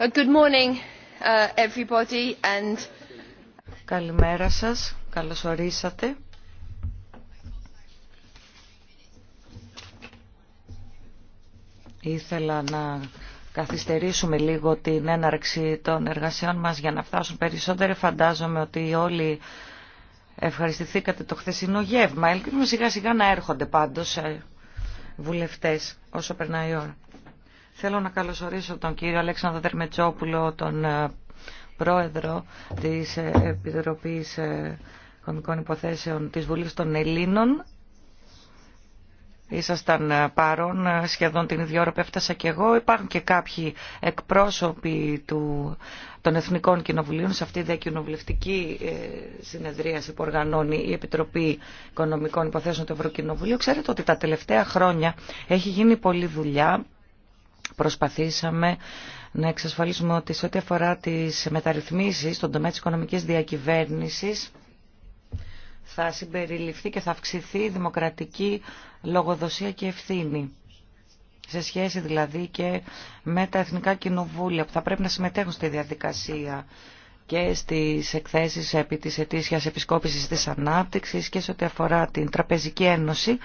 Uh, uh, Καλημέρα σας. Καλώς ορίσατε. Ήθελα να καθυστερήσουμε λίγο την έναρξη των εργασιών μας για να φτάσουν περισσότεροι. Φαντάζομαι ότι όλοι ευχαριστηθήκατε το χθεσινό γεύμα. Ελπίζουμε σιγά σιγά να έρχονται πάντως ε, βουλευτές όσο περνάει η ώρα. Θέλω να καλωσορίσω τον κύριο Αλέξανδρο Δερμετσόπουλο, τον ε, πρόεδρο της ε, Επιτροπής Οικονομικών ε, Υποθέσεων της Βουλής των Ελλήνων. Ήσασταν παρόν, σχεδόν την ίδια ώρα που έφτασα και εγώ. Υπάρχουν και κάποιοι εκπρόσωποι του, των Εθνικών Κοινοβουλίων σε αυτή τη διακοινοβουλευτική συνεδρίαση που οργανώνει η Επιτροπή Οικονομικών Υποθέσεων του Ευρωκοινοβουλίου. Ξέρετε ότι τα τελευταία χρόνια έχει γίνει πολλή δουλειά προσπαθήσαμε να εξασφαλίσουμε ότι σε ό,τι αφορά τις μεταρρυθμίσεις στον τομέα της οικονομικής διακυβέρνησης θα συμπεριληφθεί και θα αυξηθεί η δημοκρατική λογοδοσία και ευθύνη. Σε σχέση δηλαδή και με τα εθνικά κοινοβούλια που θα πρέπει να συμμετέχουν στη διαδικασία και στις εκθέσεις επί της ετήσιας επισκόπησης της ανάπτυξης και σε ό,τι αφορά την Τραπεζική Ένωση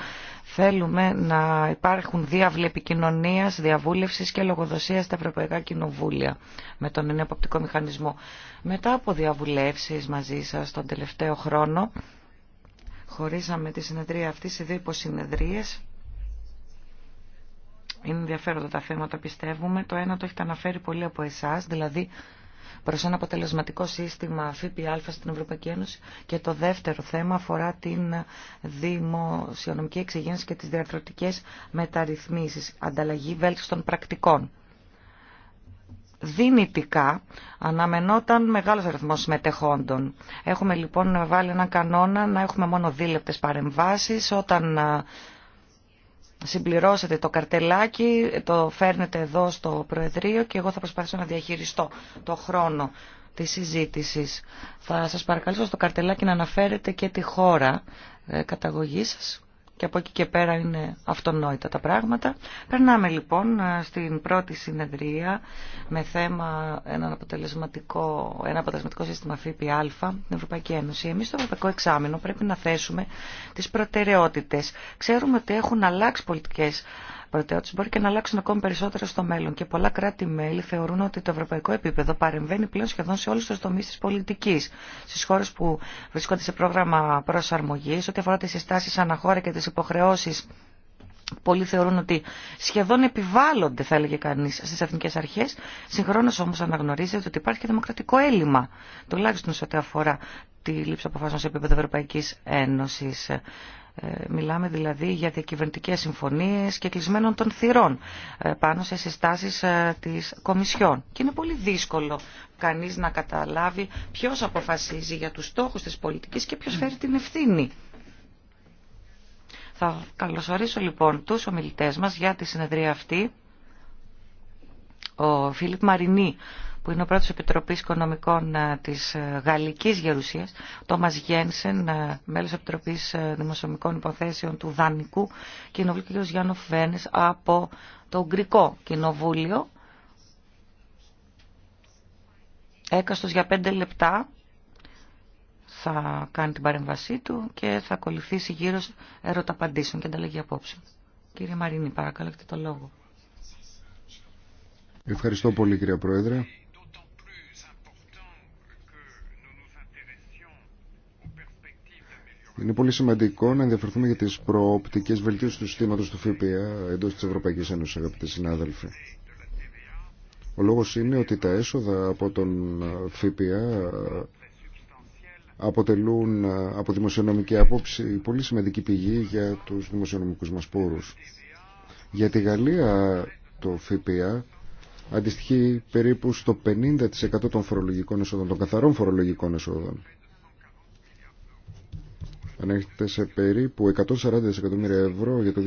θέλουμε να υπάρχουν διάβλη επικοινωνίας, διαβούλευσης και λογοδοσία στα Ευρωπαϊκά Κοινοβούλια με τον νέο μηχανισμό. Μετά από διαβουλεύσεις μαζί σας τον τελευταίο χρόνο χωρίσαμε τη συνεδρία αυτή σε δύο υποσυνεδρίες είναι ενδιαφέροντα τα θέματα, πιστεύουμε. Το ένα το έχετε αναφέρει πολύ από εσά, δηλαδή Προ ένα αποτελεσματικό σύστημα ΦΠΑ στην Ευρωπαϊκή Ένωση και το δεύτερο θέμα αφορά την δημοσιονομική εξυγίνηση και τι διαρθρωτικέ μεταρρυθμίσει, ανταλλαγή των πρακτικών δυνητικά αναμενόταν μεγάλο αριθμό συμμετεχόντων. Έχουμε λοιπόν βάλει έναν κανόνα να έχουμε μόνο δίλεπτε παρεμβάσει. όταν συμπληρώσετε το καρτελάκι, το φέρνετε εδώ στο Προεδρείο και εγώ θα προσπαθήσω να διαχειριστώ το χρόνο της συζήτησης. Θα σας παρακαλώ στο καρτελάκι να αναφέρετε και τη χώρα ε, καταγωγής σας και από εκεί και πέρα είναι αυτονόητα τα πράγματα. Περνάμε λοιπόν ε, στην πρώτη συνεδρία με θέμα ένα αποτελεσματικό, ένα αποτελεσματικό σύστημα ΦΠΑ στην Ευρωπαϊκή Ένωση. Εμείς στο Ευρωπαϊκό Εξάμεινο πρέπει να θέσουμε τις προτεραιότητες. Ξέρουμε ότι έχουν αλλάξει πολιτικές προτεραιότητες μπορεί και να αλλάξουν ακόμη περισσότερο στο μέλλον και πολλά κράτη-μέλη θεωρούν ότι το ευρωπαϊκό επίπεδο παρεμβαίνει πλέον σχεδόν σε όλους τους τομείς της πολιτικής, στις χώρες που βρίσκονται σε πρόγραμμα προσαρμογής, ό,τι αφορά τις συστάσεις αναχώρα και τις υποχρεώσεις Πολλοί θεωρούν ότι σχεδόν επιβάλλονται, θα έλεγε κανεί, στι εθνικέ αρχέ. Συγχρόνω όμω αναγνωρίζεται ότι υπάρχει και δημοκρατικό έλλειμμα, τουλάχιστον σε ό,τι αφορά τη λήψη αποφάσεων σε επίπεδο Ευρωπαϊκή Ένωση. Ε, μιλάμε δηλαδή για διακυβερνητικές συμφωνίες και κλεισμένων των θυρών ε, πάνω σε συστάσεις ε, της Κομισιόν. Και είναι πολύ δύσκολο κανείς να καταλάβει ποιος αποφασίζει για τους στόχους της πολιτικής και ποιος φέρει την ευθύνη. Θα καλωσορίσω λοιπόν τους ομιλητές μας για τη συνεδρία αυτή. Ο Φίλιπ Μαρινή που είναι ο πρώτος Επιτροπής Οικονομικών ε, της ε, Γαλλικής Γερουσίας, Τόμας Γένσεν, ε, μέλος Επιτροπής Δημοσιομικών Υποθέσεων του Δανικού Κοινοβουλίου και ο Γιάννο Φένες από το Ουγγρικό Κοινοβούλιο. Έκαστος για πέντε λεπτά θα κάνει την παρέμβασή του και θα ακολουθήσει γύρω έρωτα απαντήσεων και ανταλλαγή απόψε. Κύριε Μαρίνη, παρακαλώ, έχετε το λόγο. Ευχαριστώ πολύ κύριε Πρόεδρε. Είναι πολύ σημαντικό να ενδιαφερθούμε για τις προοπτικές βελτίωσης του συστήματος του ΦΠΑ εντός της Ευρωπαϊκής Ένωσης, αγαπητοί συνάδελφοι. Ο λόγος είναι ότι τα έσοδα από τον ΦΠΑ αποτελούν από δημοσιονομική άποψη πολύ σημαντική πηγή για τους δημοσιονομικούς μας πόρους. Για τη Γαλλία το ΦΠΑ αντιστοιχεί περίπου στο 50% των φορολογικών εσόδων, των καθαρών φορολογικών εσόδων ανέχεται σε περίπου 140 δισεκατομμύρια ευρώ για το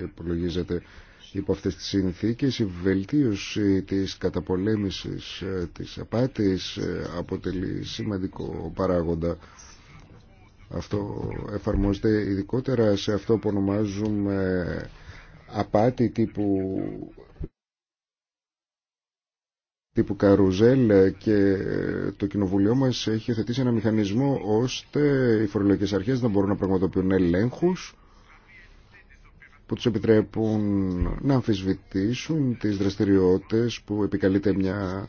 2014 υπολογίζεται υπό αυτές τις συνθήκες η βελτίωση της καταπολέμησης ε, της απάτης ε, αποτελεί σημαντικό παράγοντα αυτό εφαρμόζεται ειδικότερα σε αυτό που ονομάζουμε απάτη τύπου τύπου καρουζέλ και το κοινοβουλίο μα έχει θετήσει ένα μηχανισμό ώστε οι φορολογικέ αρχές να μπορούν να πραγματοποιούν ελέγχους που τους επιτρέπουν να αμφισβητήσουν τι δραστηριότητες που επικαλείται μια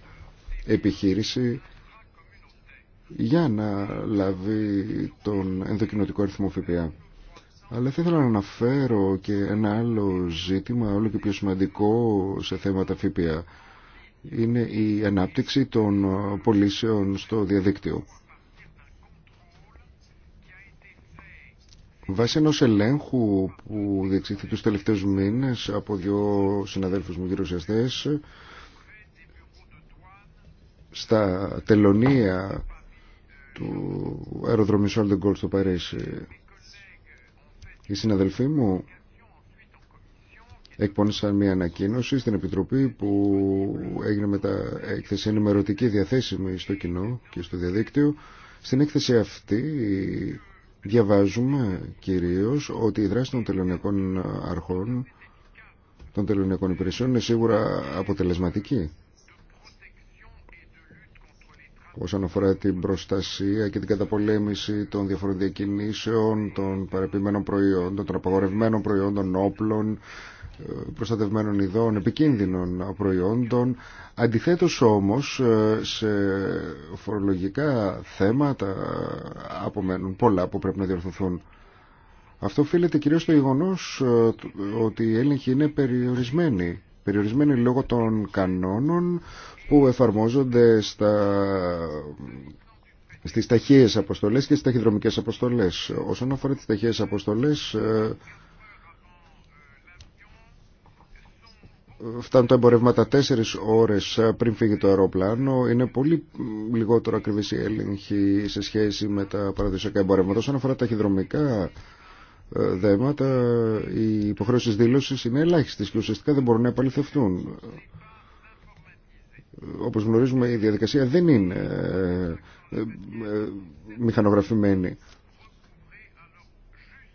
επιχείρηση για να λάβει τον ενδοκινοτικό αριθμό ΦΠΑ. Αλλά θα ήθελα να αναφέρω και ένα άλλο ζήτημα, όλο και πιο σημαντικό σε θέματα ΦΠΑ είναι η ανάπτυξη των ε, πωλήσεων στο διαδίκτυο. Βάσει ενό ελέγχου που διεξήχθη τους τελευταίους μήνες από δύο συναδέλφους μου γυροσιαστές στα τελωνία του αεροδρομίου Σόλντεγκολ στο Παρίσι οι συναδελφοί μου εκπώνησαν μια ανακοίνωση στην Επιτροπή που έγινε τα έκθεση ενημερωτική διαθέσιμη στο κοινό και στο διαδίκτυο. Στην έκθεση αυτή διαβάζουμε κυρίως ότι η δράση των τελωνιακών αρχών των τελωνιακών υπηρεσιών είναι σίγουρα αποτελεσματική όσον αφορά την προστασία και την καταπολέμηση των διαφορετικών διακινήσεων, των παρεπημένων προϊόντων, των απαγορευμένων προϊόντων, όπλων, προστατευμένων ειδών, επικίνδυνων προϊόντων. Αντιθέτως όμως ε, σε φορολογικά θέματα απομένουν πολλά που πρέπει να διορθωθούν. Αυτό οφείλεται κυρίως στο γεγονό ε, ότι η έλεγχη είναι περιορισμένη... ...περιορισμένη λόγω των κανόνων που εφαρμόζονται στα... στις ταχείες αποστολές και στις ταχυδρομικές αποστολές. Όσον αφορά τις ταχείες αποστολές ε, φτάνουν τα εμπορεύματα τέσσερις ώρες πριν φύγει το αεροπλάνο. Είναι πολύ λιγότερο ακριβής η έλεγχη σε σχέση με τα παραδοσιακά εμπορεύματα. Όσον αφορά τα χειδρομικά ε, δέματα, οι υποχρεώσεις δήλωσης είναι ελάχιστες και ουσιαστικά δεν μπορούν να επαληθευτούν. Όπως γνωρίζουμε η διαδικασία δεν είναι ε, ε, μηχανογραφημένη.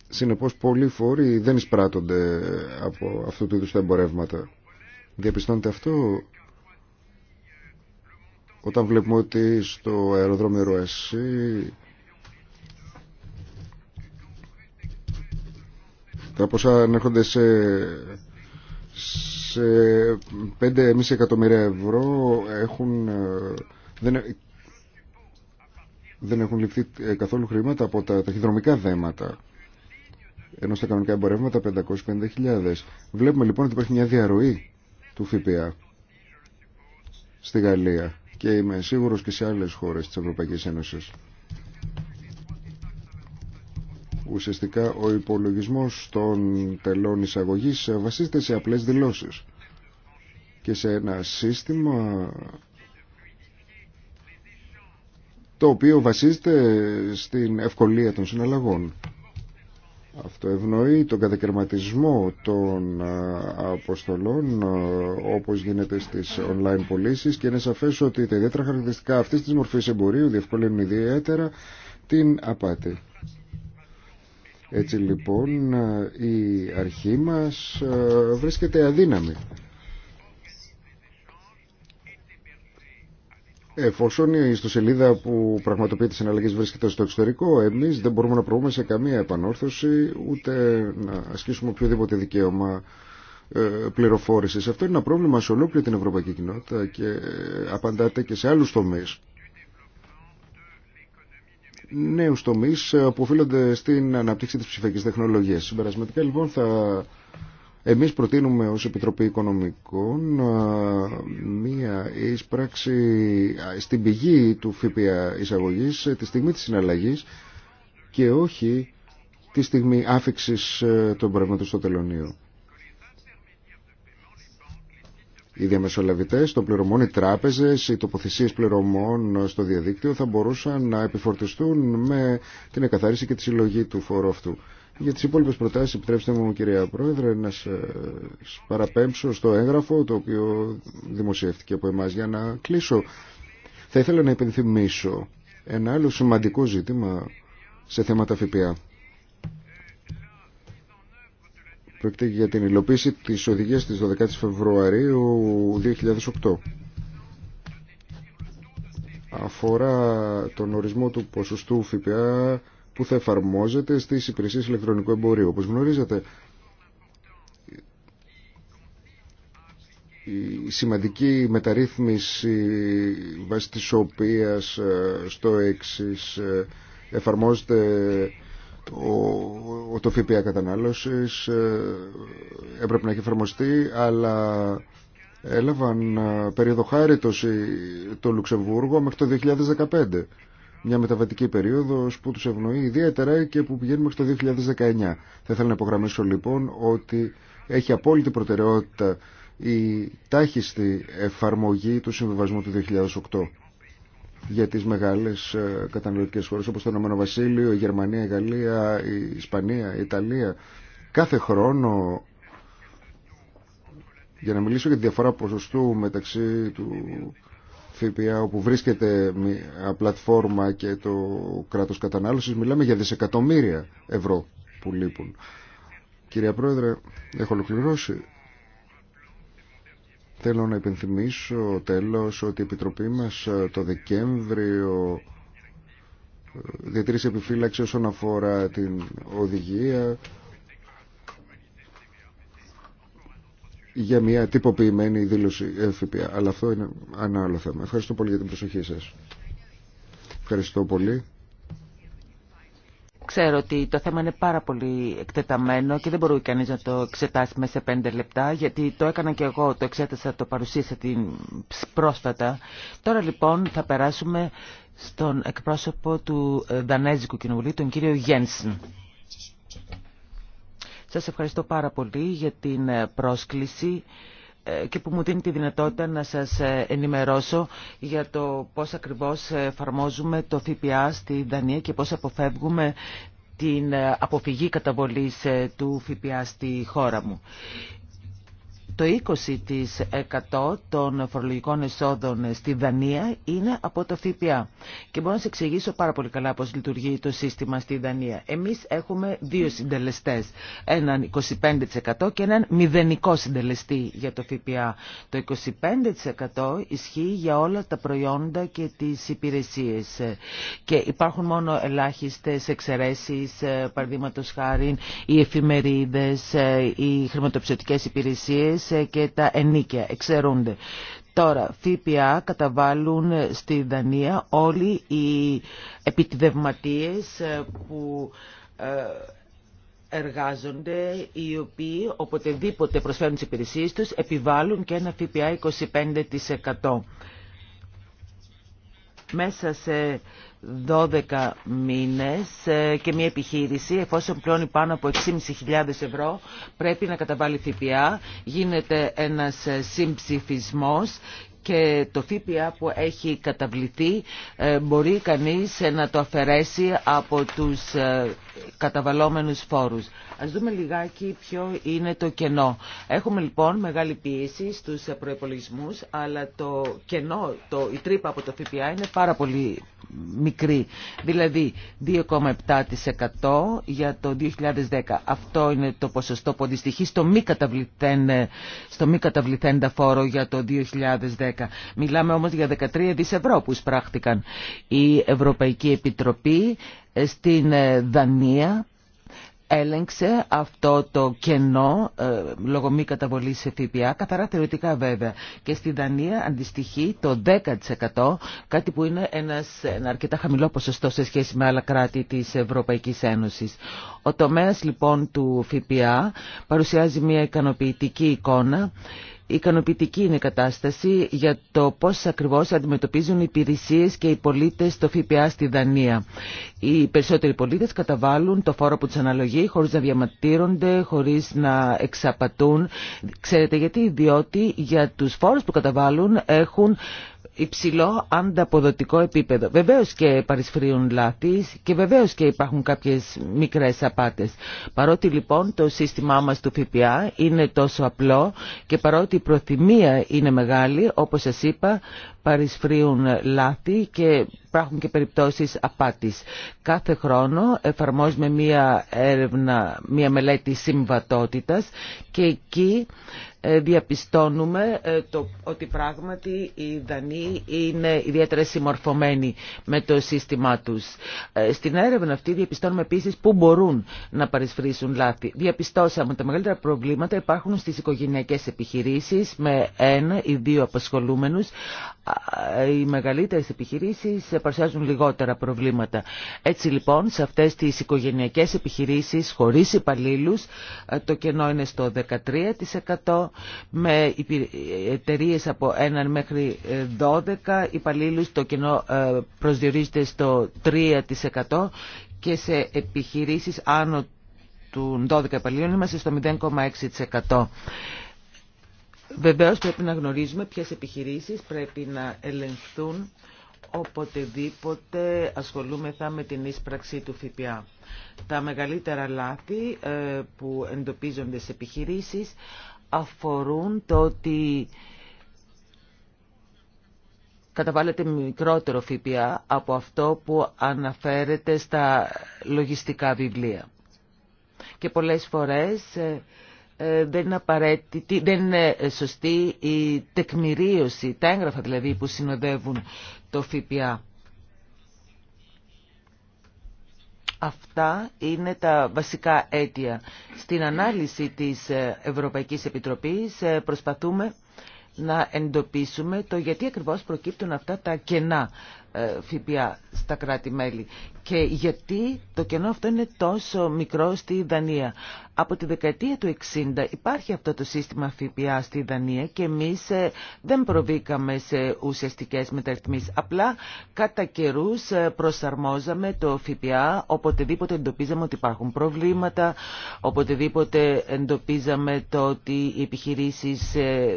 Συνεπώς πολλοί φόροι δεν εισπράττονται από αυτού του είδους τα εμπορεύματα. Διαπιστώνεται αυτό όταν βλέπουμε ότι στο αεροδρόμιο Ροασί τα ποσά ανέρχονται σε, σε 5,5 εκατομμύρια ευρώ έχουν, ε, δεν, ε, δεν έχουν ληφθεί ε, καθόλου χρήματα από τα ταχυδρομικά δέματα ενώ στα κανονικά εμπορεύματα 550.000. Βλέπουμε λοιπόν ότι υπάρχει μια διαρροή του ΦΠΑ στη Γαλλία και είμαι σίγουρος και σε άλλες χώρες της Ευρωπαϊκής Ένωσης. Ουσιαστικά ο υπολογισμός των τελών εισαγωγής βασίζεται σε απλές δηλώσεις και σε ένα σύστημα το οποίο βασίζεται στην ευκολία των συναλλαγών. Αυτό ευνοεί τον κατακαιρματισμό των ε, αποστολών ε, όπως γίνεται στις online πωλήσει και είναι σαφές ότι τα ιδιαίτερα χαρακτηριστικά αυτής της μορφής εμπορίου διευκολύνουν ιδιαίτερα την απάτη. Έτσι λοιπόν ε, η αρχή μας βρίσκεται αδύναμη Εφόσον η ιστοσελίδα που πραγματοποιεί τι συναλλαγέ βρίσκεται στο εξωτερικό, εμεί δεν μπορούμε να προβούμε σε καμία επανόρθωση, ούτε να ασκήσουμε οποιοδήποτε δικαίωμα ε, πληροφόρηση. Αυτό είναι ένα πρόβλημα σε ολόκληρη την ευρωπαϊκή κοινότητα και ε, απαντάται και σε άλλους τομείς Νέου τομεί ε, που οφείλονται στην αναπτύξη της ψηφιακής τεχνολογίας. Συμπερασματικά λοιπόν θα εμείς προτείνουμε ως Επιτροπή Οικονομικών μία εισπράξη στην πηγή του ΦΠΑ εισαγωγής ε, τη στιγμή της συναλλαγής και όχι τη στιγμή άφηξης ε, των πραγματών στο τελωνίο. Οι διαμεσολαβητές των πληρωμών, οι τράπεζε, οι τοποθεσίε πληρωμών στο διαδίκτυο θα μπορούσαν να επιφορτιστούν με την εκαθάριση και τη συλλογή του φόρου αυτού. Για τις υπόλοιπες προτάσεις, επιτρέψτε μου κυρία Πρόεδρε, να ε, σας παραπέμψω στο έγγραφο το οποίο δημοσιεύτηκε από εμάς για να κλείσω. Θα ήθελα να υπενθυμίσω ένα άλλο σημαντικό ζήτημα σε θέματα ΦΠΑ. Πρόκειται για την υλοποίηση της οδηγίας της 12 Φεβρουαρίου 2008. Αφορά τον ορισμό του ποσοστού ΦΠΑ που θα εφαρμόζεται στις υπηρεσίες ηλεκτρονικού εμπορίου. Όπως γνωρίζετε, η σημαντική μεταρρύθμιση βάσει της οποίας ε, στο εξής εφαρμόζεται ο, το ΦΠΑ κατανάλωσης ε, έπρεπε να έχει εφαρμοστεί αλλά έλαβαν ε, περίοδο χάριτος το Λουξεμβούργο μέχρι το 2015 μια μεταβατική περίοδο που του ευνοεί ιδιαίτερα και που πηγαίνουμε μέχρι το 2019. Θα ήθελα να υπογραμμίσω λοιπόν ότι έχει απόλυτη προτεραιότητα η τάχιστη εφαρμογή του συμβιβασμού του 2008 για τις μεγάλες ε, κατανοητικές χώρες όπως το Ηνωμένο Βασίλειο, η Γερμανία, η Γαλλία, η Ισπανία, η Ιταλία. Κάθε χρόνο, για να μιλήσω για τη διαφορά ποσοστού μεταξύ του ΦΠΑ όπου βρίσκεται μια πλατφόρμα και το κράτος κατανάλωσης μιλάμε για δισεκατομμύρια ευρώ που λείπουν. Κυρία Πρόεδρε, έχω ολοκληρώσει. Θέλω να υπενθυμίσω τέλος ότι η Επιτροπή μας το Δεκέμβριο διατήρησε επιφύλαξη όσον αφορά την οδηγία για μια τυποποιημένη δήλωση ΦΠΑ. Αλλά αυτό είναι ένα άλλο θέμα. Ευχαριστώ πολύ για την προσοχή σας. Ευχαριστώ πολύ. Ξέρω ότι το θέμα είναι πάρα πολύ εκτεταμένο και δεν μπορεί κανείς να το εξετάσει μέσα σε πέντε λεπτά γιατί το έκανα και εγώ, το εξέτασα, το παρουσίασα την πρόσφατα. Τώρα λοιπόν θα περάσουμε στον εκπρόσωπο του ε, Δανέζικου Κοινοβουλίου, τον κύριο Γένσεν. Σας ευχαριστώ πάρα πολύ για την ε, πρόσκληση ε, και που μου δίνει τη δυνατότητα να σας ε, ενημερώσω για το πώς ακριβώς εφαρμόζουμε το ΦΠΑ στη Δανία και πώς αποφεύγουμε την αποφυγή καταβολής του ΦΠΑ στη χώρα μου. Το 20% των φορολογικών εσόδων στη Δανία είναι από το ΦΠΑ. Και μπορώ να σα εξηγήσω πάρα πολύ καλά πώ λειτουργεί το σύστημα στη Δανία. Εμείς έχουμε δύο συντελεστέ, έναν 25% και έναν μηδενικό συντελεστή για το ΦΠΑ. Το 25% ισχύει για όλα τα προϊόντα και τις υπηρεσίες. Και υπάρχουν μόνο ελάχιστες εξαιρέσεις, ε, παραδείγματο χάρη, οι εφημερίδε, ε, οι χρηματοψηφιακές υπηρεσίε. Ε, και τα ενίκια εξαιρούνται. Τώρα, ΦΠΑ καταβάλουν ε, στη Δανία όλοι οι επιτιδευματίες ε, που εργάζονται οι οποίοι οποτεδήποτε προσφέρουν τις υπηρεσίες τους επιβάλλουν και ένα ΦΠΑ 25% μέσα σε 12 μήνες ε, και μια επιχείρηση εφόσον πλώνει πάνω από 6.500 ευρώ πρέπει να καταβάλει ΦΠΑ, γίνεται ένας ε, συμψηφισμός και το ΦΠΑ που έχει καταβληθεί ε, μπορεί κανείς να το αφαιρέσει από τους ε, καταβαλόμενους φόρους. Ας δούμε λιγάκι ποιο είναι το κενό. Έχουμε λοιπόν μεγάλη πίεση στους προϋπολογισμούς, αλλά το κενό, το, η τρύπα από το ΦΠΑ είναι πάρα πολύ μικρή. Δηλαδή 2,7% για το 2010. Αυτό είναι το ποσοστό που αντιστοιχεί στο μη, στο μη καταβληθέντα φόρο για το 2010. Μιλάμε όμως για 13 δις ευρώ που εισπράχτηκαν. Η Ευρωπαϊκή Επιτροπή ε, στην ε, Δανία έλεγξε αυτό το κενό ε, λόγω μη καταβολή σε ΦΠΑ, καθαρά θεωρητικά βέβαια. Και στη Δανία αντιστοιχεί το 10%, κάτι που είναι ένας, ένα αρκετά χαμηλό ποσοστό σε σχέση με άλλα κράτη της Ευρωπαϊκής Ένωσης. Ο τομέας λοιπόν του ΦΠΑ παρουσιάζει μια ικανοποιητική εικόνα ικανοποιητική είναι η κατάσταση για το πώς ακριβώς αντιμετωπίζουν οι υπηρεσίες και οι πολίτες στο ΦΠΑ στη Δανία. Οι περισσότεροι πολίτες καταβάλουν το φόρο που τους αναλογεί χωρίς να διαματήρονται, χωρίς να εξαπατούν. Ξέρετε γιατί, διότι για τους φόρους που καταβάλουν έχουν υψηλό ανταποδοτικό επίπεδο. Βεβαίως και παρισφρίουν λάθη και βεβαίως και υπάρχουν κάποιες μικρές απάτες. Παρότι λοιπόν το σύστημά μας του ΦΠΑ είναι τόσο απλό και παρότι η προθυμία είναι μεγάλη, όπως σας είπα, παρισφρίουν λάθη και υπάρχουν και περιπτώσεις απάτης. Κάθε χρόνο εφαρμόζουμε μία έρευνα, μία μελέτη συμβατότητας και εκεί ε, διαπιστώνουμε ε, το, ότι πράγματι οι Δανείοι είναι ιδιαίτερα συμμορφωμένοι με το σύστημά τους. Ε, στην έρευνα αυτή διαπιστώνουμε επίσης πού μπορούν να παρισφρήσουν λάθη. Διαπιστώσαμε ότι τα μεγαλύτερα προβλήματα υπάρχουν στις οικογενειακές επιχειρήσεις με ένα ή δύο απασχολούμενους. Οι μεγαλύτερες επιχειρήσεις παρουσιάζουν λιγότερα προβλήματα. Έτσι λοιπόν σε αυτές τις οικογενειακές επιχειρήσεις χωρίς υπαλλήλους το κενό είναι στο 13% με εταιρείε από 1 μέχρι 12 ε, υπαλλήλους το κοινό ε, προσδιορίζεται στο 3% και σε επιχειρήσεις άνω του 12 υπαλλήλων είμαστε στο 0,6%. Βεβαίως πρέπει να γνωρίζουμε ποιες επιχειρήσεις πρέπει να ελεγχθούν οποτεδήποτε ασχολούμεθα με την ίσπραξη του ΦΠΑ. Τα μεγαλύτερα λάθη ε, που εντοπίζονται σε επιχειρήσεις αφορούν το ότι καταβάλλεται μικρότερο ΦΠΑ από αυτό που αναφέρεται στα λογιστικά βιβλία. Και πολλές φορές ε, ε, δεν είναι δεν είναι σωστή η τεκμηρίωση, τα έγγραφα δηλαδή που συνοδεύουν το ΦΠΑ. Αυτά είναι τα βασικά αίτια. Στην ανάλυση της Ευρωπαϊκής Επιτροπής ε, προσπαθούμε να εντοπίσουμε το γιατί ακριβώς προκύπτουν αυτά τα κενά ε, ΦΠΑ στα κράτη-μέλη και γιατί το κενό αυτό είναι τόσο μικρό στη Δανία. Από τη δεκαετία του 60 υπάρχει αυτό το σύστημα ΦΠΑ στη Δανία και εμείς ε, δεν προβήκαμε σε ουσιαστικές μεταρρυθμίσεις. Απλά κατά καιρού ε, προσαρμόζαμε το ΦΠΑ οποτεδήποτε εντοπίζαμε ότι υπάρχουν προβλήματα, οποτεδήποτε εντοπίζαμε το ότι οι επιχειρήσεις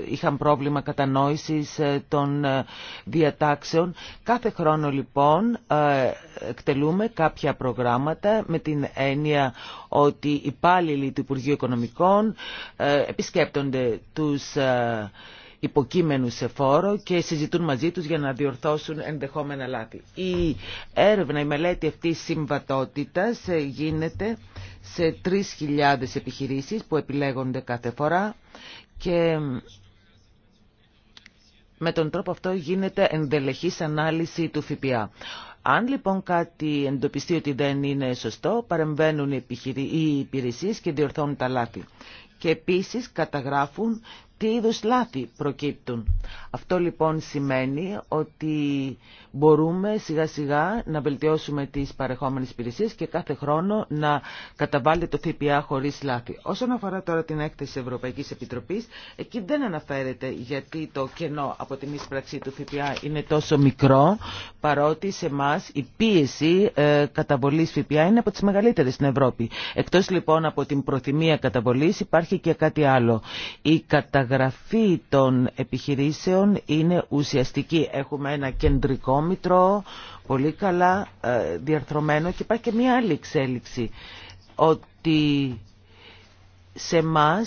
είχαν πρόβλημα πρόβλημα κατανόησης ε, των ε, διατάξεων. Κάθε χρόνο λοιπόν ε, εκτελούμε κάποια προγράμματα με την έννοια ότι οι υπάλληλοι του Υπουργείου Οικονομικών επισκέπτονται τους υποκείμενους σε φόρο και συζητούν μαζί τους για να διορθώσουν ενδεχόμενα λάθη. Η έρευνα, η μελέτη αυτή συμβατότητας γίνεται σε 3.000 επιχειρήσεις που επιλέγονται κάθε φορά και με τον τρόπο αυτό γίνεται ενδελεχής ανάλυση του ΦΠΑ. Αν λοιπόν κάτι εντοπιστεί ότι δεν είναι σωστό, παρεμβαίνουν οι υπηρεσίες και διορθώνουν τα λάθη. Και επίσης καταγράφουν τι είδους λάθη προκύπτουν. Αυτό λοιπόν σημαίνει ότι μπορούμε σιγά σιγά να βελτιώσουμε τις παρεχόμενες υπηρεσίες και κάθε χρόνο να καταβάλει το ΦΠΑ χωρίς λάθη. Όσον αφορά τώρα την έκθεση Ευρωπαϊκής Επιτροπής, εκεί δεν αναφέρεται γιατί το κενό από την εισπραξή του ΦΠΑ είναι τόσο μικρό, παρότι σε εμά η πίεση ε, καταβολής ΦΠΑ είναι από τις μεγαλύτερες στην Ευρώπη. Εκτός λοιπόν από την προθυμία καταβολής υπάρχει και κάτι άλλο. Η κατα Γραφή των επιχειρήσεων είναι ουσιαστική. Έχουμε ένα κεντρικό μητρό, πολύ καλά ε, διαρθρωμένο και υπάρχει και μια άλλη εξέλιξη, ότι σε εμά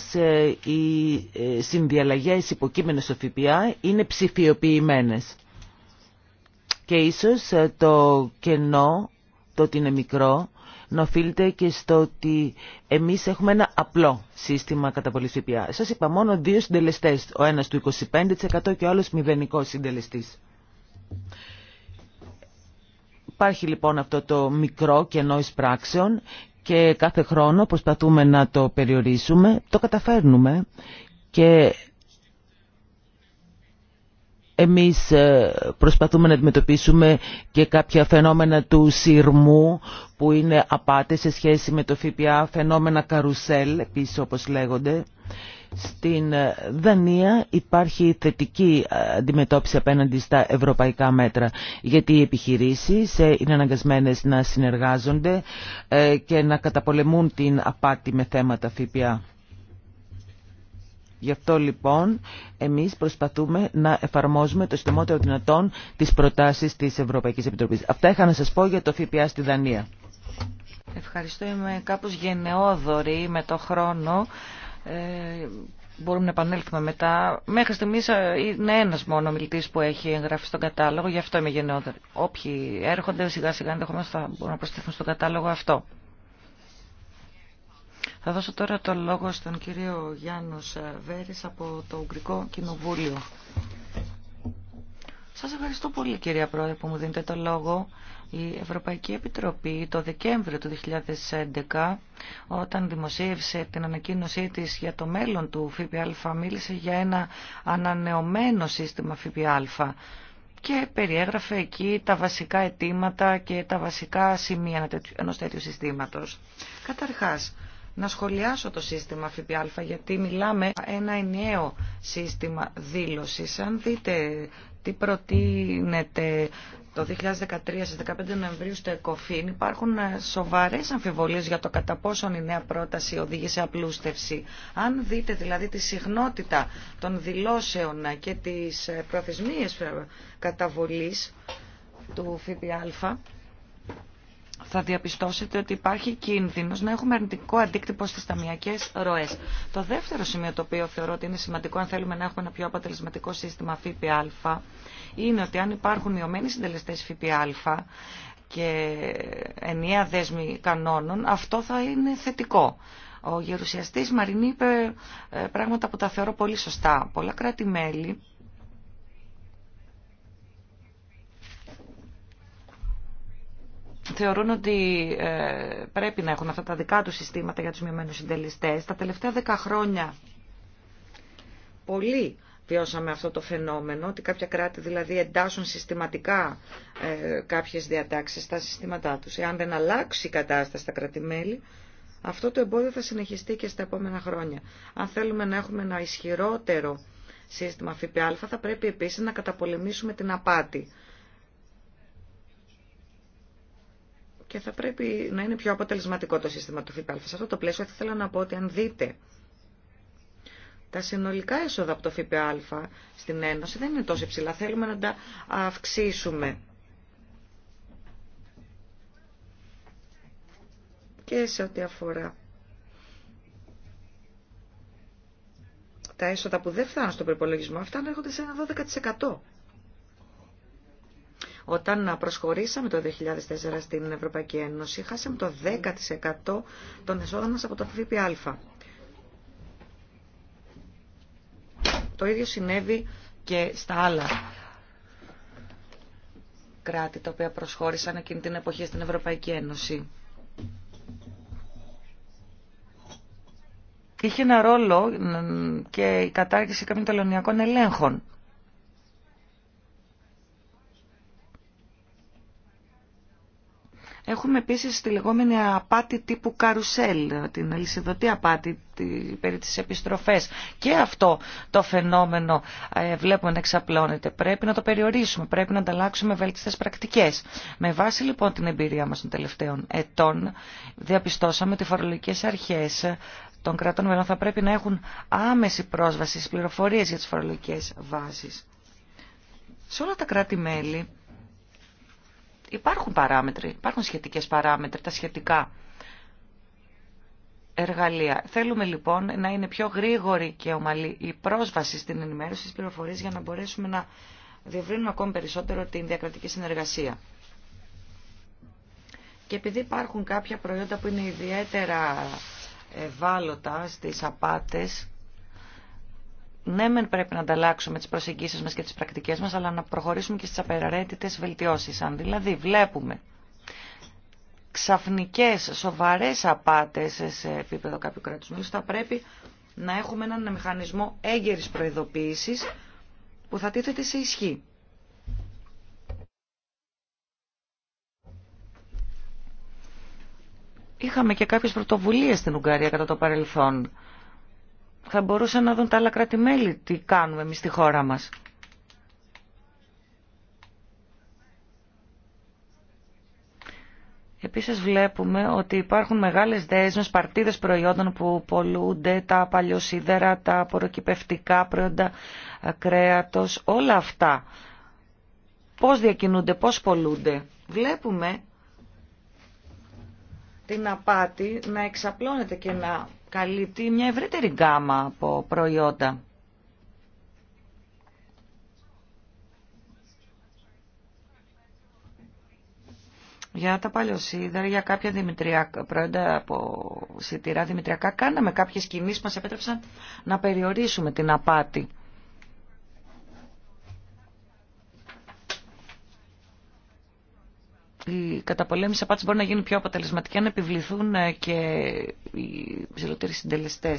οι ε, συνδιαλλαγές υποκείμενες στο ΦΠΑ είναι ψηφιοποιημένες. Και ίσως ε, το κενό, το ότι είναι μικρό, να οφείλεται και στο ότι εμείς έχουμε ένα απλό σύστημα καταπολής ΦΠΑ. Σας είπα μόνο δύο συντελεστές, ο ένας του 25% και ο άλλος μηδενικός συντελεστής. Υπάρχει λοιπόν αυτό το μικρό κενό εισπράξεων και κάθε χρόνο προσπαθούμε να το περιορίσουμε, το καταφέρνουμε και εμείς ε, προσπαθούμε να αντιμετωπίσουμε και κάποια φαινόμενα του σειρμού που είναι απάτε σε σχέση με το ΦΠΑ, φαινόμενα καρουσέλ επίσης όπως λέγονται. Στην ε, Δανία υπάρχει θετική ε, αντιμετώπιση απέναντι στα ευρωπαϊκά μέτρα γιατί οι επιχειρήσεις είναι αναγκασμένες να συνεργάζονται και να καταπολεμούν την απάτη με θέματα ΦΠΑ. Γι' αυτό λοιπόν εμείς προσπαθούμε να εφαρμόζουμε το συντομότερο δυνατόν τις προτάσεις της Ευρωπαϊκής Επιτροπής. Αυτά είχα να σας πω για το ΦΠΑ στη Δανία. Ευχαριστώ. Είμαι κάπως γενναιόδορη με το χρόνο. Ε, μπορούμε να επανέλθουμε μετά. Μέχρι στιγμής ε, είναι ένας μόνο μιλητής που έχει εγγραφεί στον κατάλογο, γι' αυτό είμαι γενναιόδορη. Όποιοι έρχονται σιγά σιγά ενδεχομένως θα μπορούν να προσθέσουν στον κατάλογο αυτό. Θα δώσω τώρα το λόγο στον κύριο Γιάννους Βέρης από το Ουγγρικό Κοινοβούλιο. Σας ευχαριστώ πολύ κυρία Πρόεδρε που μου δίνετε το λόγο. Η Ευρωπαϊκή Επιτροπή το Δεκέμβριο του 2011 όταν δημοσίευσε την ανακοίνωσή της για το μέλλον του ΦΠΑ μίλησε για ένα ανανεωμένο σύστημα ΦΠΑ και περιέγραφε εκεί τα βασικά αιτήματα και τα βασικά σημεία ενός τέτοιου συστήματος. Καταρχάς, να σχολιάσω το σύστημα ΦΠΑ γιατί μιλάμε ένα ενιαίο σύστημα δήλωσης. Αν δείτε τι προτείνεται το 2013 στις 15 Νοεμβρίου στο ΕΚΟΦΗΝ υπάρχουν σοβαρές αμφιβολίες για το κατά πόσον η νέα πρόταση οδηγεί σε απλούστευση. Αν δείτε δηλαδή τη συχνότητα των δηλώσεων και τις προθεσμίες καταβολής του ΦΠΑ θα διαπιστώσετε ότι υπάρχει κίνδυνος να έχουμε αρνητικό αντίκτυπο στις ταμιακές ροές. Το δεύτερο σημείο το οποίο θεωρώ ότι είναι σημαντικό αν θέλουμε να έχουμε ένα πιο αποτελεσματικό σύστημα ΦΠΑ είναι ότι αν υπάρχουν μειωμένοι συντελεστές ΦΠΑ και ενιαία δέσμη κανόνων, αυτό θα είναι θετικό. Ο γερουσιαστής Μαρινή είπε ε, πράγματα που τα θεωρώ πολύ σωστά. Πολλά κράτη-μέλη θεωρούν ότι ε, πρέπει να έχουν αυτά τα δικά του συστήματα για τους μειωμένους συντελεστές. Τα τελευταία δέκα χρόνια πολύ βιώσαμε αυτό το φαινόμενο, ότι κάποια κράτη δηλαδή εντάσσουν συστηματικά ε, κάποιες διατάξεις στα συστήματά τους. Εάν δεν αλλάξει η κατάσταση στα κρατημέλη, αυτό το εμπόδιο θα συνεχιστεί και στα επόμενα χρόνια. Αν θέλουμε να έχουμε ένα ισχυρότερο σύστημα ΦΠΑ, θα πρέπει επίσης να καταπολεμήσουμε την απάτη. και θα πρέπει να είναι πιο αποτελεσματικό το σύστημα του ΦΠΑ. Σε αυτό το πλαίσιο θα ήθελα να πω ότι αν δείτε τα συνολικά έσοδα από το ΦΠΑ στην Ένωση δεν είναι τόσο υψηλά. Θέλουμε να τα αυξήσουμε. Και σε ό,τι αφορά τα έσοδα που δεν φτάνουν στον προπολογισμό, αυτά έρχονται σε ένα 12%. Όταν προσχωρήσαμε το 2004 στην Ευρωπαϊκή Ένωση, χάσαμε το 10% των εσόδων μας από το ΦΠΑ. Το ίδιο συνέβη και στα άλλα κράτη τα οποία προσχώρησαν εκείνη την εποχή στην Ευρωπαϊκή Ένωση. Είχε ένα ρόλο και η κατάργηση κάποιων τελωνιακών ελέγχων Έχουμε επίσης τη λεγόμενη απάτη τύπου καρουσέλ, την αλυσιδωτή απάτη περί τις επιστροφές. Και αυτό το φαινόμενο ε, βλέπουμε να εξαπλώνεται. Πρέπει να το περιορίσουμε, πρέπει να ανταλλάξουμε βέλτιστες πρακτικές. Με βάση λοιπόν την εμπειρία μας των τελευταίων ετών, διαπιστώσαμε ότι οι φορολογικές αρχές των κρατών μελών θα πρέπει να έχουν άμεση πρόσβαση στις πληροφορίες για τις φορολογικές βάσεις. Σε όλα τα κράτη-μέλη Υπάρχουν παράμετροι, υπάρχουν σχετικές παράμετροι, τα σχετικά εργαλεία. Θέλουμε λοιπόν να είναι πιο γρήγορη και ομαλή η πρόσβαση στην ενημέρωση της πληροφορίας για να μπορέσουμε να διευρύνουμε ακόμη περισσότερο την διακρατική συνεργασία. Και επειδή υπάρχουν κάποια προϊόντα που είναι ιδιαίτερα ευάλωτα στις απάτες, ναι, μεν πρέπει να ανταλλάξουμε τι προσεγγίσεις μα και τι πρακτικέ μα, αλλά να προχωρήσουμε και στι απαραίτητε βελτιώσει. Αν δηλαδή βλέπουμε ξαφνικές, σοβαρές απάτες σε επίπεδο κάποιου κρατου. θα πρέπει να έχουμε έναν μηχανισμό έγκαιρης προειδοποίησης που θα τίθεται σε ισχύ. Είχαμε και κάποιες πρωτοβουλίες στην Ουγγαρία κατά το παρελθόν θα μπορούσαν να δουν τα άλλα κράτη-μέλη τι κάνουμε εμείς στη χώρα μας. Επίσης βλέπουμε ότι υπάρχουν μεγάλες δέσμες, παρτίδες προϊόντων που πολλούνται, τα παλιοσίδερα, τα απορροκυπευτικά προϊόντα ε, κρέατος, όλα αυτά. Πώς διακινούνται, πώς πολλούνται. Βλέπουμε την απάτη να εξαπλώνεται και να καλύπτει μια ευρύτερη γκάμα από προϊόντα. Για τα παλιοσίδερα, για κάποια δημητριακά, προϊόντα από σιτηρά δημητριακά, κάναμε κάποιες κινήσεις που μας επέτρεψαν να περιορίσουμε την απάτη. η καταπολέμηση απάτης μπορεί να γίνει πιο αποτελεσματική αν επιβληθούν ε, και οι ψηλότεροι συντελεστέ.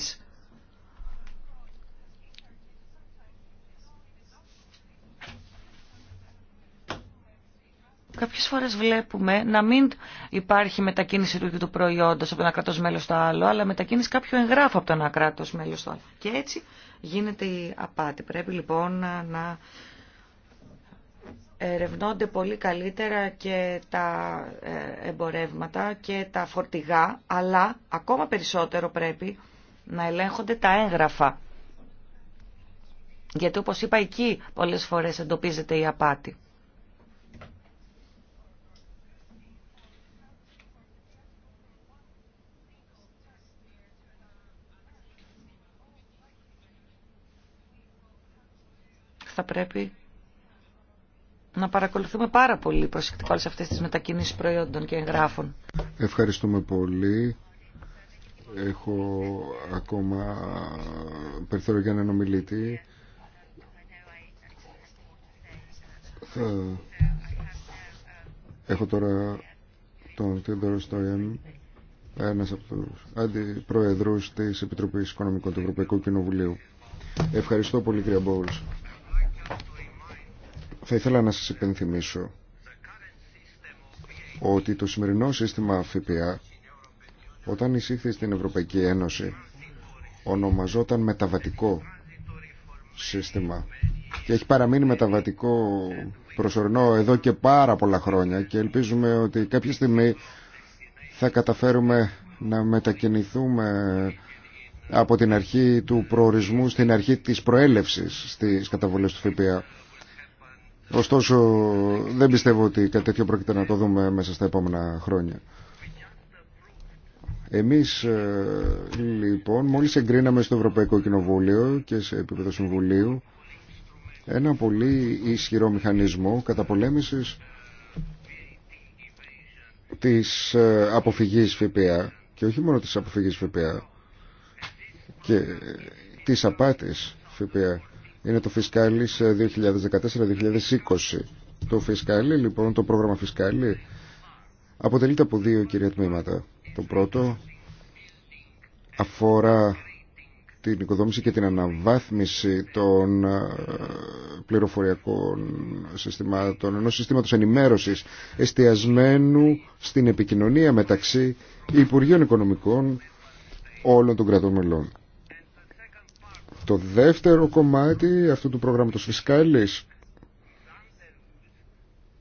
Κάποιες φορές βλέπουμε να μην υπάρχει μετακίνηση του προϊόντος από ένα κράτος μέλος στο άλλο, αλλά μετακίνηση κάποιου εγγράφου από το ένα κράτος μέλος στο άλλο. Και έτσι γίνεται η απάτη. Πρέπει λοιπόν να ερευνώνται πολύ καλύτερα και τα ε, εμπορεύματα και τα φορτηγά, αλλά ακόμα περισσότερο πρέπει να ελέγχονται τα έγγραφα. Γιατί όπως είπα εκεί πολλές φορές εντοπίζεται η απάτη. Θα πρέπει να παρακολουθούμε πάρα πολύ προσεκτικά όλες αυτές τις μετακινήσεις προϊόντων και εγγράφων. Ευχαριστούμε πολύ. Έχω ακόμα περιθώριο για έναν ομιλήτη. Έχω τώρα τον Τέντορο Στοϊάν, ένα από του αντιπροεδρού της Επιτροπής Οικονομικών του Ευρωπαϊκού Κοινοβουλίου. Ευχαριστώ πολύ, κύριε Μπόλς. Θα ήθελα να σας υπενθυμίσω ότι το σημερινό σύστημα ΦΠΑ όταν εισήχθη στην Ευρωπαϊκή Ένωση ονομαζόταν μεταβατικό σύστημα και έχει παραμείνει μεταβατικό προσωρινό εδώ και πάρα πολλά χρόνια και ελπίζουμε ότι κάποια στιγμή θα καταφέρουμε να μετακινηθούμε από την αρχή του προορισμού στην αρχή της προέλευσης στις καταβολές του ΦΠΑ. Ωστόσο δεν πιστεύω ότι κάτι τέτοιο πρόκειται να το δούμε μέσα στα επόμενα χρόνια. Εμείς ε, λοιπόν μόλις εγκρίναμε στο Ευρωπαϊκό Κοινοβούλιο και σε επίπεδο Συμβουλίου ένα πολύ ισχυρό μηχανισμό καταπολέμησης της ε, αποφυγής ΦΠΑ και όχι μόνο της αποφυγής ΦΠΑ και ε, της απάτης ΦΠΑ είναι το σε 2014 2014-2020. Το Φισκάλι, λοιπόν, το πρόγραμμα Φισκάλι αποτελείται από δύο κυρία τμήματα. Το πρώτο αφορά την οικοδόμηση και την αναβάθμιση των ε, πληροφοριακών συστημάτων, ενός συστήματος ενημέρωσης εστιασμένου στην επικοινωνία μεταξύ Υπουργείων Οικονομικών όλων των κρατών μελών. Το δεύτερο κομμάτι αυτού του προγράμματος φυσκάλης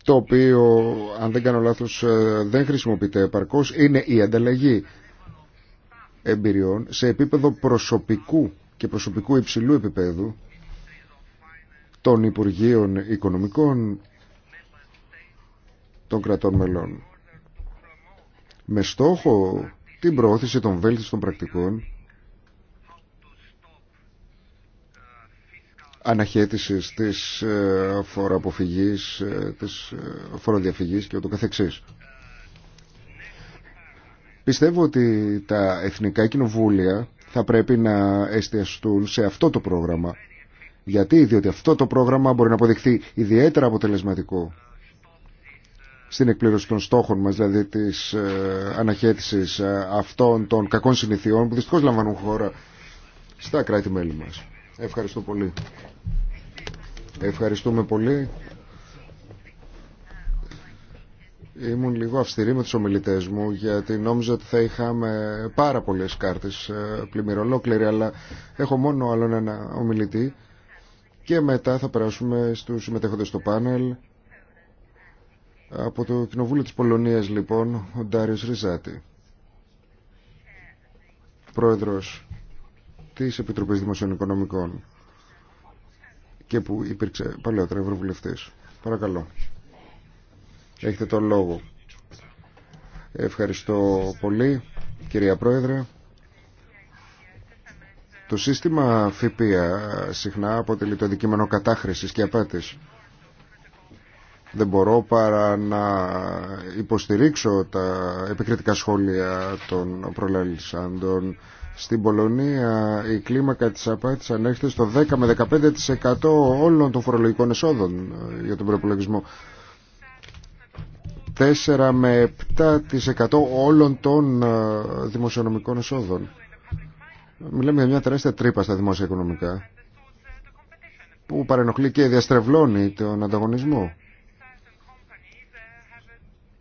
το οποίο αν δεν κάνω λάθος ε, δεν χρησιμοποιείται επαρκώς είναι η ανταλλαγή εμπειριών σε επίπεδο προσωπικού και προσωπικού υψηλού επίπεδου των Υπουργείων Οικονομικών των κρατών μελών με στόχο την προώθηση των βέλτιστων πρακτικών αναχέτησης της ε, φοροαποφυγής, ε, της ε, φοροδιαφυγής και ούτω καθεξής. Πιστεύω ότι τα εθνικά κοινοβούλια θα πρέπει να εστιαστούν σε αυτό το πρόγραμμα. Γιατί, διότι αυτό το πρόγραμμα μπορεί να αποδειχθεί ιδιαίτερα αποτελεσματικό στην εκπλήρωση των στόχων μας, δηλαδή της αναχέτησης αυτών των κακών συνηθιών που δυστυχώς λαμβάνουν χώρα στα κράτη-μέλη μας. Ευχαριστώ πολύ. Ευχαριστούμε πολύ. Ήμουν λίγο αυστηρή με τους ομιλητές μου γιατί νόμιζα ότι θα είχαμε πάρα πολλές κάρτες ε, πλημμυρολόκληρη αλλά έχω μόνο άλλον ένα ομιλητή και μετά θα περάσουμε στους συμμετέχοντες στο πάνελ από το Κοινοβούλιο της Πολωνίας λοιπόν ο Ντάριος Ριζάτη πρόεδρος της Επιτροπής Δημοσίων Οικονομικών και που υπήρξε παλαιότερα ευρωβουλευτής. Παρακαλώ. Έχετε τον λόγο. Ευχαριστώ πολύ, κυρία Πρόεδρε. Το σύστημα ΦΠΑ συχνά αποτελεί το αντικείμενο κατάχρησης και απάτης. Δεν μπορώ παρά να υποστηρίξω τα επικριτικά σχόλια των προλαλήσαντων στην Πολωνία η κλίμακα της απάτης ανέχεται στο 10 με 15% όλων των φορολογικών εσόδων ε, για τον προπολογισμό. 4 με 7% όλων των ε, δημοσιονομικών εσόδων. Μιλάμε για μια τεράστια τρύπα στα δημόσια οικονομικά που παρενοχλεί και διαστρεβλώνει τον ανταγωνισμό.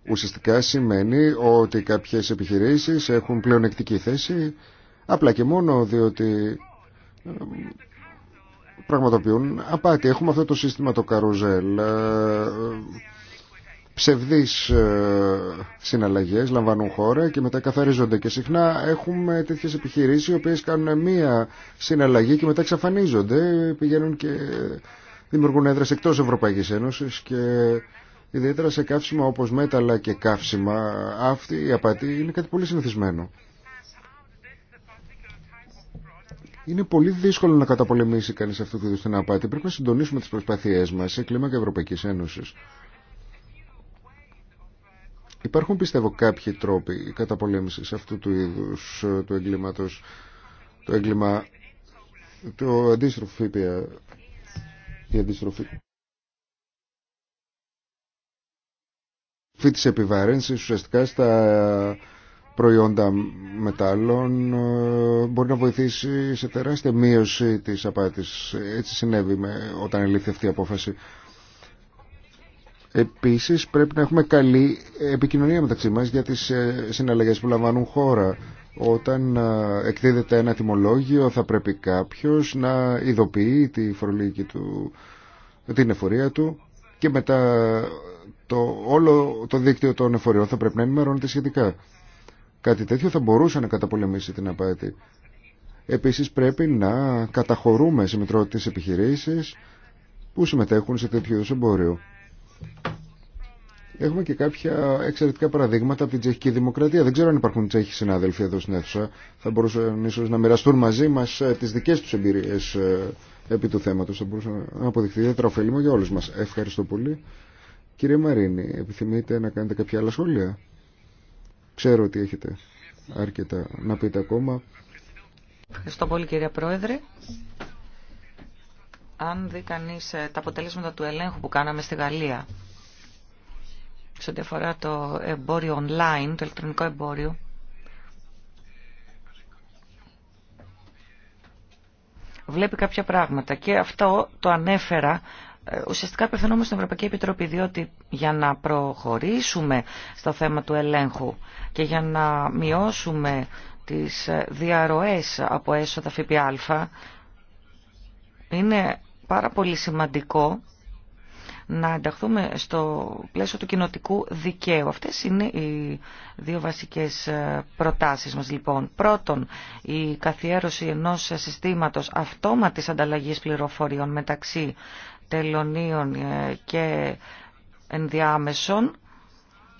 Ουσιαστικά σημαίνει ότι κάποιες επιχειρήσεις έχουν πλεονεκτική θέση Απλά και μόνο διότι ε, πραγματοποιούν απάτη. Έχουμε αυτό το σύστημα το καρουζέλ, ε, ψευδείς ε, συναλλαγές λαμβάνουν χώρα και μετά καθαρίζονται και συχνά έχουμε τέτοιες επιχειρήσεις οι οποίες κάνουν μία συναλλαγή και μετά εξαφανίζονται, πηγαίνουν και δημιουργούν έδρες εκτός Ευρωπαϊκής Ένωσης και ιδιαίτερα σε καύσιμα όπως μέταλλα και καύσιμα αυτή η απάτη είναι κάτι πολύ συνηθισμένο. Είναι πολύ δύσκολο να καταπολεμήσει κανεί αυτού του είδου την απάτη. Πρέπει να συντονίσουμε τι προσπαθίε μα σε και Ευρωπαϊκή Ένωση. Υπάρχουν πιστεύω κάποιοι τρόποι καταπολέμησης αυτού του είδου ε, του εγκλήματος, το έγκλημα, το αντίστροφο ΦΠΑ, η αντίστροφη. της ουσιαστικά στα προϊόντα μετάλλων ε, μπορεί να βοηθήσει σε τεράστια μείωση της απάτης. Έτσι συνέβη με, όταν ελήφθη αυτή η απόφαση. Επίσης πρέπει να έχουμε καλή επικοινωνία μεταξύ μας για τις ε, συναλλαγές που λαμβάνουν χώρα. Όταν ε, εκδίδεται ένα τιμολόγιο θα πρέπει κάποιος να ειδοποιεί τη φορολογική του, την εφορία του και μετά το, όλο το δίκτυο των εφοριών θα πρέπει να ενημερώνεται σχετικά. Κάτι τέτοιο θα μπορούσε να καταπολεμήσει την απάτη. Επίσης πρέπει να καταχωρούμε σε μητρότητες επιχειρήσεις που συμμετέχουν σε τέτοιου είδους εμπόριο. Έχουμε και κάποια εξαιρετικά παραδείγματα από την τσεχική δημοκρατία. Δεν ξέρω αν υπάρχουν τσέχοι συνάδελφοι εδώ στην αίθουσα. Θα μπορούσαν ίσω να μοιραστούν μαζί μα ε, τι δικέ του εμπειρίε ε, επί του θέματο. Θα μπορούσαν να αποδειχθεί ιδιαίτερα ωφέλιμο για όλου μα. Ευχαριστώ πολύ. Κύριε Μαρίνη, επιθυμείτε να κάνετε κάποια άλλα σχόλια. Ξέρω ότι έχετε αρκετά να πείτε ακόμα. Ευχαριστώ πολύ κύριε Πρόεδρε. Αν δει κανεί ε, τα αποτελέσματα του ελέγχου που κάναμε στη Γαλλία σε ό,τι αφορά το εμπόριο online, το ηλεκτρονικό εμπόριο, βλέπει κάποια πράγματα και αυτό το ανέφερα ουσιαστικά απευθυνόμαστε στην Ευρωπαϊκή Επιτροπή, διότι για να προχωρήσουμε στο θέμα του ελέγχου και για να μειώσουμε τις διαρροές από έσοδα ΦΠΑ, είναι πάρα πολύ σημαντικό να ενταχθούμε στο πλαίσιο του κοινοτικού δικαίου. Αυτές είναι οι δύο βασικές προτάσεις μας λοιπόν. Πρώτον, η καθιέρωση ενός συστήματος αυτόματης ανταλλαγής πληροφοριών μεταξύ τελωνίων ε, και ενδιάμεσων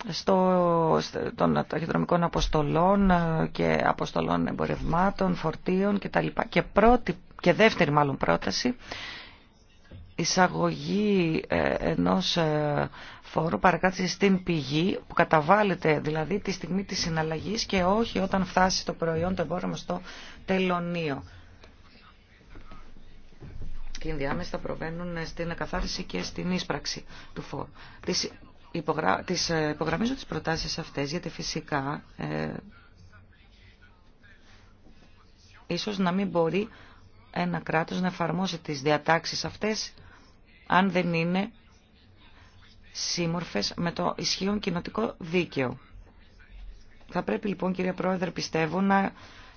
στο, των ταχυδρομικών αποστολών ε, και αποστολών εμπορευμάτων, φορτίων κτλ. Και, πρώτη, και δεύτερη μάλλον πρόταση, εισαγωγή ε, ενός φόρου παρακάτω στην πηγή που καταβάλλεται δηλαδή τη στιγμή της συναλλαγής και όχι όταν φτάσει το προϊόν το εμπόρευμα στο τελωνίο και ενδιάμεσα προβαίνουν στην εκαθάριση και στην ίσπραξη του φόρου. Τις, υπογρα... τις ε, υπογραμμίζω τις προτάσεις αυτές γιατί φυσικά ε, ίσως να μην μπορεί ένα κράτος να εφαρμόσει τις διατάξεις αυτές αν δεν είναι σύμμορφες με το ισχύον κοινοτικό δίκαιο. Θα πρέπει λοιπόν κύριε Πρόεδρε πιστεύω να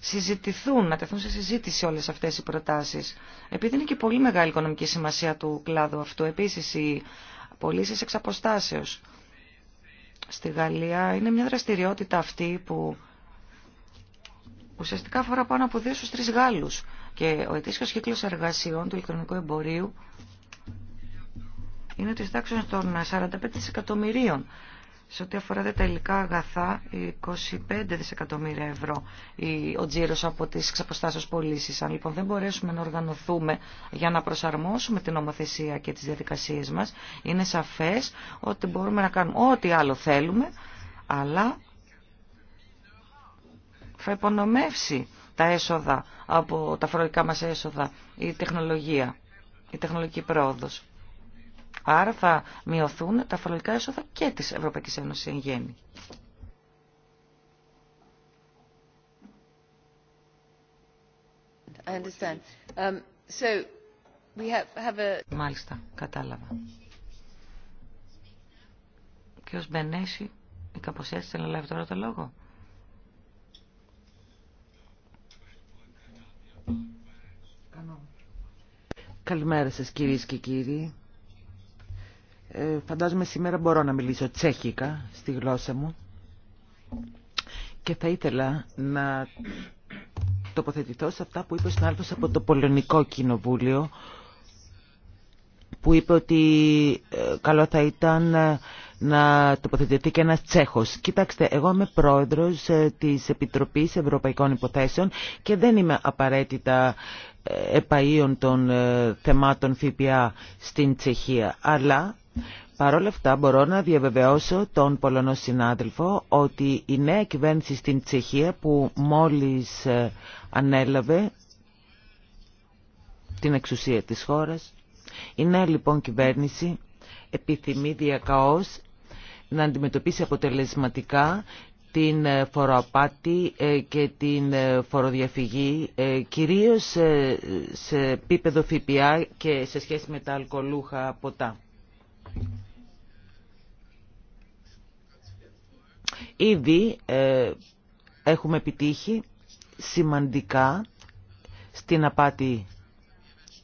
συζητηθούν, να τεθούν σε συζήτηση όλες αυτές οι προτάσεις. Επειδή είναι και πολύ μεγάλη οικονομική σημασία του κλάδου αυτού. Επίσης, οι πωλήσει εξ αποστάσεως στη Γαλλία είναι μια δραστηριότητα αυτή που ουσιαστικά αφορά πάνω από δύο στους τρεις Γάλλους. Και ο ετήσιος κύκλος εργασιών του ηλεκτρονικού εμπορίου είναι της τάξης των 45 εκατομμυρίων σε ό,τι αφορά τα υλικά αγαθά, 25 δισεκατομμύρια ευρώ ο τζίρος από τις εξαποστάσεις πωλήσει. Αν λοιπόν δεν μπορέσουμε να οργανωθούμε για να προσαρμόσουμε την νομοθεσία και τις διαδικασίες μας, είναι σαφές ότι μπορούμε να κάνουμε ό,τι άλλο θέλουμε, αλλά θα υπονομεύσει τα έσοδα από τα φορολογικά μας έσοδα η τεχνολογία, η τεχνολογική πρόοδος. Άρα θα μειωθούν τα φορολογικά έσοδα και της Ευρωπαϊκής Ένωσης εν γέννη. Um, Μάλιστα, κατάλαβα. Και ως Μπενέση, ή κάπως έτσι θέλει να λάβει τώρα το λόγο. Καλημέρα σας κυρίες και κύριοι. Ε, φαντάζομαι σήμερα μπορώ να μιλήσω τσέχικα στη γλώσσα μου και θα ήθελα να τοποθετηθώ σε αυτά που είπε ο συνάδελφος από το Πολωνικό Κοινοβούλιο που είπε ότι ε, καλό θα ήταν ε, να τοποθετηθεί και ένας Τσέχος. Κοιτάξτε, εγώ είμαι πρόεδρος ε, της Επιτροπής Ευρωπαϊκών Υποθέσεων και δεν είμαι απαραίτητα επαΐων των θεμάτων ΦΠΑ στην Τσεχία. Αλλά Παρ' όλα αυτά μπορώ να διαβεβαιώσω τον Πολωνό συνάδελφο ότι η νέα κυβέρνηση στην Τσεχία που μόλις ε, ανέλαβε την εξουσία της χώρας, η νέα λοιπόν κυβέρνηση επιθυμεί διακαώς να αντιμετωπίσει αποτελεσματικά την ε, φοροαπάτη ε, και την φοροδιαφυγή κυρίως σε επίπεδο ΦΠΑ και σε σχέση με τα αλκοολούχα ποτά. Ήδη ε, έχουμε επιτύχει σημαντικά στην απάτη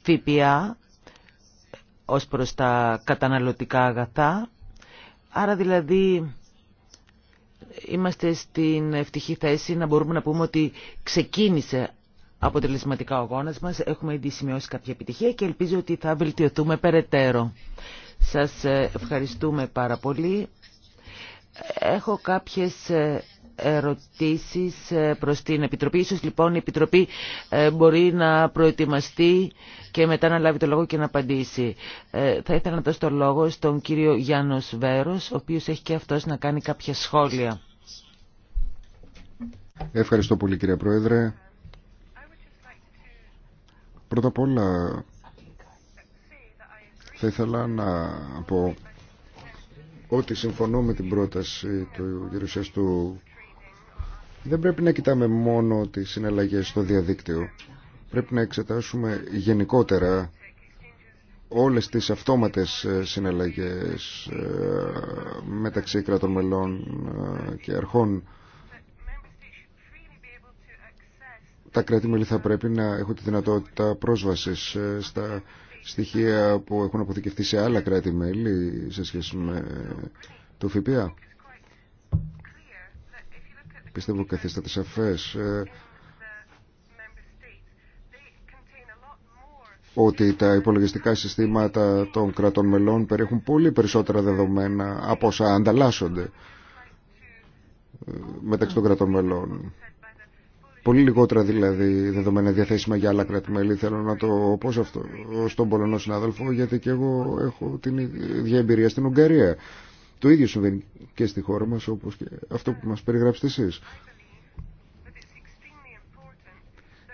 ΦΠΑ ως προς τα καταναλωτικά αγαθά. Άρα δηλαδή είμαστε στην ευτυχή θέση να μπορούμε να πούμε ότι ξεκίνησε αποτελεσματικά ο αγώνας μας. Έχουμε ήδη σημειώσει κάποια επιτυχία και ελπίζω ότι θα βελτιωθούμε περαιτέρω. Σας ε, ευχαριστούμε πάρα πολύ. Έχω κάποιες ε, ερωτήσεις ε, προς την Επιτροπή. Ίσως λοιπόν η Επιτροπή μπορεί να προετοιμαστεί και μετά να λάβει το λόγο και να απαντήσει. Θα ήθελα να δώσω το λόγο στον κύριο Γιάννος Βέρος, ο οποίος έχει και αυτός να κάνει κάποια σχόλια. Ευχαριστώ πολύ κύριε Πρόεδρε. Πρώτα απ' όλα θα ήθελα να πω ότι συμφωνώ με την πρόταση του Γερουσιαστού. Δεν πρέπει να κοιτάμε μόνο τις συναλλαγές στο διαδίκτυο. Πρέπει να εξετάσουμε γενικότερα όλες τις αυτόματες ε, συναλλαγές ε, μεταξύ κρατών μελών ε, και αρχών τα κράτη-μέλη θα πρέπει να έχουν τη δυνατότητα πρόσβασης στα στοιχεία που έχουν αποθηκευτεί σε άλλα κράτη-μέλη σε σχέση με το ΦΠΑ. Πιστεύω καθίσταται σαφές ε, ότι τα υπολογιστικά συστήματα των κρατών μελών περιέχουν πολύ περισσότερα δεδομένα από όσα ανταλλάσσονται ε, μεταξύ των κρατών μελών πολύ λιγότερα δηλαδή δεδομένα διαθέσιμα για άλλα κράτη-μέλη. Θέλω να το πω σε αυτό στον Πολωνό συνάδελφο, γιατί και εγώ έχω την ίδια εμπειρία στην Ουγγαρία. Το ίδιο συμβαίνει και στη χώρα μα όπω και αυτό που μα περιγράψετε εσεί.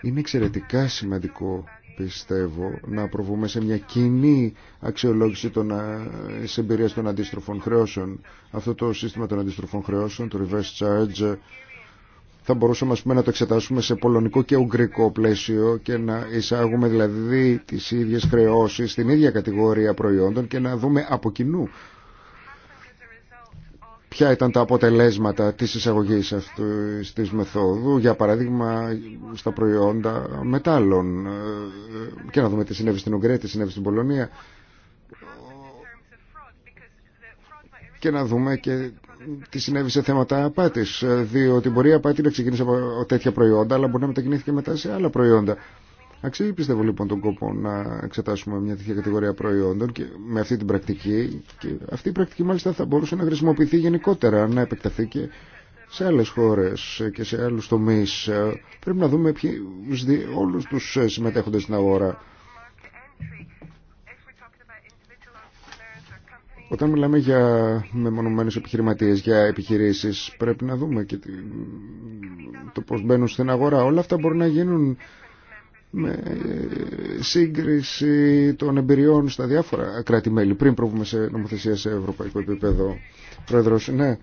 Είναι εξαιρετικά σημαντικό, πιστεύω, να προβούμε σε μια κοινή αξιολόγηση των εμπειρία των αντίστροφων χρεώσεων. Αυτό το σύστημα των αντίστροφων χρεώσεων, το reverse charge, θα μπορούσαμε πούμε, να το εξετάσουμε σε πολωνικό και ουγγρικό πλαίσιο και να εισάγουμε δηλαδή τις ίδιες χρεώσεις στην ίδια κατηγορία προϊόντων και να δούμε από κοινού ποια ήταν τα αποτελέσματα της εισαγωγής αυτής της μεθόδου, για παράδειγμα στα προϊόντα μετάλλων ε, και να δούμε τι συνέβη στην Ουγγρία, τι συνέβη στην Πολωνία και να δούμε και τι συνέβη σε θέματα απάτης, ε, διότι μπορεί η απάτη να ξεκινήσει από τέτοια προϊόντα, αλλά μπορεί να μετακινήθηκε μετά σε άλλα προϊόντα. Αξίζει πιστεύω λοιπόν τον κόπο να εξετάσουμε μια τέτοια κατηγορία προϊόντων και με αυτή την πρακτική και αυτή η πρακτική μάλιστα θα μπορούσε να χρησιμοποιηθεί γενικότερα, να επεκταθεί και σε άλλε χώρε και σε άλλου τομεί. Ε, πρέπει να δούμε όλου του τους ε, στην αγορά Όταν μιλάμε για μεμονωμένους επιχειρηματίες, για επιχειρήσεις, πρέπει να δούμε και το πώς μπαίνουν στην αγορά. Όλα αυτά μπορούν να γίνουν με ε, σύγκριση των εμπειριών στα διάφορα κράτη-μέλη πριν προβούμε σε νομοθεσία σε ευρωπαϊκό επίπεδο. Πρόεδρος, ναι,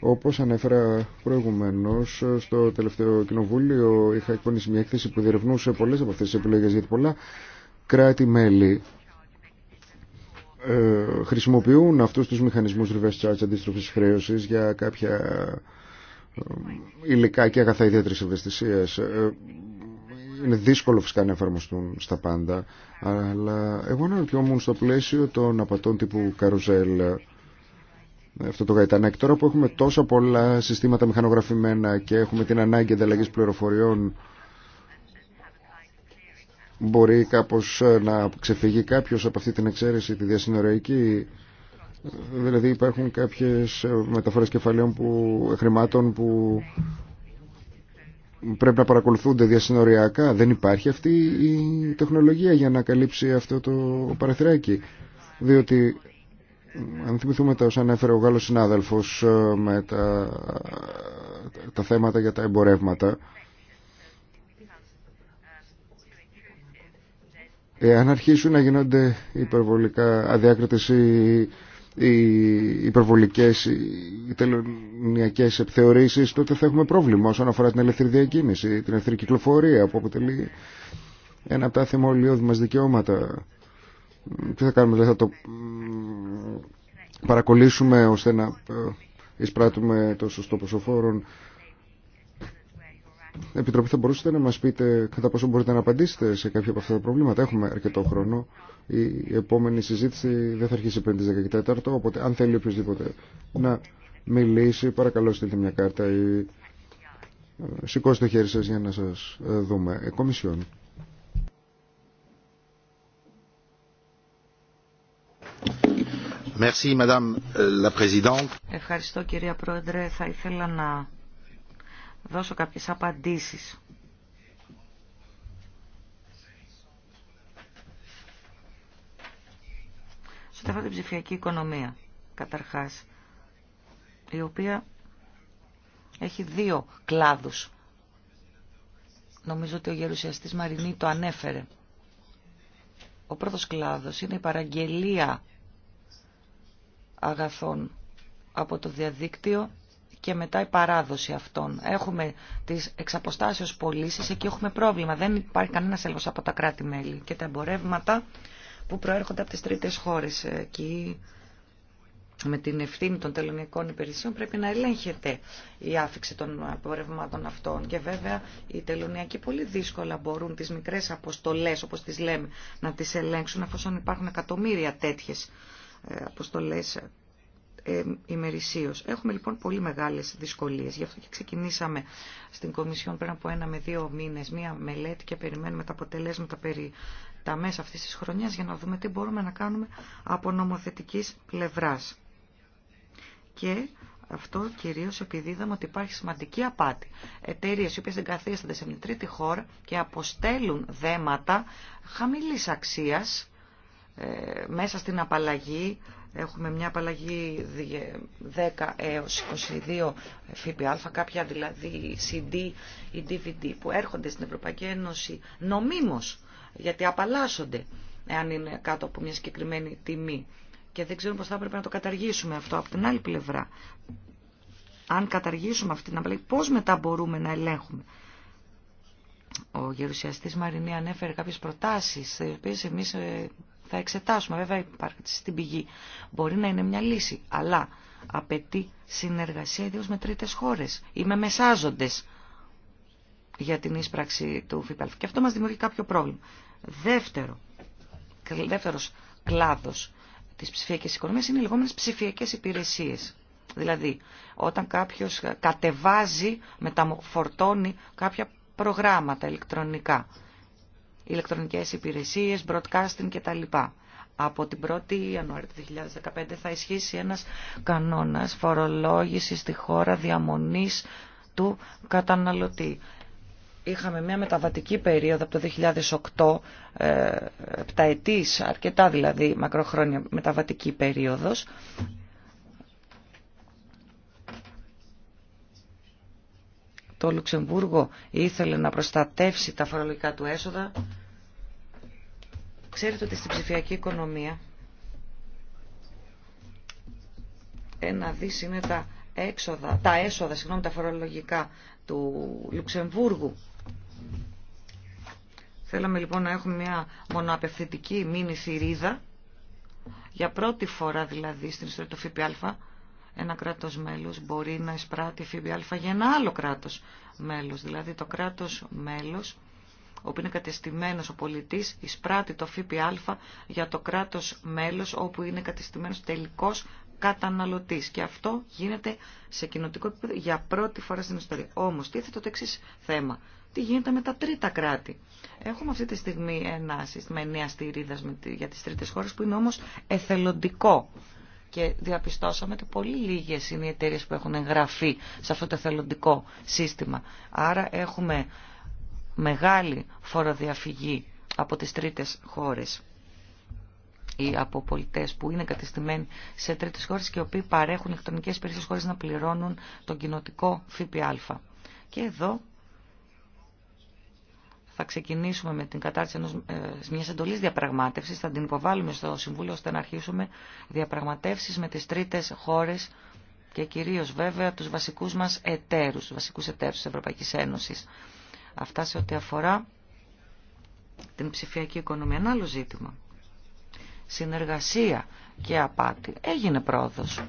όπως ανέφερα προηγουμένως στο τελευταίο κοινοβούλιο είχα εκπονήσει μια έκθεση που διερευνούσε πολλές από αυτές τις επιλογές γιατί πολλά κράτη-μέλη ε, χρησιμοποιούν αυτούς τους μηχανισμούς reverse charge αντίστροφης χρέωσης για κάποια ε, υλικά και αγαθά ιδιαίτερης ευαισθησίας. Ε, είναι δύσκολο φυσικά να εφαρμοστούν στα πάντα, αλλά εγώ αναρωτιόμουν στο πλαίσιο των απατών τύπου καρουζέλ, αυτό το γαϊτανάκι. Τώρα που έχουμε τόσα πολλά συστήματα μηχανογραφημένα και έχουμε την ανάγκη ανταλλαγή πληροφοριών Μπορεί κάπως ε, να ξεφύγει κάποιος από αυτή την εξαίρεση, τη διασυνοριακή. Δηλαδή υπάρχουν κάποιες ε, μεταφορές κεφαλαίων που, χρημάτων που πρέπει να παρακολουθούνται διασυνοριακά. Δεν υπάρχει αυτή η τεχνολογία για να καλύψει αυτό το παραθυράκι. Διότι, αν θυμηθούμε τα όσα ανέφερε ο Γάλλος συνάδελφος ε, με τα, τα θέματα για τα εμπορεύματα, Εάν αρχίσουν να γίνονται υπερβολικά αδιάκριτες οι υπερβολικές, οι τελωνιακές επιθεωρήσεις, τότε θα έχουμε πρόβλημα όσον αφορά την ελεύθερη διακίνηση, την ελεύθερη κυκλοφορία που αποτελεί ένα από τα θεμελιώδη μας δικαιώματα. Τι θα κάνουμε, θα το παρακολύσουμε ώστε να ε, εισπράττουμε το σωστό ποσοφόρον. Επιτροπή, θα μπορούσατε να μα πείτε κατά πόσο μπορείτε να απαντήσετε σε κάποια από αυτά τα προβλήματα. Έχουμε αρκετό χρόνο. Η επόμενη συζήτηση δεν θα αρχίσει πριν τι 14, οπότε αν θέλει οποιοδήποτε να μιλήσει, παρακαλώ στείλτε μια κάρτα ή ε, σηκώστε χέρι σας για να σας ε, δούμε. Ε, Merci, Madame ε, la Ευχαριστώ κυρία Πρόεδρε. Θα ήθελα να δώσω κάποιες απαντήσεις. Σε αυτή την ψηφιακή οικονομία, καταρχάς, η οποία έχει δύο κλάδους. Νομίζω ότι ο γερουσιαστής Μαρινή το ανέφερε. Ο πρώτος κλάδος είναι η παραγγελία αγαθών από το διαδίκτυο και μετά η παράδοση αυτών. Έχουμε τι εξαποστάσεω πωλήσει, εκεί έχουμε πρόβλημα. Δεν υπάρχει κανένα έλεγχο από τα κράτη-μέλη και τα εμπορεύματα που προέρχονται από τι τρίτε χώρε. Εκεί με την ευθύνη των τελωνικών υπηρεσιών πρέπει να ελέγχεται η άφηξη των εμπορεύματων αυτών. Και βέβαια οι τελωνιακοί πολύ δύσκολα μπορούν τι μικρέ αποστολέ, όπω τι λέμε, να τι ελέγξουν, εφόσον υπάρχουν εκατομμύρια τέτοιε αποστολέ ε, ημερησίως. Έχουμε λοιπόν πολύ μεγάλες δυσκολίες. Γι' αυτό και ξεκινήσαμε στην Κομισιόν πριν από ένα με δύο μήνες μία μελέτη και περιμένουμε τα αποτελέσματα περί τα μέσα αυτής της χρονιάς για να δούμε τι μπορούμε να κάνουμε από νομοθετικής πλευράς. Και αυτό κυρίω επειδή είδαμε ότι υπάρχει σημαντική απάτη. Εταιρείε οι οποίε εγκαθίστανται σε μια τρίτη χώρα και αποστέλουν δέματα χαμηλή αξία ε, μέσα στην απαλλαγή Έχουμε μια απαλλαγή 10 έως 22 ΦΠΑ, κάποια δηλαδή CD ή DVD που έρχονται στην Ευρωπαϊκή Ένωση νομίμως, γιατί απαλλάσσονται εάν είναι κάτω από μια συγκεκριμένη τιμή. Και δεν ξέρουμε πώς θα έπρεπε να το καταργήσουμε αυτό. Από την άλλη πλευρά, αν καταργήσουμε αυτή την απαλλαγή, πώς μετά μπορούμε να ελέγχουμε. Ο γερουσιαστής Μαρινή ανέφερε κάποιες προτάσεις, εμείς ε, θα εξετάσουμε, βέβαια υπάρχει στην πηγή. Μπορεί να είναι μια λύση, αλλά απαιτεί συνεργασία ιδίως με τρίτες χώρες ή με μεσάζοντες για την ίσπραξη του ΦΠΑ. Και αυτό μας δημιουργεί κάποιο πρόβλημα. Δεύτερο, δεύτερος κλάδος της ψηφιακής οικονομίας είναι οι λεγόμενες ψηφιακές υπηρεσίες. Δηλαδή, όταν κάποιος κατεβάζει, μεταφορτώνει κάποια προγράμματα ηλεκτρονικά ηλεκτρονικές υπηρεσίες, broadcasting κτλ. Από την 1η Ιανουαρίου του 2015 θα ισχύσει ένας κανόνας φορολόγησης στη χώρα διαμονής του καταναλωτή. Είχαμε μια μεταβατική περίοδο από το 2008, ε, επταετής, αρκετά δηλαδή μακροχρόνια μεταβατική περίοδος, το Λουξεμβούργο ήθελε να προστατεύσει τα φορολογικά του έσοδα Ξέρετε ότι στην ψηφιακή οικονομία ένα δις είναι τα, έξοδα, τα έσοδα, συγγνώμη, τα φορολογικά του Λουξεμβούργου. Θέλαμε λοιπόν να έχουμε μια μονοαπευθυντική μήνυ θηρίδα, για πρώτη φορά δηλαδή στην ιστορία του ΦΠΑ, ένα κράτος μέλος μπορεί να εισπράττει ΦΠΑ για ένα άλλο κράτος μέλος. Δηλαδή το κράτος μέλος όπου είναι κατεστημένος ο πολιτής, εισπράττει το ΦΠΑ για το κράτος μέλος όπου είναι κατεστημένος τελικός καταναλωτής. Και αυτό γίνεται σε κοινοτικό επίπεδο για πρώτη φορά στην ιστορία. Όμως, τίθεται το εξή θέμα. Τι γίνεται με τα τρίτα κράτη. Έχουμε αυτή τη στιγμή ένα σύστημα ενιαία στηρίδα για τις τρίτες χώρες που είναι όμως εθελοντικό. Και διαπιστώσαμε ότι πολύ λίγε είναι οι εταιρείε που έχουν εγγραφεί σε αυτό το εθελοντικό σύστημα. Άρα έχουμε μεγάλη φοροδιαφυγή από τις τρίτες χώρες ή από πολιτέ που είναι κατεστημένοι σε τρίτε χώρε και οι οποίοι παρέχουν ηλεκτρονικέ υπηρεσίε χωρί να πληρώνουν τον κοινοτικό ΦΠΑ. Και εδώ θα ξεκινήσουμε με την κατάρτιση ενός, ε, μιας εντολής διαπραγμάτευσης, θα την υποβάλουμε στο Συμβούλιο ώστε να αρχίσουμε διαπραγματεύσεις με τις τρίτες χώρες και κυρίως βέβαια τους βασικούς μας εταίρους, τους βασικούς εταίρους της Ευρωπαϊκής Ένωσης. Αυτά σε ό,τι αφορά την ψηφιακή οικονομία. Ένα άλλο ζήτημα. Συνεργασία και απάτη. Έγινε πρόοδος.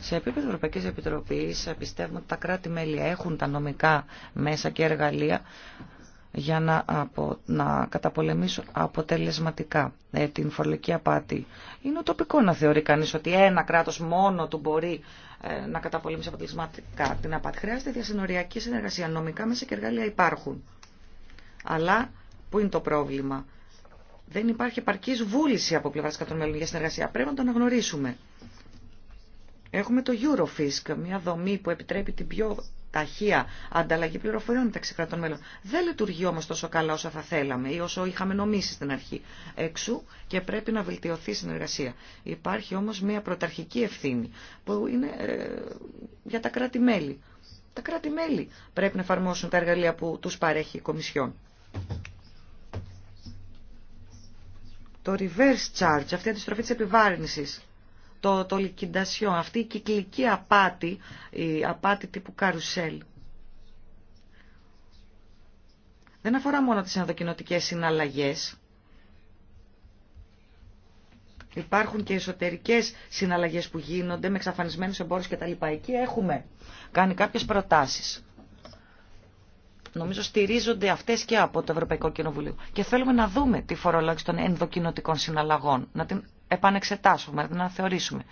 Σε επίπεδο Ευρωπαϊκής Επιτροπής ε, πιστεύουμε ότι τα κράτη-μέλη έχουν τα νομικά μέσα και εργαλεία για να, απο, να καταπολεμήσουν αποτελεσματικά ε, την φορολογική απάτη. Είναι τοπικό να θεωρεί κανείς ότι ένα κράτος μόνο του μπορεί ε, να καταπολεμήσει αποτελεσματικά την ΑΠΑΤ. Χρειάζεται διασυνοριακή συνεργασία. Νομικά μέσα και εργαλεία υπάρχουν. Αλλά πού είναι το πρόβλημα. Δεν υπάρχει επαρκή βούληση από πλευρά κατών μέλων για συνεργασία. Πρέπει να το αναγνωρίσουμε. Έχουμε το Eurofisk, μια δομή που επιτρέπει την πιο ταχεία ανταλλαγή πληροφοριών μεταξύ κρατών μέλων. Δεν λειτουργεί όμω τόσο καλά όσο θα θέλαμε ή όσο είχαμε νομίσει στην αρχή. Εξού και πρέπει να βελτιωθεί η συνεργασία. Υπάρχει όμω μια πρωταρχική ευθύνη που είναι ε, για τα κράτη-μέλη. Τα κράτη-μέλη πρέπει να εφαρμόσουν τα εργαλεία που του παρέχει η Κομισιόν. Το reverse charge, αυτή η αντιστροφή τη επιβάρυνση το, το λικιντασιό, αυτή η κυκλική απάτη, η απάτη τύπου καρουσέλ. Δεν αφορά μόνο τις ενδοκινοτικές συναλλαγές. Υπάρχουν και εσωτερικές συναλλαγές που γίνονται με εξαφανισμένους εμπόρους κτλ. Εκεί έχουμε κάνει κάποιες προτάσεις. Νομίζω στηρίζονται αυτές και από το Ευρωπαϊκό Κοινοβουλίο. Και θέλουμε να δούμε τη φορολόγηση των ενδοκινοτικών συναλλαγών, να την επανεξετάσουμε, να θεωρήσουμε.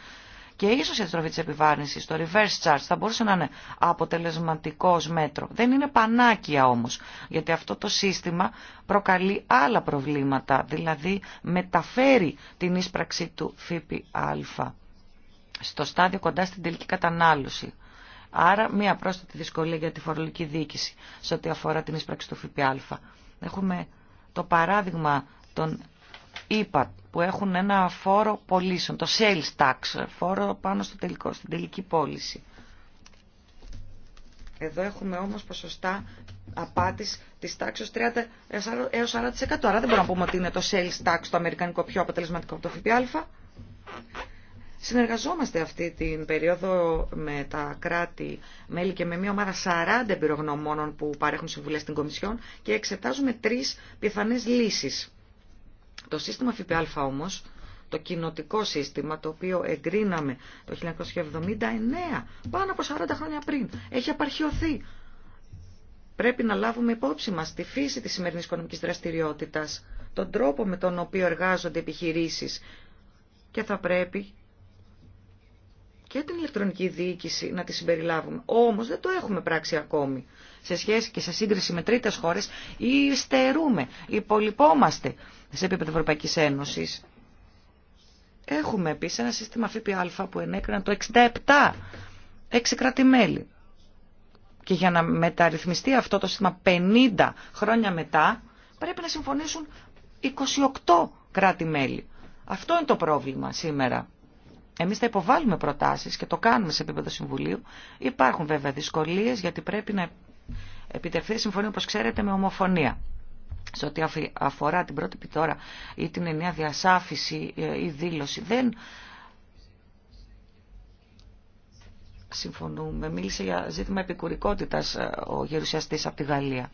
Και ίσω η αστροφή τη επιβάρυνση, το reverse charge, θα μπορούσε να είναι αποτελεσματικό μέτρο. Δεν είναι πανάκια όμω, γιατί αυτό το σύστημα προκαλεί άλλα προβλήματα, δηλαδή μεταφέρει την ίσπραξη του ΦΠΑ στο στάδιο κοντά στην τελική κατανάλωση. Άρα, μία πρόσθετη δυσκολία για τη φορολογική διοίκηση σε ό,τι αφορά την ίσπραξη του ΦΠΑ. Έχουμε το παράδειγμα των είπα, που έχουν ένα φόρο πωλήσεων, το sales tax, φόρο πάνω στο τελικό, στην τελική πώληση. Εδώ έχουμε όμως ποσοστά απάτης της τάξης 30 έως 40%. Άρα δεν μπορούμε να πούμε ότι είναι το sales tax το αμερικανικό πιο αποτελεσματικό από το ΦΠΑ. Συνεργαζόμαστε αυτή την περίοδο με τα κράτη μέλη και με μια ομάδα 40 εμπειρογνωμόνων που παρέχουν συμβουλές στην Κομισιόν και εξετάζουμε τρεις πιθανές λύσεις. Το σύστημα ΦΠΑ όμως, το κοινοτικό σύστημα το οποίο εγκρίναμε το 1979, πάνω από 40 χρόνια πριν, έχει απαρχιωθεί. Πρέπει να λάβουμε υπόψη μας τη φύση της σημερινής οικονομικής δραστηριότητας, τον τρόπο με τον οποίο εργάζονται επιχειρήσεις και θα πρέπει και την ηλεκτρονική διοίκηση να τη συμπεριλάβουμε. Όμως δεν το έχουμε πράξει ακόμη σε σχέση και σε σύγκριση με τρίτες χώρες ή στερούμε, υπολοιπόμαστε σε επίπεδο Ευρωπαϊκής Ένωσης. Έχουμε επίση ένα σύστημα ΦΠΑ που ενέκριναν το 67, εξι κράτη-μέλη. Και για να μεταρρυθμιστεί αυτό το σύστημα 50 χρόνια μετά, πρέπει να συμφωνήσουν 28 κράτη-μέλη. Αυτό είναι το πρόβλημα σήμερα. Εμείς θα υποβάλουμε προτάσεις και το κάνουμε σε επίπεδο Συμβουλίου. Υπάρχουν βέβαια δυσκολίες γιατί πρέπει να επιτευχθεί συμφωνία, όπως ξέρετε, με ομοφωνία. Σε ό,τι αφορά την πρώτη πιτώρα ή την ενιαία διασάφηση ε, ή δήλωση, δεν συμφωνούμε. Μίλησε για ζήτημα επικουρικότητας ε, ο γερουσιαστής από τη Γαλλία.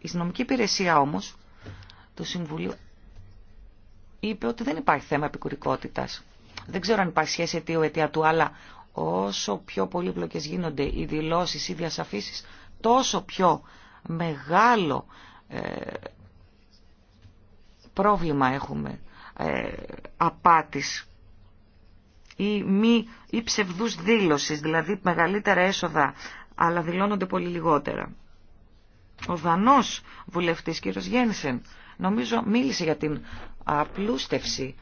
Η συνομική υπηρεσία όμως του Συμβουλίου είπε ότι δεν υπάρχει θέμα επικουρικότητας. Δεν ξέρω αν υπάρχει σχέση αιτίου αιτία του, αλλά όσο πιο πολύπλοκες γίνονται οι δηλώσεις ή διασαφήσεις, τόσο πιο μεγάλο ε, πρόβλημα έχουμε ε, απάτης ή μη ή ψευδούς δήλωσης, δηλαδή μεγαλύτερα έσοδα, αλλά δηλώνονται πολύ λιγότερα. Ο Δανός βουλευτής κύριος Γένσεν νομίζω μίλησε για την απλούστευση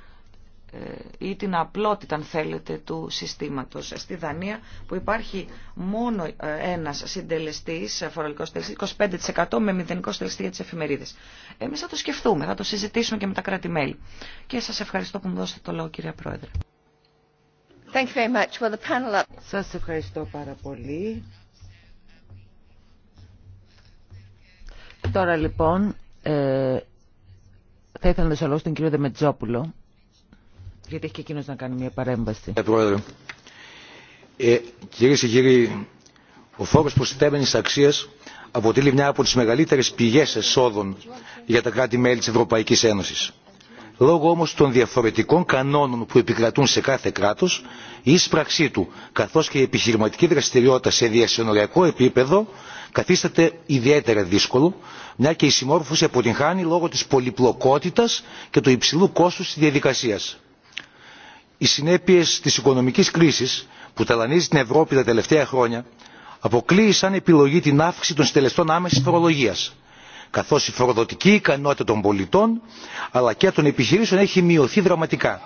ή την απλότητα, αν θέλετε, του συστήματος. Στη Δανία που υπάρχει μόνο ε, ένας συντελεστής, ε, φορολογικός συντελεστής, 25% με μηδενικό συντελεστή για τις εφημερίδες. Εμείς θα το σκεφτούμε, θα το συζητήσουμε και με τα κράτη-μέλη. Και σας ευχαριστώ που μου δώσετε το λόγο, κυρία Πρόεδρε. Thank you very much. the panel... Σας ευχαριστώ πάρα πολύ. Τώρα λοιπόν, ε, θα ήθελα να δεσολώσω τον κύριο Δεμετζόπουλο. Γιατί έχει και εκείνο να κάνει μια παρέμβαση. Ε, Πρόεδρε, ε, κυρίες και κύριοι, ο φόρο προστιθέμενη αξία αποτελεί μια από τι μεγαλύτερε πηγέ εσόδων για τα κράτη-μέλη τη Ευρωπαϊκή Ένωση, Λόγω όμω των διαφορετικών κανόνων που επικρατούν σε κάθε κράτο, η εισπραξή του καθώ και η επιχειρηματική δραστηριότητα σε διασυνοριακό επίπεδο καθίσταται ιδιαίτερα δύσκολο, μια και η συμμόρφωση αποτυγχάνει λόγω τη πολυπλοκότητα και του υψηλού κόστου τη διαδικασία οι συνέπειες της οικονομικής κρίσης που ταλανίζει την Ευρώπη τα τελευταία χρόνια αποκλείει σαν επιλογή την αύξηση των συντελεστών άμεσης φορολογίας καθώς η φοροδοτική ικανότητα των πολιτών αλλά και των επιχειρήσεων έχει μειωθεί δραματικά.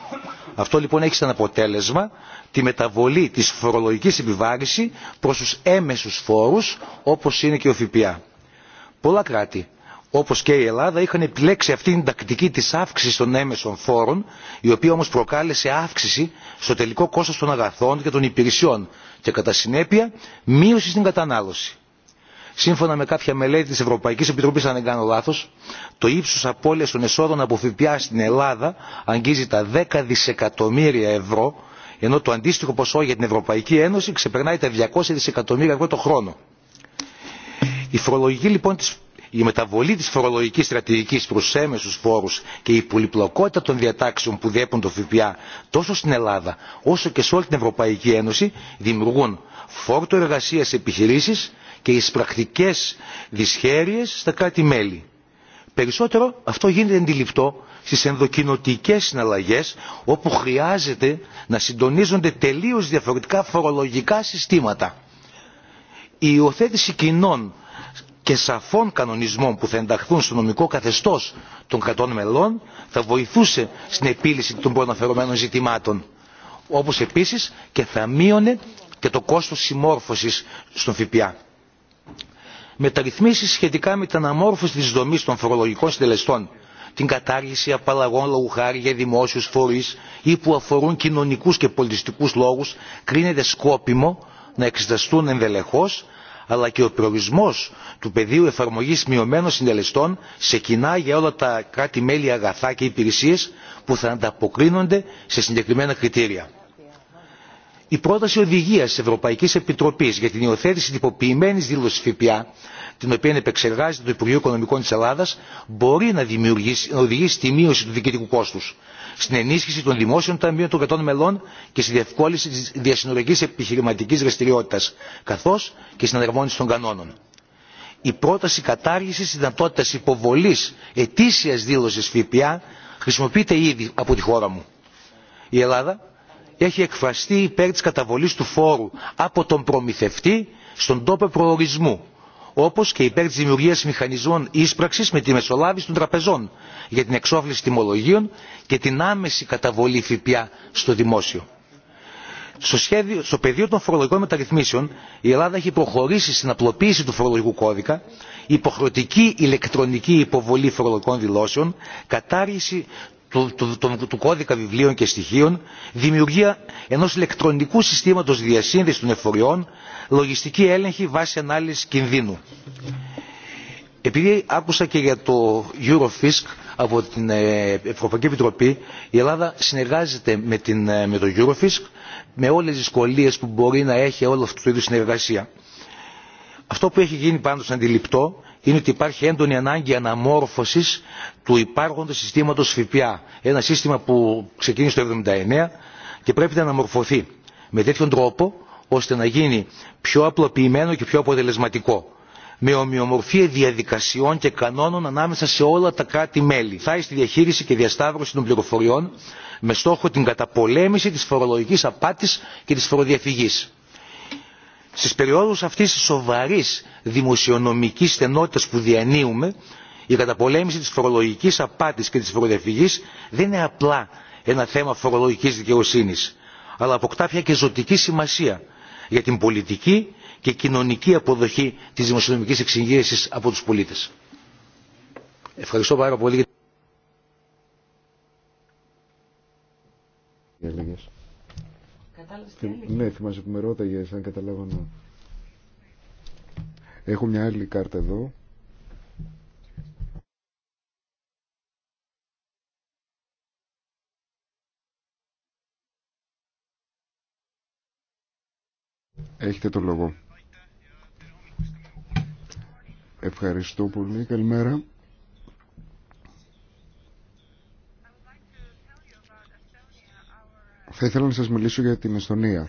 Αυτό λοιπόν έχει σαν αποτέλεσμα τη μεταβολή της φορολογικής επιβάρηση προς τους έμεσους φόρους όπως είναι και ο ΦΠΑ. Πολλά κράτη όπως και η Ελλάδα είχαν επιλέξει αυτήν την τακτική της αύξησης των έμεσων φόρων η οποία όμως προκάλεσε αύξηση στο τελικό κόστος των αγαθών και των υπηρεσιών και κατά συνέπεια μείωση στην κατανάλωση. Σύμφωνα με κάποια μελέτη της Ευρωπαϊκής Επιτροπής, αν δεν κάνω λάθος, το ύψος απώλειας των εσόδων από ΦΠΑ στην Ελλάδα αγγίζει τα 10 δισεκατομμύρια ευρώ, ενώ το αντίστοιχο ποσό για την Ευρωπαϊκή Ένωση ξεπερνάει τα 200 δισεκατομμύρια ευρώ το χρόνο. Η φορολογική λοιπόν της η μεταβολή της φορολογικής στρατηγικής προς έμεσους φόρους και η πολυπλοκότητα των διατάξεων που διέπουν το ΦΠΑ τόσο στην Ελλάδα όσο και σε όλη την Ευρωπαϊκή Ένωση δημιουργούν φόρτο εργασίας επιχειρήσεις και εις δυσχέρειες στα κράτη-μέλη. Περισσότερο αυτό γίνεται αντιληπτό στις ενδοκινοτικές συναλλαγές όπου χρειάζεται να συντονίζονται τελείως διαφορετικά φορολογικά συστήματα. Η υιοθέτηση κοινών και σαφών κανονισμών που θα ενταχθούν στο νομικό καθεστώς των κρατών μελών θα βοηθούσε στην επίλυση των προαναφερομένων ζητημάτων. Όπως επίσης και θα μείωνε και το κόστος συμμόρφωσης στον ΦΠΑ. Μεταρρυθμίσεις σχετικά με την αναμόρφωση της δομής των φορολογικών συντελεστών την κατάργηση απαλλαγών λόγου χάρη για δημόσιους φορείς ή που αφορούν κοινωνικούς και πολιτιστικούς λόγους κρίνεται σκόπιμο να εξεταστούν ενδελεχώς αλλά και ο προορισμός του πεδίου εφαρμογής μειωμένων συντελεστών σε κοινά για όλα τα κράτη μέλη αγαθά και υπηρεσίες που θα ανταποκρίνονται σε συγκεκριμένα κριτήρια. Η πρόταση οδηγία τη Ευρωπαϊκή Επιτροπή για την υιοθέτηση τυποποιημένη δήλωση ΦΠΑ, την οποία επεξεργάζεται το Υπουργείο Οικονομικών τη Ελλάδα, μπορεί να, να οδηγήσει στη μείωση του διοικητικού κόστου, στην ενίσχυση των δημόσιων ταμείων των κρατών μελών και στη διευκόλυνση της διασυνορικής επιχειρηματικής δραστηριότητας, καθώς και στην αναρμόνιση των κανόνων. Η πρόταση κατάργησης της δυνατότητας υποβολής ετήσιας δήλωσης ΦΠΑ χρησιμοποιείται ήδη από τη χώρα μου. Η Ελλάδα έχει εκφραστεί υπέρ της καταβολής του φόρου από τον προμηθευτή στον τόπο προορισμού όπω και υπέρ τη δημιουργία μηχανισμών ίσπραξη με τη μεσολάβηση των τραπεζών για την εξόφληση τιμολογίων και την άμεση καταβολή ΦΠΑ στο δημόσιο. Στο, σχέδιο, στο πεδίο των φορολογικών μεταρρυθμίσεων, η Ελλάδα έχει προχωρήσει στην απλοποίηση του φορολογικού κώδικα, υποχρεωτική ηλεκτρονική υποβολή φορολογικών δηλώσεων, κατάργηση του, κώδικα βιβλίων και στοιχείων, δημιουργία ενός ηλεκτρονικού συστήματος διασύνδεσης των εφοριών, λογιστική έλεγχη βάση ανάλυση κινδύνου. Επειδή άκουσα και για το Eurofisk από την ε, Ευρωπαϊκή Επιτροπή, η Ελλάδα συνεργάζεται με, την, ε, με το Eurofisk με όλες τις δυσκολίες που μπορεί να έχει όλο αυτό το είδους συνεργασία. Αυτό που έχει γίνει πάντως αντιληπτό είναι ότι υπάρχει έντονη ανάγκη αναμόρφωσης του υπάρχοντος συστήματος ΦΠΑ. Ένα σύστημα που ξεκίνησε το 1979 και πρέπει να αναμορφωθεί με τέτοιον τρόπο ώστε να γίνει πιο απλοποιημένο και πιο αποτελεσματικό με ομοιομορφία διαδικασιών και κανόνων ανάμεσα σε όλα τα κράτη-μέλη. Θα στη διαχείριση και διασταύρωση των πληροφοριών με στόχο την καταπολέμηση της φορολογικής απάτης και της φοροδιαφυγής στις περιόδους αυτής της σοβαρής δημοσιονομικής στενότητας που διανύουμε η καταπολέμηση της φορολογικής απάτης και της φοροδιαφυγής δεν είναι απλά ένα θέμα φορολογικής δικαιοσύνης αλλά αποκτά πια και ζωτική σημασία για την πολιτική και κοινωνική αποδοχή της δημοσιονομικής εξυγίασης από τους πολίτες. Ευχαριστώ πάρα πολύ. Ναι, θυμάσαι που με ρώταγες αν καταλάβανα. Έχω μια άλλη κάρτα εδώ. Έχετε το λόγο. Ευχαριστώ πολύ. Καλημέρα. Θα ήθελα να σας μιλήσω για την Εστονία.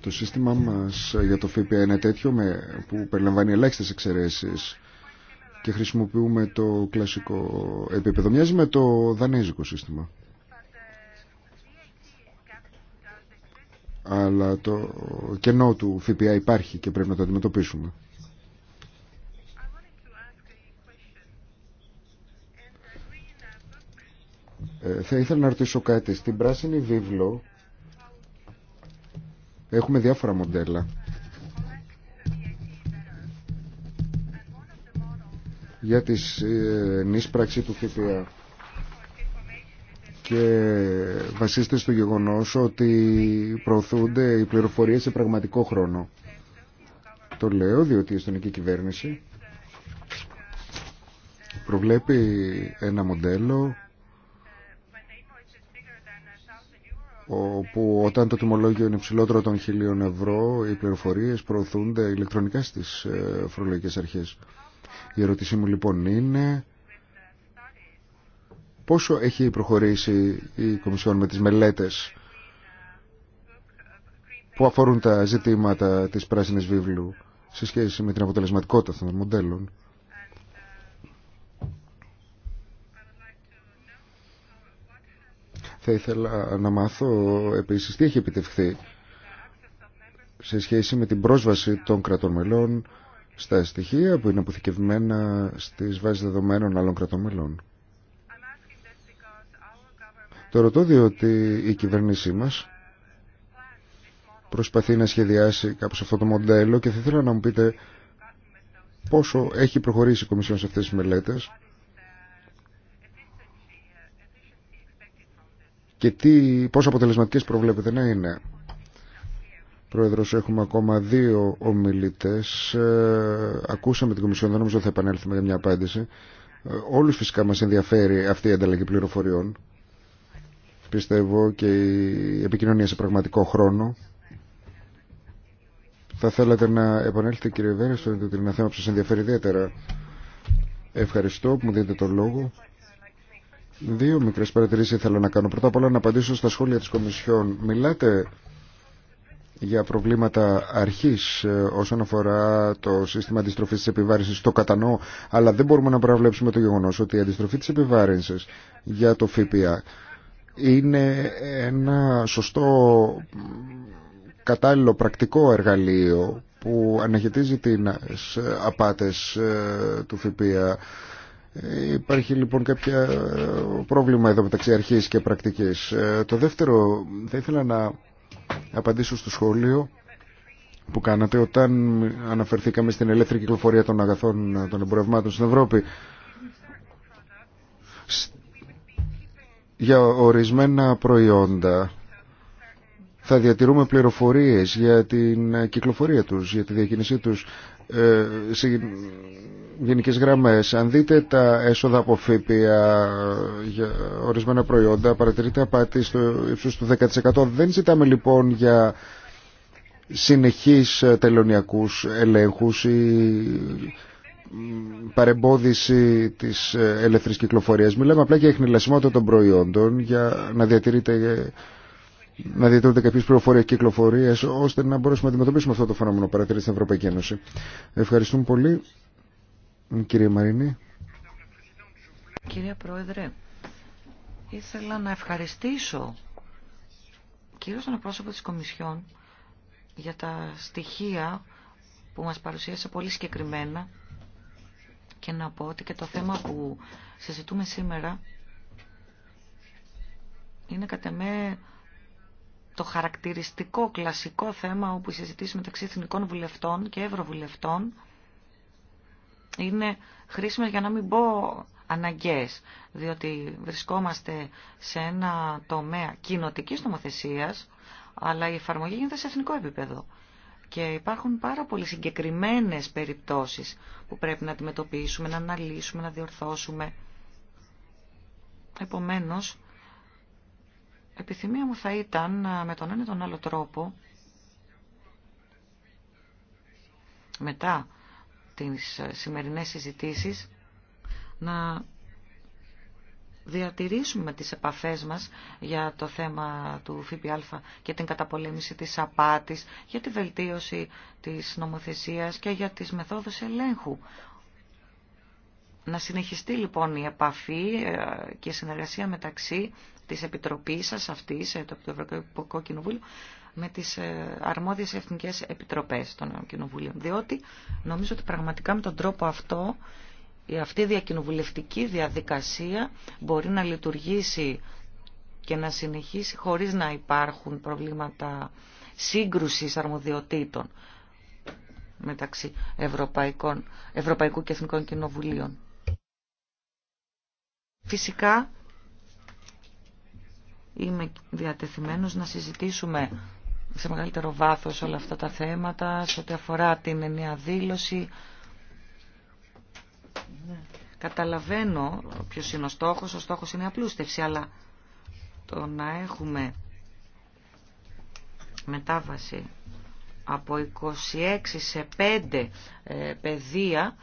Το σύστημα μας για το ΦΠΑ είναι τέτοιο με, που περιλαμβάνει ελάχιστες εξαιρέσεις και χρησιμοποιούμε το κλασικό επίπεδο. Μοιάζει με το δανέζικο σύστημα. Αλλά το κενό του ΦΠΑ υπάρχει και πρέπει να το αντιμετωπίσουμε. Ε, θα ήθελα να ρωτήσω κάτι. Στην πράσινη βίβλο έχουμε διάφορα μοντέλα. για τη ε, νήσπραξη του ΦΠΑ και βασίστε στο γεγονός ότι προωθούνται οι πληροφορίες σε πραγματικό χρόνο. Το λέω διότι η εστονική κυβέρνηση προβλέπει ένα μοντέλο όπου όταν το τιμολόγιο είναι ψηλότερο των χιλίων ευρώ οι πληροφορίες προωθούνται ηλεκτρονικά στις ε, φορολογικές αρχές. Η ερώτησή μου λοιπόν είναι πόσο έχει προχωρήσει η Κομισιόν με τις μελέτες που αφορούν τα ζητήματα της πράσινης βίβλου σε σχέση με την αποτελεσματικότητα των μοντέλων. Θα ήθελα να μάθω επίσης τι έχει επιτευχθεί σε σχέση με την πρόσβαση των κρατών μελών στα στοιχεία που είναι αποθηκευμένα στις βάσεις δεδομένων άλλων κρατών μελών. Το ρωτώ διότι η κυβέρνησή μας προσπαθεί να σχεδιάσει κάπως αυτό το μοντέλο και θα ήθελα να μου πείτε πόσο έχει προχωρήσει η Κομισιόν σε αυτές τις μελέτες και τι, πόσο αποτελεσματικές προβλέπετε να είναι. Πρόεδρος, έχουμε ακόμα δύο ομιλητές. Ε, ακούσαμε την Κομισιόν, δεν νομίζω θα επανέλθουμε για μια απάντηση. Ε, όλους φυσικά μας ενδιαφέρει αυτή η ανταλλαγή πληροφοριών. Πιστεύω και η επικοινωνία σε πραγματικό χρόνο. Θα θέλατε να επανέλθετε κύριε Βέρε, ότι είναι ένα θέμα που σας ενδιαφέρει ιδιαίτερα. Ευχαριστώ που μου δίνετε τον λόγο. Δύο μικρέ παρατηρήσει θέλω να κάνω. Πρώτα απ' όλα να απαντήσω στα σχόλια της Κομισιόν. Μιλάτε για προβλήματα αρχής ε, όσον αφορά το σύστημα αντιστροφή τη επιβάρυνσης, το κατανοώ, αλλά δεν μπορούμε να προβλέψουμε το γεγονός ότι η αντιστροφή της επιβάρυνσης για το ΦΠΑ είναι ένα σωστό κατάλληλο πρακτικό εργαλείο που αναχαιτίζει τις απάτες ε, του ΦΠΑ ε, υπάρχει λοιπόν κάποια ε, πρόβλημα εδώ μεταξύ αρχής και πρακτικής. Ε, το δεύτερο, θα ήθελα να απαντήσω στο σχόλιο που κάνατε όταν αναφερθήκαμε στην ελεύθερη κυκλοφορία των αγαθών των εμπορευμάτων στην Ευρώπη. Για ορισμένα προϊόντα θα διατηρούμε πληροφορίες για την κυκλοφορία τους, για τη διακίνησή τους. Ε, σε γενικές γραμμές. Αν δείτε τα έσοδα από ΦΠΑ για ορισμένα προϊόντα, παρατηρείται απάτη στο ύψος του 10%. Δεν ζητάμε λοιπόν για συνεχείς τελωνιακούς ελέγχους ή παρεμπόδιση της ελεύθερης κυκλοφορίας. Μιλάμε απλά για εχνηλασιμότητα των προϊόντων για να διατηρείται να διατηρούνται κάποιε πληροφορίε και κυκλοφορίε ώστε να μπορέσουμε να αντιμετωπίσουμε αυτό το φαινόμενο παρατηρήσει στην Ευρωπαϊκή Ένωση. Ευχαριστούμε πολύ. Κύριε Μαρίνη. Κύριε Πρόεδρε, ήθελα να ευχαριστήσω κυρίως τον πρόσωπο της Κομισιόν για τα στοιχεία που μας παρουσίασε πολύ συγκεκριμένα και να πω ότι και το θέμα που συζητούμε σήμερα είναι κατά μέρα το χαρακτηριστικό κλασικό θέμα όπου οι συζητήσει μεταξύ εθνικών βουλευτών και ευρωβουλευτών είναι χρήσιμο για να μην πω αναγκαίες, διότι βρισκόμαστε σε ένα τομέα κοινοτική νομοθεσίας, αλλά η εφαρμογή γίνεται σε εθνικό επίπεδο. Και υπάρχουν πάρα πολύ συγκεκριμένες περιπτώσεις που πρέπει να αντιμετωπίσουμε, να αναλύσουμε, να διορθώσουμε. Επομένως, Επιθυμία μου θα ήταν με τον ένα ή τον άλλο τρόπο μετά τις σημερινές συζητήσεις να διατηρήσουμε τις επαφές μας για το θέμα του ΦΠΑ και την καταπολέμηση της απάτης, για τη βελτίωση της νομοθεσίας και για τις μεθόδους ελέγχου. Να συνεχιστεί λοιπόν η επαφή ε, και η συνεργασία μεταξύ της Επιτροπής σας αυτής, ε, το Ευρωπαϊκό Κοινοβούλιο, με τις ε, αρμόδιες εθνικές επιτροπές των κοινοβουλίων. Διότι νομίζω ότι πραγματικά με τον τρόπο αυτό αυτή η διακοινοβουλευτική διαδικασία μπορεί να λειτουργήσει και να συνεχίσει χωρίς να υπάρχουν προβλήματα σύγκρουσης αρμοδιοτήτων μεταξύ Ευρωπαϊκών, Ευρωπαϊκού και Εθνικών Κοινοβουλίων. Φυσικά Είμαι διατεθειμένος να συζητήσουμε σε μεγαλύτερο βάθος όλα αυτά τα θέματα, σε ό,τι αφορά την ενιαία δήλωση. Καταλαβαίνω ποιο είναι ο στόχος, ο στόχος είναι η απλούστευση, αλλά το να έχουμε μετάβαση από 26 σε 5 ε, παιδεία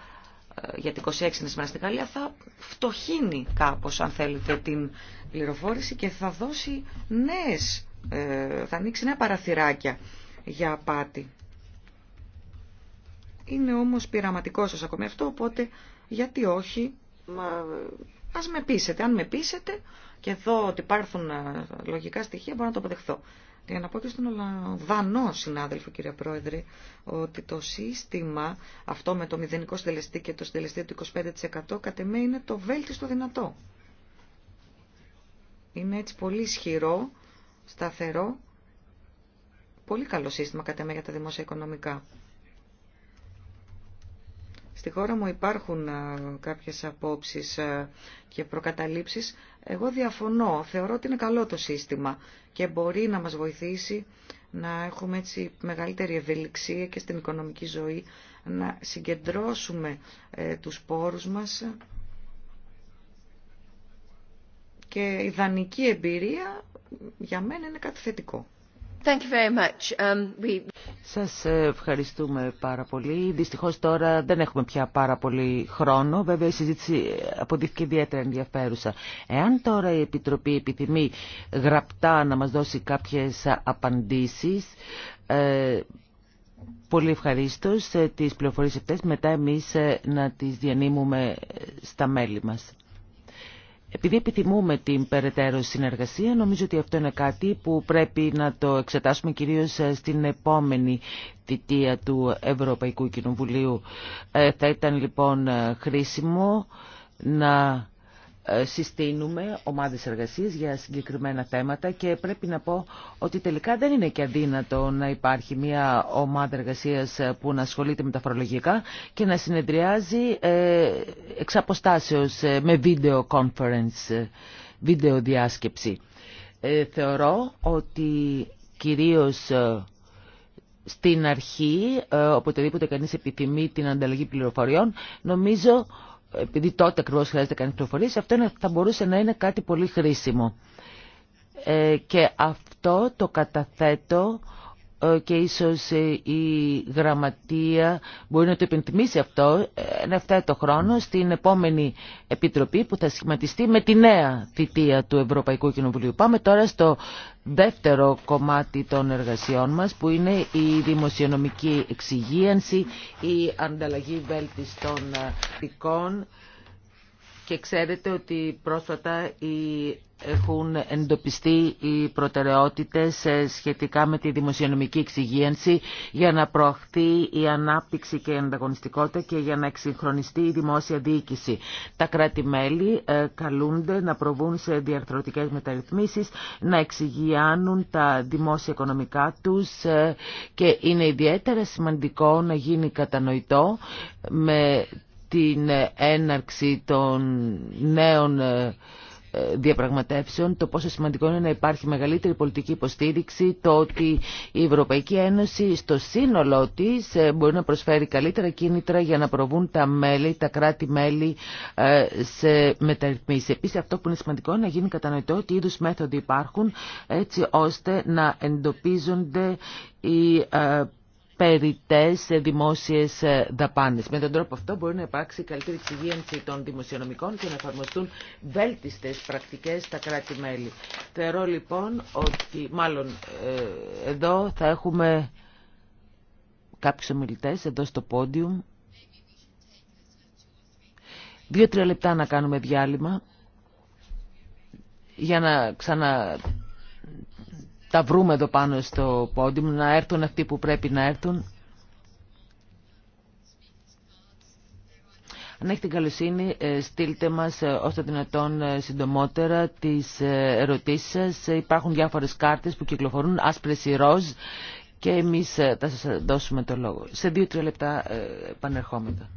γιατί 26 είναι σήμερα στην Γαλλία, θα φτωχύνει κάπως, αν θέλετε, την πληροφόρηση και θα δώσει νέες, ε, θα ανοίξει νέα παραθυράκια για απάτη. Είναι όμως πειραματικό σας ακόμη αυτό, οπότε γιατί όχι, ας με πείσετε. Αν με πείσετε και δω ότι υπάρχουν ε, λογικά στοιχεία, μπορώ να το αποδεχθώ. Για να πω και στον Ολλανδανό συνάδελφο, κύριε Πρόεδρε, ότι το σύστημα αυτό με το μηδενικό συντελεστή και το συντελεστή του 25% κατ' εμέ είναι το βέλτιστο δυνατό. Είναι έτσι πολύ ισχυρό, σταθερό, πολύ καλό σύστημα κατ' εμέ για τα δημόσια οικονομικά. Στη χώρα μου υπάρχουν ε, κάποιες απόψεις ε, και προκαταλήψεις εγώ διαφωνώ. Θεωρώ ότι είναι καλό το σύστημα και μπορεί να μας βοηθήσει να έχουμε έτσι μεγαλύτερη ευελιξία και στην οικονομική ζωή, να συγκεντρώσουμε ε, τους πόρους μας και ιδανική εμπειρία για μένα είναι κάτι θετικό. Um, Σας ε, ευχαριστούμε πάρα πολύ. Δυστυχώς τώρα δεν έχουμε πια πάρα πολύ χρόνο. Βέβαια η συζήτηση ε, αποδείχθηκε ιδιαίτερα ενδιαφέρουσα. Εάν τώρα η Επιτροπή επιθυμεί γραπτά να μας δώσει κάποιες απαντήσεις, ε, πολύ ευχαριστώ τις πληροφορίες αυτές μετά εμείς να τις διανύμουμε στα μέλη μας. Επειδή επιθυμούμε την περαιτέρω συνεργασία, νομίζω ότι αυτό είναι κάτι που πρέπει να το εξετάσουμε κυρίως ε, στην επόμενη θητεία του Ευρωπαϊκού Κοινοβουλίου. Ε, θα ήταν λοιπόν ε, χρήσιμο να ε, συστήνουμε ομάδες εργασίας για συγκεκριμένα θέματα και πρέπει να πω ότι τελικά δεν είναι και αδύνατο να υπάρχει μια ομάδα εργασίας που να ασχολείται με τα φορολογικά και να συνεδριάζει ε, εξ αποστάσεως ε, με video conference, video διάσκεψη. Θεωρώ ότι κυρίως στην αρχή, οποτεδήποτε κανείς επιθυμεί την ανταλλαγή πληροφοριών, νομίζω επειδή τότε ακριβώ χρειάζεται κάνει πληροφορίε, αυτό θα μπορούσε να είναι κάτι πολύ χρήσιμο. Ε, και αυτό το καταθέτω ε, και ίσως ε, η γραμματεία μπορεί να το επιθυμήσει αυτό να το χρόνο στην επόμενη επιτροπή που θα σχηματιστεί με τη νέα θητεία του Ευρωπαϊκού Κοινοβουλίου. Πάμε τώρα στο δεύτερο κομμάτι των εργασιών μας που είναι η δημοσιονομική εξυγίανση, η ανταλλαγή βέλτιστων δικών ε, και ξέρετε ότι πρόσφατα η έχουν εντοπιστεί οι προτεραιότητες ε, σχετικά με τη δημοσιονομική εξυγίανση για να προαχθεί η ανάπτυξη και η ανταγωνιστικότητα και για να εξυγχρονιστεί η δημόσια διοίκηση. Τα κράτη-μέλη ε, καλούνται να προβούν σε διαρθρωτικές μεταρρυθμίσεις, να εξυγιάνουν τα δημόσια οικονομικά τους ε, και είναι ιδιαίτερα σημαντικό να γίνει κατανοητό με την έναρξη των νέων διαπραγματεύσεων το πόσο σημαντικό είναι να υπάρχει μεγαλύτερη πολιτική υποστήριξη, το ότι η Ευρωπαϊκή Ένωση στο σύνολό της ε, μπορεί να προσφέρει καλύτερα κίνητρα για να προβούν τα μέλη, τα κράτη-μέλη ε, σε μεταρρυθμίσει. Επίσης αυτό που είναι σημαντικό είναι να γίνει κατανοητό ότι είδους μέθοδοι υπάρχουν έτσι ώστε να εντοπίζονται οι ε, περιτές δημόσιες ε, δαπάνες. Με τον τρόπο αυτό μπορεί να υπάρξει καλύτερη εξυγίανση των δημοσιονομικών και να εφαρμοστούν βέλτιστες πρακτικές στα κράτη-μέλη. Θεωρώ λοιπόν ότι μάλλον ε, εδώ θα έχουμε κάποιους ομιλητές εδώ στο πόντιουμ. Δύο-τρία λεπτά να κάνουμε διάλειμμα για να ξανα τα βρούμε εδώ πάνω στο μου να έρθουν αυτοί που πρέπει να έρθουν. Αν έχετε καλοσύνη, ε, στείλτε μας ε, όσο δυνατόν ε, συντομότερα τις ερωτήσεις σας. Υπάρχουν διάφορες κάρτες που κυκλοφορούν, άσπρες ή ροζ, και εμείς θα σας δώσουμε το λόγο. Σε δύο-τρία λεπτά επανερχόμεθα.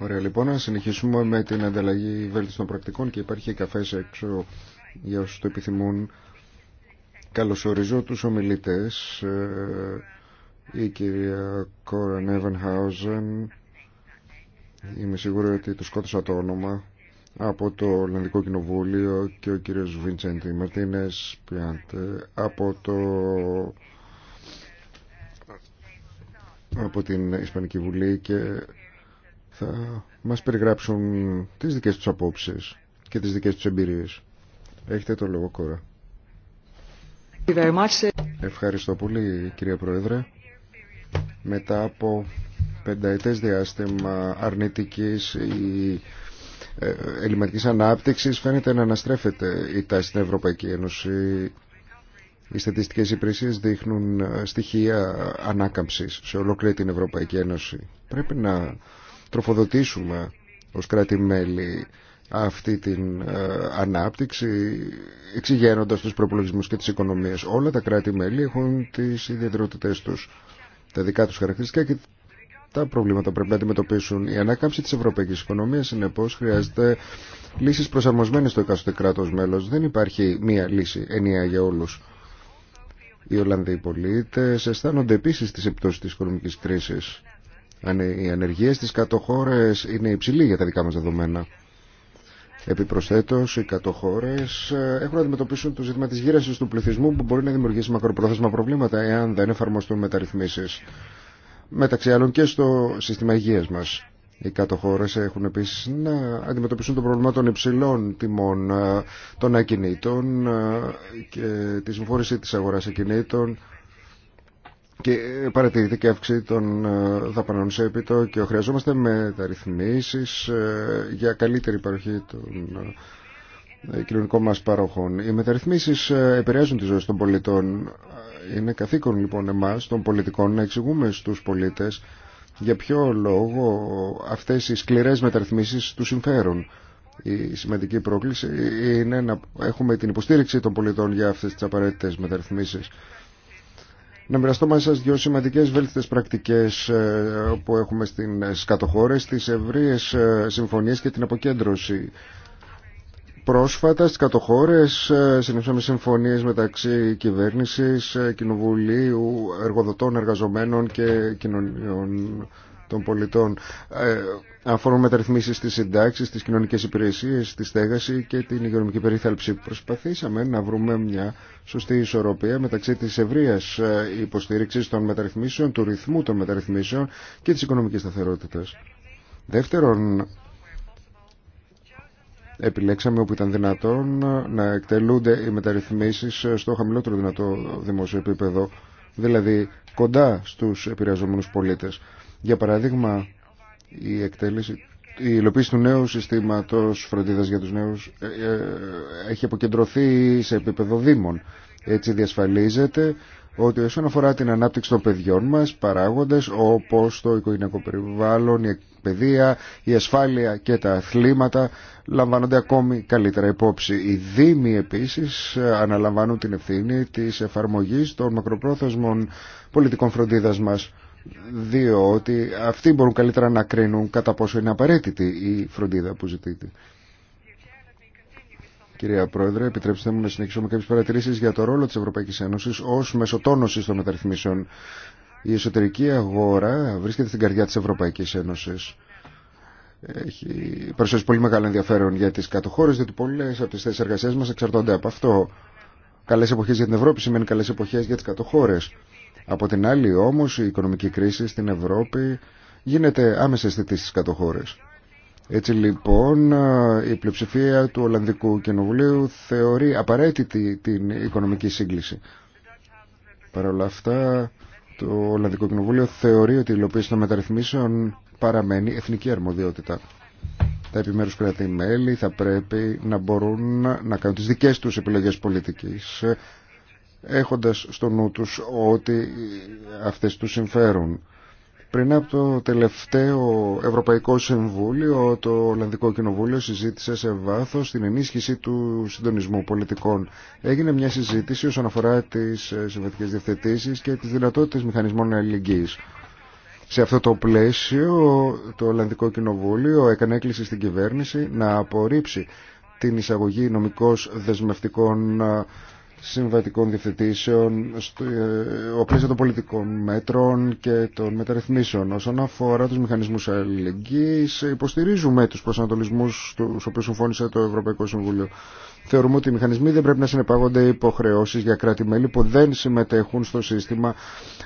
Ωραία λοιπόν, να συνεχίσουμε με την ανταλλαγή βέλτιστων πρακτικών και υπάρχει καφές έξω για όσους το επιθυμούν. Καλωσορίζω τους ομιλητές, ε, η κυρία Κόραν Εβενχάουζεν, είμαι σίγουρο ότι το σκότωσα το όνομα, από το Ολλανδικό Κοινοβούλιο και ο κύριος Βιντσέντι Μαρτίνες Πιάντε από το από την Ισπανική Βουλή και θα μας περιγράψουν τις δικές τους απόψεις και τις δικές τους εμπειρίες. Έχετε το λόγο, Κόρα. Ευχαριστώ πολύ, κυρία Πρόεδρε. Μετά από πενταετές διάστημα αρνητικής ή ε, ελληματικής ανάπτυξης φαίνεται να αναστρέφεται η τάση στην Ευρωπαϊκή Ένωση οι στατιστικές υπηρεσίες δείχνουν ε, στοιχεία ανάκαμψης σε ολόκληρη την Ευρωπαϊκή Ένωση. Πρέπει να τροφοδοτήσουμε ως κράτη-μέλη αυτή την ε, ανάπτυξη εξηγένοντας τους προπολογισμούς και τις οικονομίες. Όλα τα κράτη-μέλη έχουν τις ιδιαιτερότητές τους, τα δικά τους χαρακτηριστικά και τα προβλήματα που πρέπει να αντιμετωπίσουν. Η ανάκαμψη της ευρωπαϊκής οικονομίας, συνεπώ χρειάζεται λύσεις προσαρμοσμένες στο εκάστοτε κράτος μέλος. Δεν υπάρχει μία λύση ενιαία για όλους. Οι Ολλανδοί πολίτες αισθάνονται επίσης τις επιπτώσεις της οικονομική κρίσης. Οι ανεργίε στις κατοχώρε είναι υψηλή για τα δικά μας δεδομένα. Επιπροσθέτως, οι κατοχώρε ε, έχουν να αντιμετωπίσουν το ζήτημα της γύρασης του πληθυσμού που μπορεί να δημιουργήσει μακροπρόθεσμα προβλήματα εάν δεν εφαρμοστούν μεταρρυθμίσεις μεταξύ άλλων και στο σύστημα υγεία μα. Οι κάτω έχουν επίση να αντιμετωπίσουν το πρόβλημα των υψηλών τιμών ε, των ακινήτων ε, και τη συμφόρηση τη αγορά ακινήτων. Και ε, παρατηρείται και αύξηση των δαπανών σε και Χρειαζόμαστε μεταρρυθμίσει για καλύτερη παροχή των κοινωνικών μας παροχών. Οι μεταρρυθμίσεις επηρεάζουν τη ζωή των πολιτών. Είναι καθήκον λοιπόν εμά, των πολιτικών να εξηγούμε στου πολίτε για ποιο λόγο αυτές οι σκληρές μεταρρυθμίσεις του συμφέρουν. Η σημαντική πρόκληση είναι να έχουμε την υποστήριξη των πολιτών για αυτές τις απαραίτητες μεταρρυθμίσεις. Να μοιραστώ μαζί σας δύο σημαντικές βέλτιστες πρακτικές ε, που έχουμε στις ε, κατοχώρες, στις ευρείες ε, συμφωνίες και την αποκέντρωση Πρόσφατα στις κατοχώρες ε, συνέχισαμε συμφωνίες μεταξύ κυβέρνησης, ε, κοινοβουλίου, εργοδοτών, εργαζομένων και κοινωνιών των πολιτών. Ε, αφορούν μεταρρυθμίσεις στις συντάξει, στις κοινωνικές υπηρεσίες, στη στέγαση και την υγειονομική περίθαλψη. Προσπαθήσαμε να βρούμε μια σωστή ισορροπία μεταξύ της ευρείας υποστήριξης των μεταρρυθμίσεων, του ρυθμού των μεταρρυθμίσεων και τη οικονομική σταθερότητα. Δεύτερον, επιλέξαμε όπου ήταν δυνατόν να εκτελούνται οι μεταρρυθμίσεις στο χαμηλότερο δυνατό δημόσιο επίπεδο, δηλαδή κοντά στους επηρεαζόμενους πολίτες. Για παράδειγμα, η, εκτέλεση, η υλοποίηση του νέου συστήματος φροντίδας για τους νέους ε, ε, έχει αποκεντρωθεί σε επίπεδο δήμων. Έτσι διασφαλίζεται ότι όσον αφορά την ανάπτυξη των παιδιών μας, παράγοντες όπως το οικογενειακό περιβάλλον, η εκπαιδεία, η ασφάλεια και τα αθλήματα λαμβάνονται ακόμη καλύτερα υπόψη. Οι Δήμοι επίσης ε, αναλαμβάνουν την ευθύνη της εφαρμογής των μακροπρόθεσμων πολιτικών φροντίδας μας διότι αυτοί μπορούν καλύτερα να κρίνουν κατά πόσο είναι απαραίτητη η φροντίδα που ζητείται κυρία Πρόεδρε. Επιτρέψτε μου να συνεχίσω με κάποιε παρατηρήσει για το ρόλο τη Ευρωπαϊκή Ένωση ω μεσοτόνωση των μεταρρυθμίσεων. Η εσωτερική αγορά βρίσκεται στην καρδιά τη Ευρωπαϊκή Ένωση. Έχει παρουσιάσει πολύ μεγάλο ενδιαφέρον για τι κατοχώρε, διότι πολλέ από τι θέσει εργασία μα εξαρτώνται από αυτό. Καλέ εποχέ για την Ευρώπη σημαίνει καλέ εποχέ για τι κατοχώρε. Από την άλλη, όμω, η οικονομική κρίση στην Ευρώπη γίνεται άμεσα αισθητή στι κατοχώρε. Έτσι λοιπόν ε, η πλειοψηφία του Ολλανδικού Κοινοβουλίου θεωρεί απαραίτητη την οικονομική σύγκληση. Παρ' όλα αυτά το Ολλανδικό Κοινοβούλιο θεωρεί ότι η υλοποίηση των μεταρρυθμίσεων παραμένει εθνική αρμοδιότητα. Τα επιμέρους κράτη-μέλη θα πρέπει να μπορούν να κάνουν τις δικές τους επιλογές πολιτικής έχοντας στο νου τους ότι αυτές τους συμφέρουν. Πριν από το τελευταίο Ευρωπαϊκό Συμβούλιο, το Ολλανδικό Κοινοβούλιο συζήτησε σε βάθος την ενίσχυση του συντονισμού πολιτικών. Έγινε μια συζήτηση όσον αφορά τις ε, συμβατικές διευθετήσεις και τις δυνατότητες μηχανισμών αλληλεγγύης. Σε αυτό το πλαίσιο, το Ολλανδικό Κοινοβούλιο έκανε έκκληση στην κυβέρνηση να απορρίψει την εισαγωγή νομικώς δεσμευτικών ε, συμβατικών διευθετήσεων, στο ε, πλαίσιο των πολιτικών μέτρων και των μεταρρυθμίσεων. Όσον αφορά τους μηχανισμούς αλληλεγγύης, υποστηρίζουμε τους προσανατολισμούς στους οποίους συμφώνησε το Ευρωπαϊκό Συμβούλιο. Θεωρούμε ότι οι μηχανισμοί δεν πρέπει να συνεπάγονται υποχρεώσεις για κράτη-μέλη που δεν συμμετέχουν στο σύστημα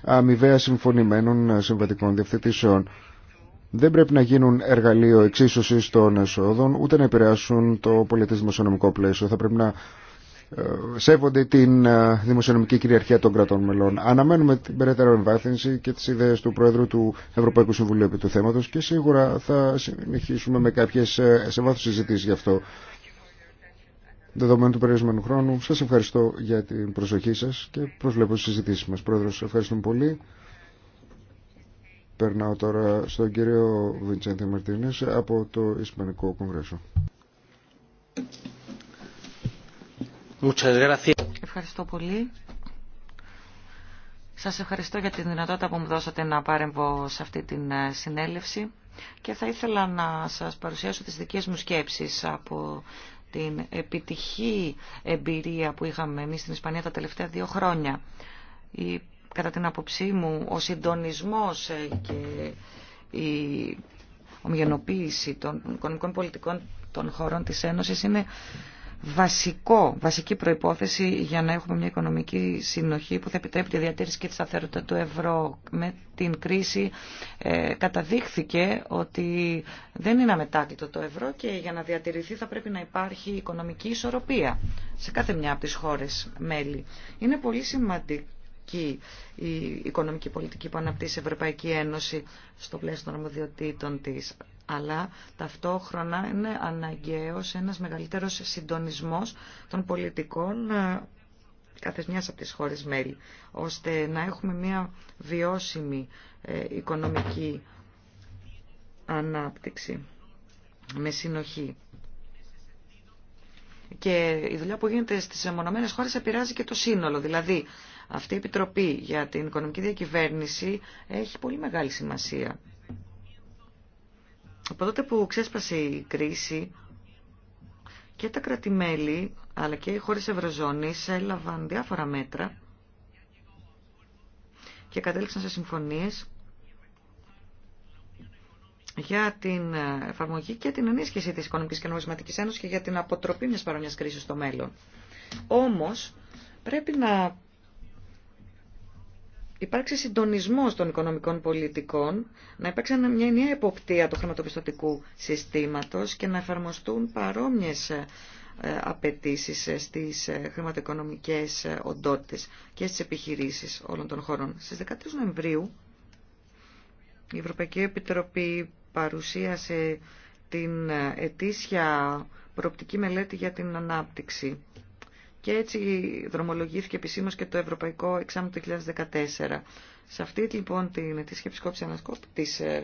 αμοιβαία συμφωνημένων συμβατικών διευθετήσεων. Δεν πρέπει να γίνουν εργαλείο εξίσωση των εσόδων, ούτε να επηρεάσουν το πολιτισμικό πλαίσιο. Θα πρέπει να ε, σέβονται την ε, δημοσιονομική κυριαρχία των κρατών μελών. Αναμένουμε την περαιτέρω εμβάθυνση και τις ιδέες του Πρόεδρου του Ευρωπαϊκού Συμβουλίου επί του θέματος και σίγουρα θα συνεχίσουμε με κάποιες ε, σε βάθος συζητήσεις γι' αυτό. Δεδομένου του περιορισμένου χρόνου, σας ευχαριστώ για την προσοχή σας και προσβλέπω στις συζητήσεις μας. Πρόεδρος, ευχαριστούμε πολύ. Περνάω τώρα στον κύριο Βιντσέντε Μαρτίνες από το Ισπανικό Κογκρέσο. Ευχαριστώ πολύ. Σας ευχαριστώ για τη δυνατότητα που μου δώσατε να παρέμβω σε αυτή την ε, συνέλευση και θα ήθελα να σας παρουσιάσω τις δικές μου σκέψεις από την επιτυχή εμπειρία που είχαμε εμείς στην Ισπανία τα τελευταία δύο χρόνια. Η, κατά την άποψή μου, ο συντονισμός ε, και η ομογενοποίηση των οικονομικών πολιτικών των χωρών της Ένωσης είναι βασικό, βασική προϋπόθεση για να έχουμε μια οικονομική συνοχή που θα επιτρέπει τη διατήρηση και τη σταθερότητα του ευρώ. Με την κρίση ε, καταδείχθηκε ότι δεν είναι αμετάκλητο το ευρώ και για να διατηρηθεί θα πρέπει να υπάρχει οικονομική ισορροπία σε κάθε μια από τις χώρες μέλη. Είναι πολύ σημαντική η οικονομική πολιτική που αναπτύσσει η Ευρωπαϊκή Ένωση στο πλαίσιο των αρμοδιοτήτων της αλλά ταυτόχρονα είναι αναγκαίος ένας μεγαλύτερος συντονισμός των πολιτικών ε, κάθε μιας από τις χώρες μέλη, ώστε να έχουμε μια βιώσιμη ε, οικονομική ανάπτυξη με συνοχή. Και η δουλειά που γίνεται στις εμμονωμένες χώρες επηρεάζει και το σύνολο. Δηλαδή, αυτή η Επιτροπή για την Οικονομική Διακυβέρνηση έχει πολύ μεγάλη σημασία. Από τότε που ξέσπασε η κρίση και τα κρατημέλη αλλά και οι χώρες Ευρωζώνης έλαβαν διάφορα μέτρα και κατέληξαν σε συμφωνίες για την εφαρμογή και την ενίσχυση της Οικονομικής και Νομισματικής και για την αποτροπή μιας παρόμοιας κρίσης στο μέλλον. Όμως, πρέπει να υπάρξει συντονισμός των οικονομικών πολιτικών, να υπάρξει μια ενιαία εποπτεία του χρηματοπιστωτικού συστήματος και να εφαρμοστούν παρόμοιε απαιτήσει ε, στι ε, χρηματοοικονομικές ε, οντότητε και στι επιχειρήσει όλων των χωρών. Στις 13 Νοεμβρίου η Ευρωπαϊκή Επιτροπή παρουσίασε την ετήσια προοπτική μελέτη για την ανάπτυξη και έτσι δρομολογήθηκε επισήμω και το Ευρωπαϊκό Εξάμεινο του 2014. Σε αυτή λοιπόν την ετήσια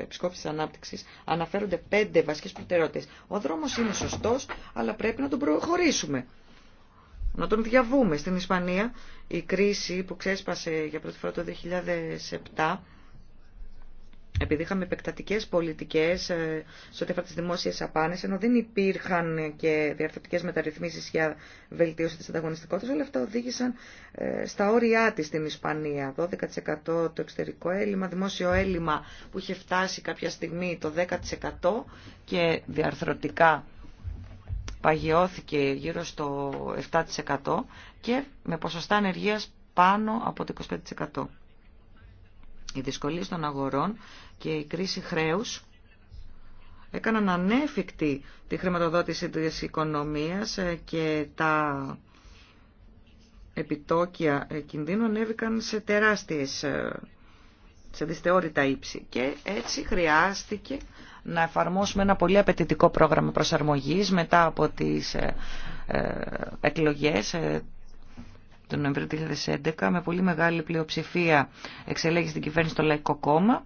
επισκόπηση ε, ανάπτυξη αναφέρονται πέντε βασικέ προτεραιότητε. Ο δρόμο είναι σωστό, αλλά πρέπει να τον προχωρήσουμε. Να τον διαβούμε. Στην Ισπανία η κρίση που ξέσπασε για πρώτη φορά το 2007 επειδή είχαμε επεκτατικέ πολιτικέ ε, σε ό,τι αφορά τι δημόσιε απάνε, ενώ δεν υπήρχαν και διαρθρωτικέ μεταρρυθμίσει για βελτίωση τη ανταγωνιστικότητα, όλα αυτά οδήγησαν ε, στα όρια τη στην Ισπανία. 12% το εξωτερικό έλλειμμα, δημόσιο έλλειμμα που είχε φτάσει κάποια στιγμή το 10% και διαρθρωτικά παγιώθηκε γύρω στο 7% και με ποσοστά ανεργίας πάνω από το 25%. Οι δυσκολίες των αγορών και η κρίση χρέους έκαναν ανέφικτη τη χρηματοδότηση της οικονομίας και τα επιτόκια κινδύνου ανέβηκαν σε τεράστιες, σε δυστεώρητα ύψη. Και έτσι χρειάστηκε να εφαρμόσουμε ένα πολύ απαιτητικό πρόγραμμα προσαρμογής μετά από τις ε, ε, εκλογές ε, τον Νοεμβρίου 2011 με πολύ μεγάλη πλειοψηφία εξελέγει στην κυβέρνηση το Λαϊκό Κόμμα.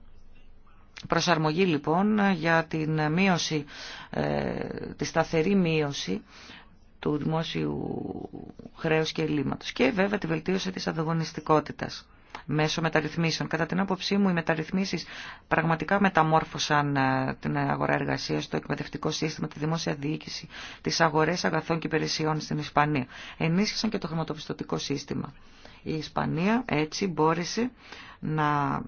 Προσαρμογή λοιπόν για την μείωση, ε, τη σταθερή μείωση του δημόσιου χρέους και ελλείμματος και βέβαια τη βελτίωση της ανταγωνιστικότητας μέσω μεταρρυθμίσεων. Κατά την άποψή μου, οι μεταρρυθμίσεις πραγματικά μεταμόρφωσαν ε, την αγορά εργασία, το εκπαιδευτικό σύστημα, τη δημόσια διοίκηση, τι αγορέ αγαθών και υπηρεσιών στην Ισπανία. Ενίσχυσαν και το χρηματοπιστωτικό σύστημα. Η Ισπανία έτσι μπόρεσε να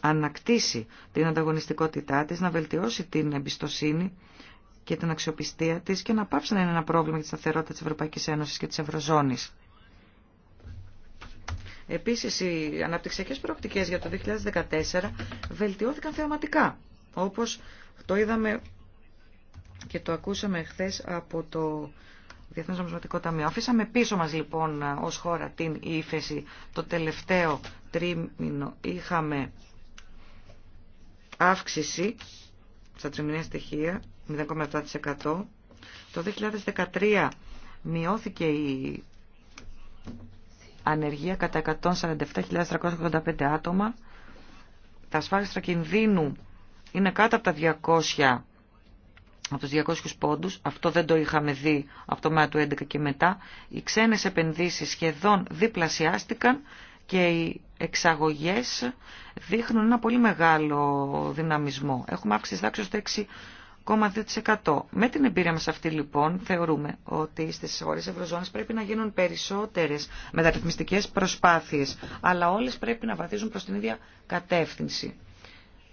ανακτήσει την ανταγωνιστικότητά της, να βελτιώσει την εμπιστοσύνη και την αξιοπιστία της και να πάψει να είναι ένα πρόβλημα για τη σταθερότητα της Ευρωπαϊκής Ένωσης και της Ευρωζώνης. Επίσης, οι αναπτυξιακές προοπτικές για το 2014 βελτιώθηκαν θεαματικά, όπως το είδαμε και το ακούσαμε χθε από το Διεθνές Νομισματικό Ταμείο. Αφήσαμε πίσω μας λοιπόν ως χώρα την ύφεση. Το τελευταίο τρίμηνο είχαμε αύξηση στα τριμηνία στοιχεία 0,7%. Το 2013 μειώθηκε η ανεργία κατά 147.385 άτομα. Τα ασφάλιστρα κινδύνου είναι κάτω από τα 200 από τους 200 πόντους, αυτό δεν το είχαμε δει από το Μάιο του 2011 και μετά, οι ξένες επενδύσεις σχεδόν διπλασιάστηκαν και οι εξαγωγές δείχνουν ένα πολύ μεγάλο δυναμισμό. Έχουμε αύξηση δάξεως με την εμπειρία μας αυτή λοιπόν θεωρούμε ότι στις χώρες Ευρωζώνης πρέπει να γίνουν περισσότερες μεταρρυθμιστικές προσπάθειες, αλλά όλες πρέπει να βαθίζουν προς την ίδια κατεύθυνση.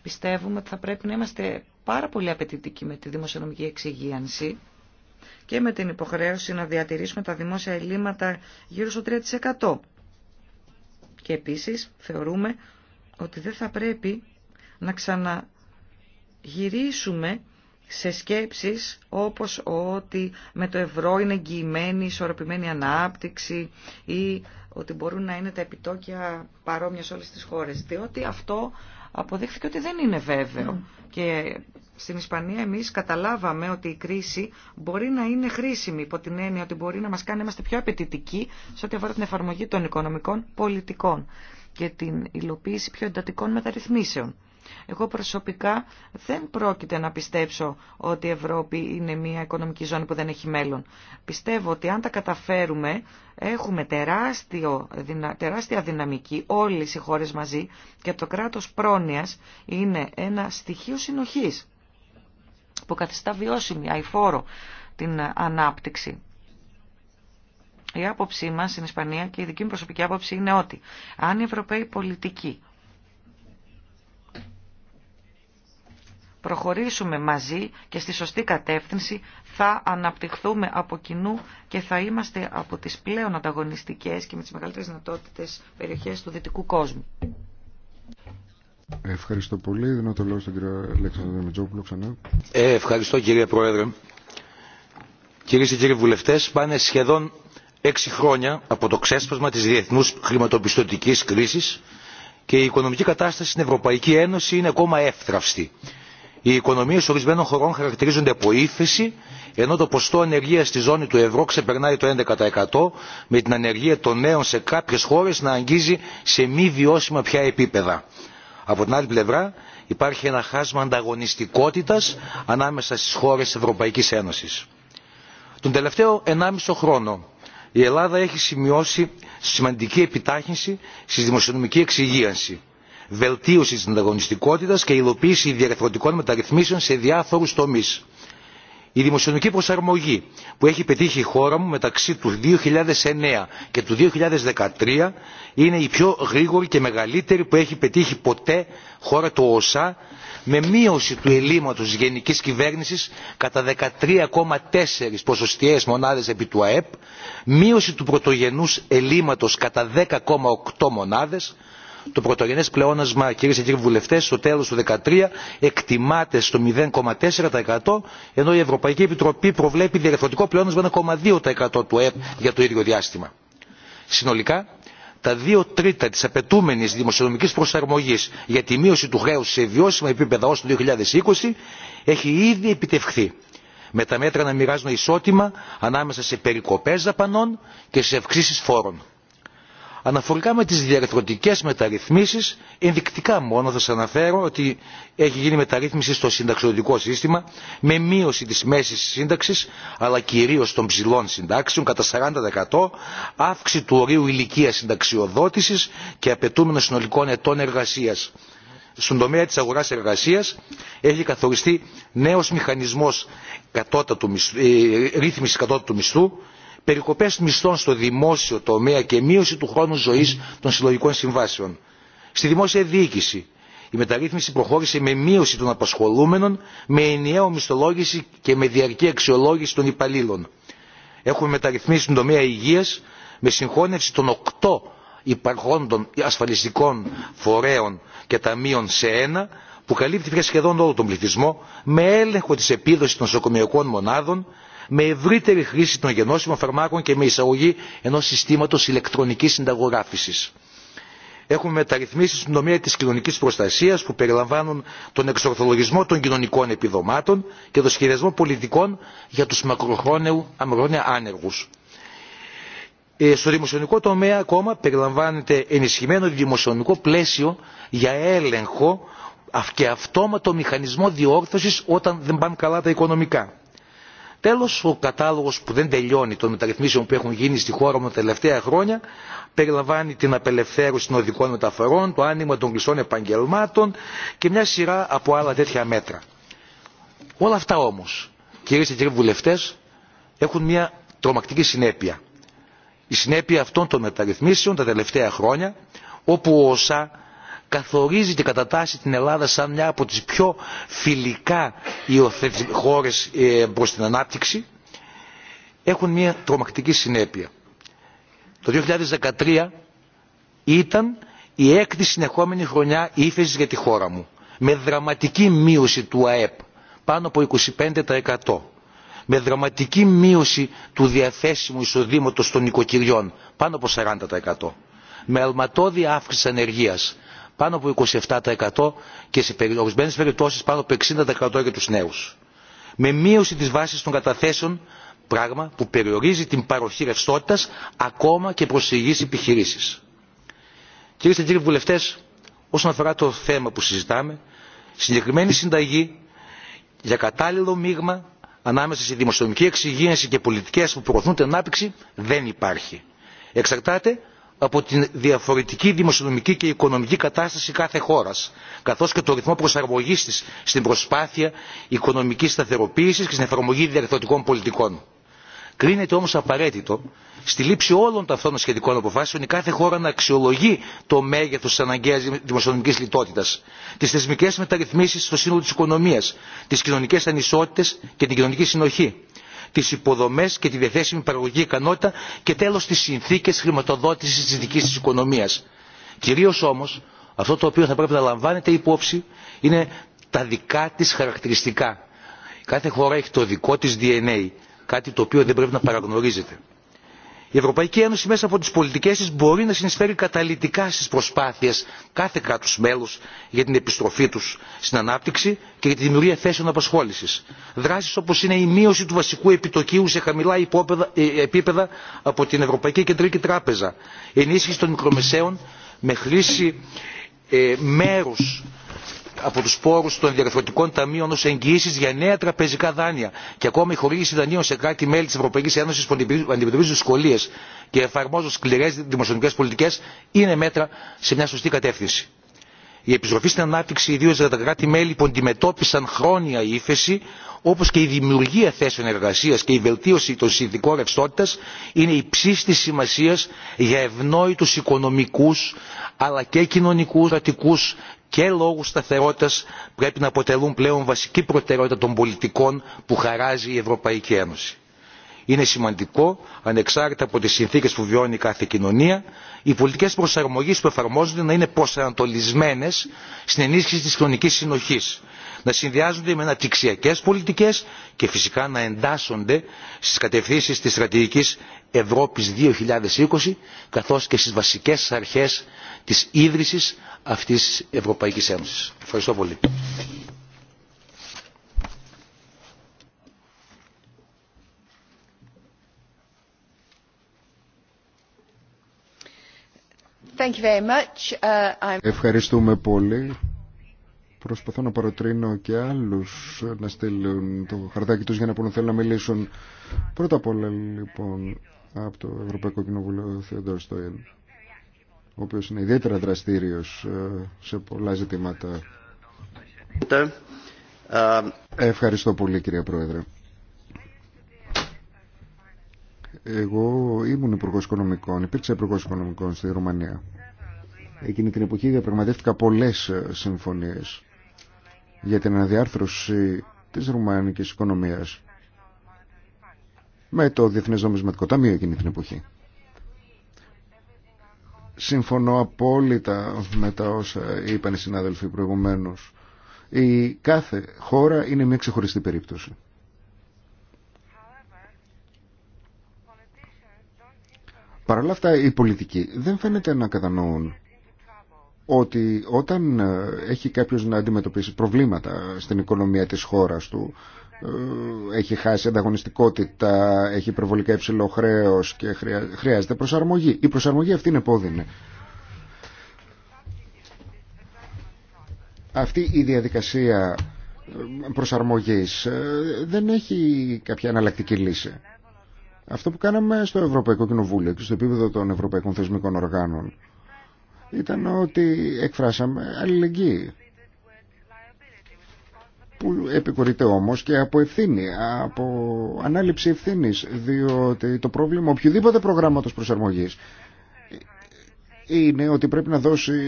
Πιστεύουμε ότι θα πρέπει να είμαστε πάρα πολύ απαιτητικοί με τη δημοσιονομική εξυγίανση και με την υποχρέωση να διατηρήσουμε τα δημόσια ελλείμματα γύρω στο 3%. Και επίσης θεωρούμε ότι δεν θα πρέπει να ξαναγυρίσουμε σε σκέψεις όπως ότι με το ευρώ είναι εγγυημένη, ισορροπημένη ανάπτυξη ή ότι μπορούν να είναι τα επιτόκια παρόμοια σε όλες τις χώρες. Διότι αυτό αποδείχθηκε ότι δεν είναι βέβαιο. Ναι. Και στην Ισπανία εμείς καταλάβαμε ότι η κρίση μπορεί να είναι χρήσιμη υπό την έννοια ότι μπορεί να μας κάνει να είμαστε πιο απαιτητικοί σε ό,τι αφορά την εφαρμογή των οικονομικών πολιτικών και την υλοποίηση πιο εντατικών μεταρρυθμίσεων. Εγώ προσωπικά δεν πρόκειται να πιστέψω ότι η Ευρώπη είναι μια οικονομική ζώνη που δεν έχει μέλλον. Πιστεύω ότι αν τα καταφέρουμε έχουμε τεράστιο, τεράστια δυναμική όλες οι χώρες μαζί και το κράτος πρόνοιας είναι ένα στοιχείο συνοχής που καθιστά βιώσιμη αηφόρο την ανάπτυξη. Η άποψή μας στην Ισπανία και η δική μου προσωπική άποψη είναι ότι αν οι Ευρωπαίοι πολιτικοί προχωρήσουμε μαζί και στη σωστή κατεύθυνση θα αναπτυχθούμε από κοινού και θα είμαστε από τις πλέον ανταγωνιστικές και με τις μεγαλύτερες δυνατότητε περιοχές του δυτικού κόσμου. Ευχαριστώ πολύ. Δίνω το λόγο στον κύριο Αλέξανδρο Μετζόπουλο ξανά. Ε, ευχαριστώ κύριε Πρόεδρε. Κυρίε και κύριοι βουλευτέ, πάνε σχεδόν έξι χρόνια από το ξέσπασμα τη διεθνού χρηματοπιστωτική κρίση και η οικονομική κατάσταση στην Ευρωπαϊκή Ένωση είναι ακόμα εύθραυστη οι οικονομίε ορισμένων χωρών χαρακτηρίζονται από ύφεση, ενώ το ποστό ανεργία στη ζώνη του ευρώ ξεπερνάει το 11%, με την ανεργία των νέων σε κάποιε χώρε να αγγίζει σε μη βιώσιμα πια επίπεδα. Από την άλλη πλευρά, υπάρχει ένα χάσμα ανταγωνιστικότητα ανάμεσα στι χώρε Ευρωπαϊκή Ένωση. Τον τελευταίο 1,5 χρόνο, η Ελλάδα έχει σημειώσει σημαντική επιτάχυνση στη δημοσιονομική εξυγίανση βελτίωση της ανταγωνιστικότητας και υλοποίηση διαρθρωτικών μεταρρυθμίσεων σε διάφορους τομείς. Η δημοσιονομική προσαρμογή που έχει πετύχει η χώρα μου μεταξύ του 2009 και του 2013 είναι η πιο γρήγορη και μεγαλύτερη που έχει πετύχει ποτέ χώρα του ΩΣΑ με μείωση του ελλείμματος της γενικής κυβέρνησης κατά 13,4 ποσοστιαίες μονάδες επί του ΑΕΠ, μείωση του πρωτογενούς ελλείμματος κατά 10,8 μονάδες, το πρωτογενές πλεόνασμα, κύριε και κύριοι βουλευτές, στο τέλος του 2013 εκτιμάται στο 0,4% ενώ η Ευρωπαϊκή Επιτροπή προβλέπει διαρθρωτικό πλεόνασμα 1,2% του ΕΕ για το ίδιο διάστημα. Συνολικά, τα δύο τρίτα της απαιτούμενης δημοσιονομικής προσαρμογής για τη μείωση του χρέους σε βιώσιμα επίπεδα ως το 2020 έχει ήδη επιτευχθεί με τα μέτρα να μοιράζουν ισότιμα ανάμεσα σε περικοπές δαπανών και σε αυξήσει φόρων. Αναφορικά με τις διαρθρωτικές μεταρρυθμίσεις, ενδεικτικά μόνο θα σας αναφέρω ότι έχει γίνει μεταρρύθμιση στο συνταξιδοτικό σύστημα με μείωση της μέσης σύνταξης αλλά κυρίως των ψηλών συντάξεων κατά 40%, αύξηση του ορίου ηλικία συνταξιοδότησης και απαιτούμενων συνολικών ετών εργασίας στον τομέα της αγοράς εργασίας έχει καθοριστεί νέος μηχανισμός κατώτατου μισθού, ε, ρύθμισης κατώτατου μισθού περικοπές μισθών στο δημόσιο τομέα και μείωση του χρόνου ζωής των συλλογικών συμβάσεων. Στη δημόσια διοίκηση, η μεταρρύθμιση προχώρησε με μείωση των απασχολούμενων, με ενιαίο μισθολόγηση και με διαρκή αξιολόγηση των υπαλλήλων. Έχουμε μεταρρυθμίσει την τομέα υγεία με συγχώνευση των οκτώ υπαρχόντων ασφαλιστικών φορέων και ταμείων σε ένα, που καλύπτει πια σχεδόν όλο τον πληθυσμό, με έλεγχο τη επίδοση των νοσοκομειακών μονάδων, με ευρύτερη χρήση των γενώσιμων φαρμάκων και με εισαγωγή ενό συστήματο ηλεκτρονική συνταγογράφησης. Έχουμε μεταρρυθμίσει στην νομία τη κοινωνική προστασία που περιλαμβάνουν τον εξορθολογισμό των κοινωνικών επιδομάτων και τον σχεδιασμό πολιτικών για τους μακροχρόνιου άνεργου. Ε, στο δημοσιονομικό τομέα ακόμα περιλαμβάνεται ενισχυμένο δημοσιονομικό πλαίσιο για έλεγχο και αυτόματο μηχανισμό διόρθωσης όταν δεν πάνε καλά τα οικονομικά. Τέλος, ο κατάλογος που δεν τελειώνει των μεταρρυθμίσεων που έχουν γίνει στη χώρα μου τα τελευταία χρόνια περιλαμβάνει την απελευθέρωση των οδικών μεταφορών, το άνοιγμα των κλειστών επαγγελμάτων και μια σειρά από άλλα τέτοια μέτρα. Όλα αυτά όμως, κυρίες και κύριοι βουλευτές, έχουν μια τρομακτική συνέπεια. Η συνέπεια αυτών των μεταρρυθμίσεων τα τελευταία χρόνια, όπου ο ΩΣΑ καθορίζει και κατατάσσει την Ελλάδα σαν μια από τις πιο φιλικά χώρες ε, προς την ανάπτυξη έχουν μια τρομακτική συνέπεια. Το 2013 ήταν η έκτη συνεχόμενη χρονιά ύφεση για τη χώρα μου με δραματική μείωση του ΑΕΠ πάνω από 25% με δραματική μείωση του διαθέσιμου εισοδήματος των οικοκυριών πάνω από 40% με αλματώδη αύξηση ανεργίας πάνω από 27% και σε ορισμένε περιπτώσεις πάνω από 60% για τους νέους. Με μείωση της βάσης των καταθέσεων, πράγμα που περιορίζει την παροχή ρευστότητα ακόμα και προσεγγίσεις υγιεί επιχειρήσεις. Κυρίε και κύριοι βουλευτές, όσον αφορά το θέμα που συζητάμε, συγκεκριμένη συνταγή για κατάλληλο μείγμα ανάμεσα στη δημοσιονομική εξυγίανση και πολιτικές που προωθούν την ανάπτυξη δεν υπάρχει. Εξαρτάται από τη διαφορετική δημοσιονομική και οικονομική κατάσταση κάθε χώρας καθώς και το ρυθμό προσαρμογής της στην προσπάθεια οικονομικής σταθεροποίησης και στην εφαρμογή διαρθρωτικών πολιτικών. Κρίνεται όμως απαραίτητο στη λήψη όλων αυτών των σχετικών αποφάσεων η κάθε χώρα να αξιολογεί το μέγεθος της αναγκαίας δημοσιονομικής λιτότητας, τις θεσμικές μεταρρυθμίσεις στο σύνολο της οικονομίας, τις κοινωνικές ανισότητες και την κοινωνική συνοχή, τις υποδομές και τη διαθέσιμη παραγωγική ικανότητα και τέλος τις συνθήκες χρηματοδότησης της δική τη οικονομίας. Κυρίως όμως αυτό το οποίο θα πρέπει να λαμβάνετε υπόψη είναι τα δικά της χαρακτηριστικά. Κάθε χώρα έχει το δικό της DNA, κάτι το οποίο δεν πρέπει να παραγνωρίζεται η ευρωπαϊκή ένωση μέσα από τις πολιτικές της μπορεί να συνεισφέρει καταλυτικά στις προσπάθειες κάθε κράτους μέλους για την επιστροφή τους στην ανάπτυξη και για τη δημιουργία θέσεων απασχόλησης. δράσεις όπως είναι η μείωση του βασικού επιτοκίου σε χαμηλά ε, επίπεδα από την ευρωπαϊκή κεντρική τράπεζα ενίσχυση των μικρομεσαίων με χρήση ε, μέρους από του πόρου των διαρθρωτικών ταμείων ω εγγυήσει για νέα τραπεζικά δάνεια και ακόμα η χορήγηση δανείων σε κράτη-μέλη τη Ευρωπαϊκή Ένωση που αντιμετωπίζουν δυσκολίε και εφαρμόζουν σκληρέ δημοσιονομικέ πολιτικέ είναι μέτρα σε μια σωστή κατεύθυνση. Η επιστροφή στην ανάπτυξη, ιδίω για τα κράτη-μέλη που αντιμετώπισαν χρόνια ύφεση, όπω και η δημιουργία θέσεων εργασία και η βελτίωση των συνδικών ρευστότητα, είναι υψίστη σημασία για ευνόητου οικονομικού αλλά και κοινωνικού, κρατικού και λόγου σταθερότητα πρέπει να αποτελούν πλέον βασική προτεραιότητα των πολιτικών που χαράζει η Ευρωπαϊκή Ένωση. Είναι σημαντικό, ανεξάρτητα από τι συνθήκε που βιώνει κάθε κοινωνία, οι πολιτικέ προσαρμογής που εφαρμόζονται να είναι προσανατολισμένε στην ενίσχυση τη κοινωνική συνοχή, να συνδυάζονται με αναπτυξιακέ πολιτικέ και φυσικά να εντάσσονται στι κατευθύνσει τη στρατηγική Ευρώπη 2020, καθώ και στι βασικέ αρχέ τη ίδρυση αυτής της Ευρωπαϊκής Ένωσης. Ευχαριστώ πολύ. Thank you very much. Uh, Ευχαριστούμε πολύ. Προσπαθώ να παροτρύνω και άλλους να στείλουν το χαρτάκι τους για να μπορούν θέλουν να μιλήσουν. Πρώτα απ' όλα λοιπόν από το Ευρωπαϊκό Κοινοβουλίο Θεοδόρ Στοιν ο οποίος είναι ιδιαίτερα δραστήριος ε, σε πολλά ζητήματα. Ευχαριστώ πολύ κυρία Πρόεδρε. Εγώ ήμουν υπουργό οικονομικών, υπήρξα υπουργό οικονομικών στη Ρουμανία. Εκείνη την εποχή διαπραγματεύτηκα πολλέ ε, συμφωνίε για την αναδιάρθρωση τη ρουμανική οικονομία με το Διεθνέ Νομισματικό Ταμείο εκείνη την εποχή. Συμφωνώ απόλυτα με τα όσα είπαν οι συνάδελφοι προηγουμένως. Η κάθε χώρα είναι μια ξεχωριστή περίπτωση. Παρ' όλα αυτά οι πολιτικοί δεν φαίνεται να κατανοούν ότι όταν ε, έχει κάποιος να αντιμετωπίσει προβλήματα στην οικονομία της χώρας του ε, έχει χάσει ανταγωνιστικότητα, έχει υπερβολικά υψηλό χρέο και χρειάζεται προσαρμογή. Η προσαρμογή αυτή είναι πόδινη. Ναι. Αυτή η διαδικασία ε, προσαρμογής ε, δεν έχει κάποια αναλλακτική λύση. Αυτό που κάναμε στο Ευρωπαϊκό Κοινοβούλιο και στο επίπεδο των Ευρωπαϊκών Θεσμικών Οργάνων ήταν ότι εκφράσαμε αλληλεγγύη που επικουρείται όμως και από ευθύνη, από ανάληψη ευθύνης, διότι το πρόβλημα οποιοδήποτε προγράμματος προσαρμογής είναι ότι πρέπει να δώσει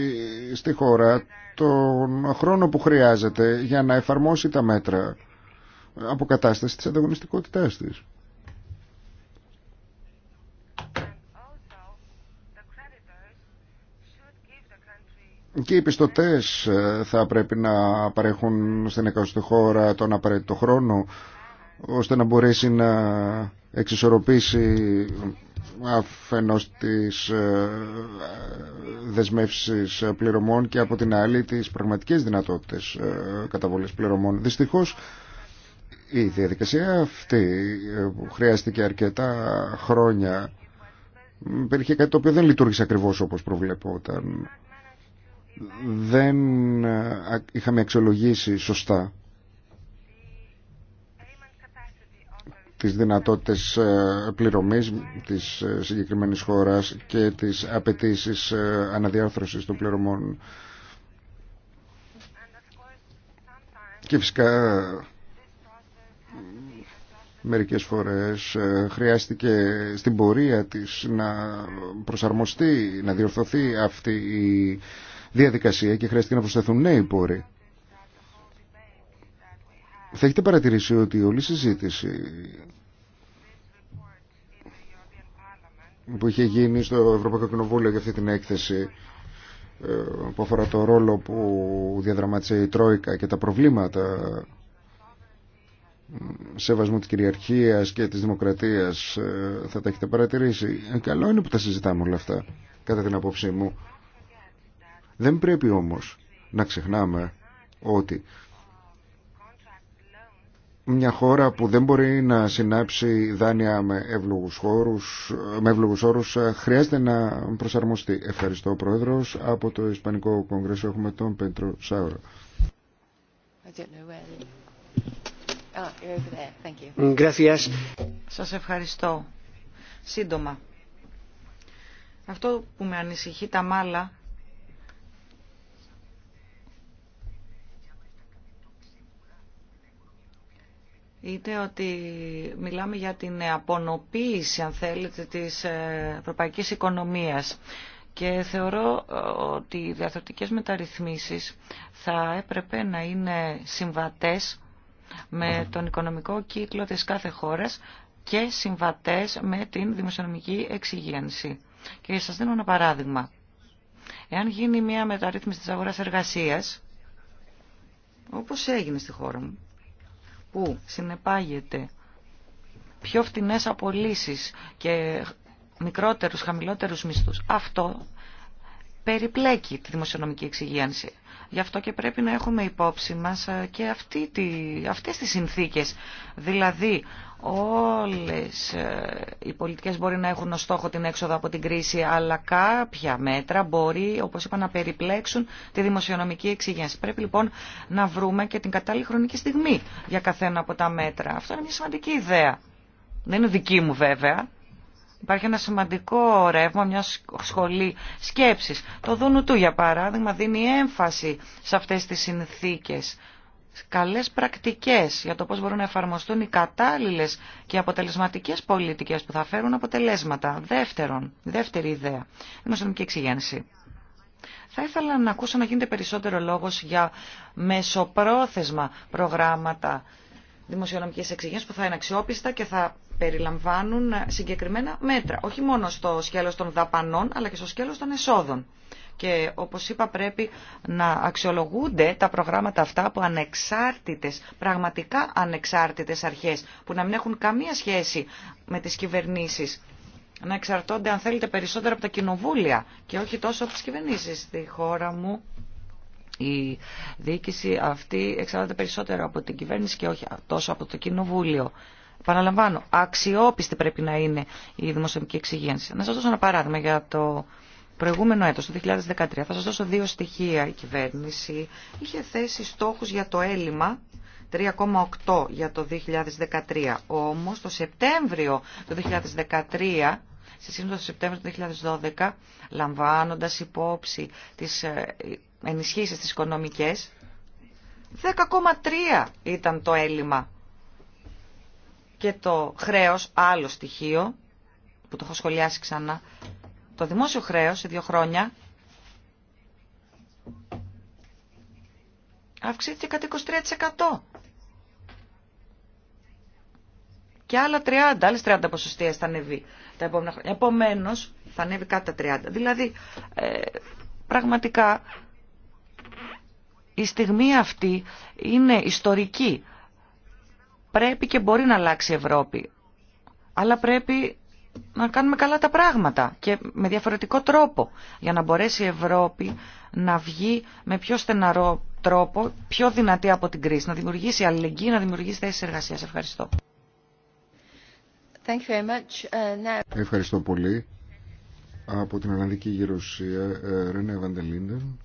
στη χώρα τον χρόνο που χρειάζεται για να εφαρμόσει τα μέτρα αποκατάσταση της ανταγωνιστικότητάς της. και οι πιστωτέ ε, θα πρέπει να παρέχουν στην εκάστοτε χώρα τον απαραίτητο χρόνο ώστε να μπορέσει να εξισορροπήσει αφενός τις ε, δεσμεύσεις πληρωμών και από την άλλη τις πραγματικές δυνατότητες ε, καταβολής πληρωμών. Δυστυχώς η διαδικασία αυτή που χρειάστηκε αρκετά χρόνια υπήρχε κάτι το οποίο δεν λειτουργήσε ακριβώς όπως προβλεπόταν δεν ε, είχαμε αξιολογήσει σωστά τις δυνατότητες ε, πληρωμής της ε, συγκεκριμένης χώρας και τις απαιτήσει αναδιάρθρωσης των πληρωμών. Και φυσικά μερικές φορές χρειάστηκε στην πορεία της να προσαρμοστεί, να διορθωθεί αυτή η διαδικασία και χρειάστηκε να προσθεθούν νέοι πόροι. Θα έχετε παρατηρήσει ότι όλη η συζήτηση που είχε γίνει στο Ευρωπαϊκό Κοινοβούλιο για αυτή την έκθεση ε, που αφορά το ρόλο που διαδραμάτισε η Τρόικα και τα προβλήματα σεβασμού της κυριαρχίας και της δημοκρατίας ε, θα τα έχετε παρατηρήσει. Ε, καλό είναι που τα συζητάμε όλα αυτά, κατά την απόψή μου. Δεν πρέπει όμως να ξεχνάμε ότι μια χώρα που δεν μπορεί να συνάψει δάνεια με εύλογους, χώρους, με εύλογους όρους χρειάζεται να προσαρμοστεί. Ευχαριστώ Πρόεδρος. Από το Ισπανικό Κογκρέσο έχουμε τον Πέντρο Σάουρο. Ah, Σας ευχαριστώ. Σύντομα. Αυτό που με ανησυχεί τα μάλα Είτε ότι μιλάμε για την απονοποίηση, αν θέλετε, της ε, ευρωπαϊκής οικονομίας. Και θεωρώ ε, ότι οι διαθροτικές μεταρρυθμίσεις θα έπρεπε να είναι συμβατές με τον οικονομικό κύκλο της κάθε χώρας και συμβατές με την δημοσιονομική εξυγένση. Και σας δίνω ένα παράδειγμα. Εάν γίνει μια μεταρρύθμιση της αγοράς εργασίας, όπως έγινε στη χώρα μου, που συνεπάγεται πιο φτηνές απολύσεις και μικρότερους, χαμηλότερους μισθούς. Αυτό περιπλέκει τη δημοσιονομική εξυγίανση. Γι' αυτό και πρέπει να έχουμε υπόψη μας ε, και αυτή τη, αυτές τις συνθήκες. Δηλαδή Όλες ε, οι πολιτικές μπορεί να έχουν ως στόχο την έξοδο από την κρίση, αλλά κάποια μέτρα μπορεί, όπως είπα, να περιπλέξουν τη δημοσιονομική εξηγένση. Πρέπει λοιπόν να βρούμε και την κατάλληλη χρονική στιγμή για καθένα από τα μέτρα. Αυτό είναι μια σημαντική ιδέα. Δεν είναι δική μου βέβαια. Υπάρχει ένα σημαντικό ρεύμα, μια σχολή σκέψης. Το Δούνου για παράδειγμα, δίνει έμφαση σε αυτές τις συνθήκες καλές πρακτικές για το πώς μπορούν να εφαρμοστούν οι κατάλληλες και αποτελεσματικές πολιτικές που θα φέρουν αποτελέσματα. Δεύτερον, δεύτερη ιδέα, δημοσιονομική εξηγένση. Θα ήθελα να ακούσω να γίνεται περισσότερο λόγος για μεσοπρόθεσμα προγράμματα δημοσιονομικής εξηγένσης που θα είναι αξιόπιστα και θα περιλαμβάνουν συγκεκριμένα μέτρα, όχι μόνο στο σκέλος των δαπανών, αλλά και στο σκέλος των εσόδων. Και όπως είπα πρέπει να αξιολογούνται τα προγράμματα αυτά από ανεξάρτητες, πραγματικά ανεξάρτητες αρχές που να μην έχουν καμία σχέση με τις κυβερνήσεις. Να εξαρτώνται αν θέλετε περισσότερο από τα κοινοβούλια και όχι τόσο από τις κυβερνήσεις στη χώρα μου. Η διοίκηση αυτή εξαρτάται περισσότερο από την κυβέρνηση και όχι τόσο από το κοινοβούλιο. Παραλαμβάνω, αξιόπιστη πρέπει να είναι η δημοσιονομική εξυγένση. Να σας δώσω ένα παράδειγμα για το προηγούμενο έτος, το 2013, θα σας δώσω δύο στοιχεία. Η κυβέρνηση είχε θέσει στόχους για το έλλειμμα 3,8 για το 2013. Όμως το Σεπτέμβριο του 2013 σε με του Σεπτέμβριο του 2012, λαμβάνοντας υπόψη τις ε, ενισχύσεις τις οικονομικές, 10,3 ήταν το έλλειμμα. Και το χρέος, άλλο στοιχείο, που το έχω σχολιάσει ξανά, το δημόσιο χρέος σε δύο χρόνια αυξήθηκε κατά 23%. Και άλλα 30, άλλες 30 ποσοστίες θα ανεβεί τα επόμενα χρόνια. Επομένως, θα ανέβει τα 30. Δηλαδή, ε, πραγματικά, η στιγμή αυτή είναι ιστορική. Πρέπει και μπορεί να αλλάξει η Ευρώπη. Αλλά πρέπει να κάνουμε καλά τα πράγματα και με διαφορετικό τρόπο για να μπορέσει η Ευρώπη να βγει με πιο στεναρό τρόπο, πιο δυνατή από την κρίση, να δημιουργήσει αλληλεγγύη, να δημιουργήσει θέσεις εργασίας. Ευχαριστώ. Thank you very much. Uh, Ευχαριστώ πολύ. Από την Ολλανδική Γερουσία, ε, Ρενέ Βαντελίντεν.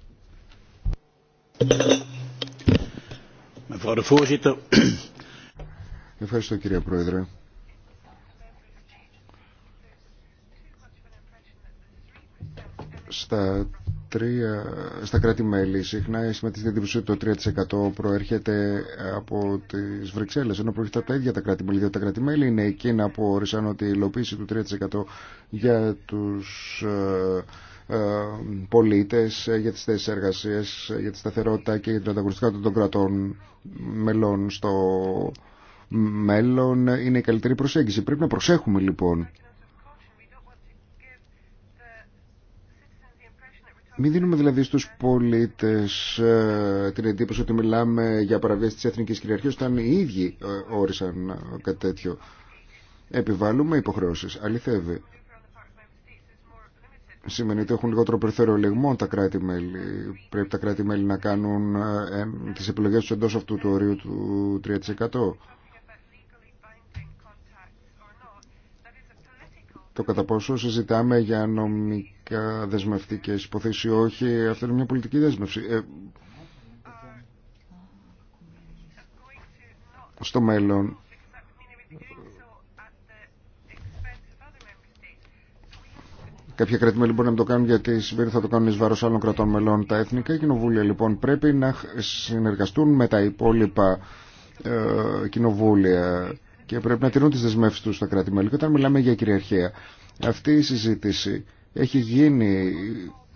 Ευχαριστώ κυρία Πρόεδρε. στα, τρία, στα κράτη-μέλη συχνά η συμμετοχή του το 3% προέρχεται από τις Βρυξέλλες ενώ προέρχεται από τα ίδια τα κράτη-μέλη διότι τα κράτη-μέλη είναι εκείνα που όρισαν ότι η υλοποίηση του 3% για τους ε, ε, πολίτες, ε, για τις θέσεις εργασίας, για τη σταθερότητα και για την ανταγωνιστικά των κρατών μελών στο μέλλον είναι η καλύτερη προσέγγιση. Πρέπει να προσέχουμε λοιπόν Μην δίνουμε δηλαδή στους πολίτες ε, την εντύπωση ότι μιλάμε για παραβίαση της εθνικής κυριαρχίας όταν οι ίδιοι ε, όρισαν ε, κάτι τέτοιο. Επιβάλλουμε υποχρεώσεις. Αληθεύει. Σημαίνει ότι έχουν λιγότερο περιθώριο λεγμών τα κράτη-μέλη. Πρέπει τα κράτη-μέλη να κάνουν ε, τις επιλογές τους εντός αυτού του ορίου του 3%. Το κατά πόσο συζητάμε για νομική πολιτικά δεσμευτικές υποθέσεις όχι. αυτή είναι μια πολιτική δέσμευση. Ε, στο μέλλον Κάποια κράτη-μέλη μπορεί να το κάνουν γιατί συμβαίνει θα το κάνουν εις βαρος άλλων κρατών μελών. Τα εθνικά κοινοβούλια λοιπόν πρέπει να συνεργαστούν με τα υπόλοιπα ε, κοινοβούλια και πρέπει να τηρούν τις δεσμεύσεις τους στα κράτη-μέλη. Και όταν μιλάμε για κυριαρχία, αυτή η συζήτηση έχει γίνει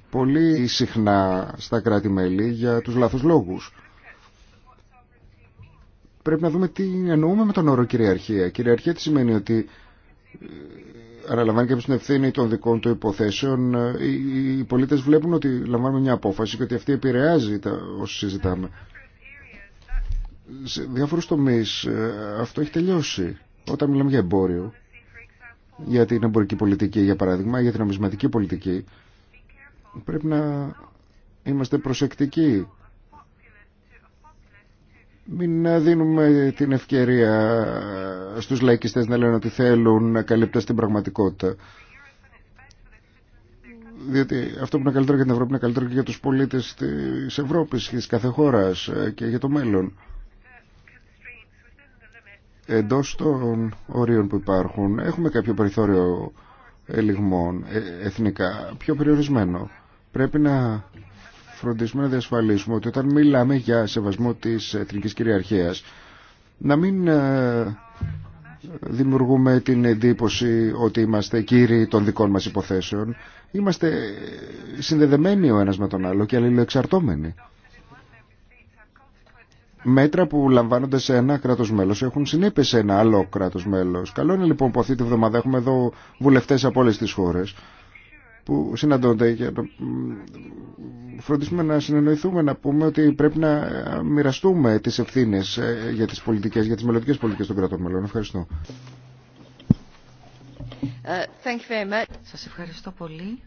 πολύ συχνά στα κράτη-μέλη για τους λάθους λόγους. Πρέπει να δούμε τι εννοούμε με τον όρο κυριαρχία. Κυριαρχία τι σημαίνει ότι ε, αναλαμβάνει κάποιο την ευθύνη των δικών του υποθέσεων. Ε, οι πολίτες βλέπουν ότι λαμβάνουμε μια απόφαση και ότι αυτή επηρεάζει όσοι συζητάμε. Σε διάφορους τομείς ε, αυτό έχει τελειώσει. Όταν μιλάμε για εμπόριο, για την εμπορική πολιτική, για παράδειγμα, για την νομισματική πολιτική, πρέπει να είμαστε προσεκτικοί. Μην δίνουμε την ευκαιρία στους λαϊκιστές να λένε ότι θέλουν να καλύπτουν την πραγματικότητα. Διότι αυτό που είναι καλύτερο για την Ευρώπη είναι καλύτερο και για τους πολίτες της Ευρώπης, της κάθε χώρας και για το μέλλον εντός των ορίων που υπάρχουν έχουμε κάποιο περιθώριο ελιγμών ε, εθνικά πιο περιορισμένο. Πρέπει να φροντίσουμε να διασφαλίσουμε ότι όταν μιλάμε για σεβασμό της εθνικής κυριαρχίας να μην ε, δημιουργούμε την εντύπωση ότι είμαστε κύριοι των δικών μας υποθέσεων. Είμαστε συνδεδεμένοι ο ένας με τον άλλο και αλληλοεξαρτώμενοι μέτρα που λαμβάνονται σε ένα κράτος μέλος έχουν συνέπειε σε ένα άλλο κράτος μέλος. Καλό είναι λοιπόν που αυτή τη βδομάδα έχουμε εδώ βουλευτές από όλες τις χώρες που συναντώνται και φροντίσουμε να συνεννοηθούμε, να πούμε ότι πρέπει να ε, μοιραστούμε τις ευθύνες ε, για τις πολιτικές, για τις μελλοντικές πολιτικές των κρατών μελών. Ευχαριστώ. Ε, thank you Σας ευχαριστώ πολύ.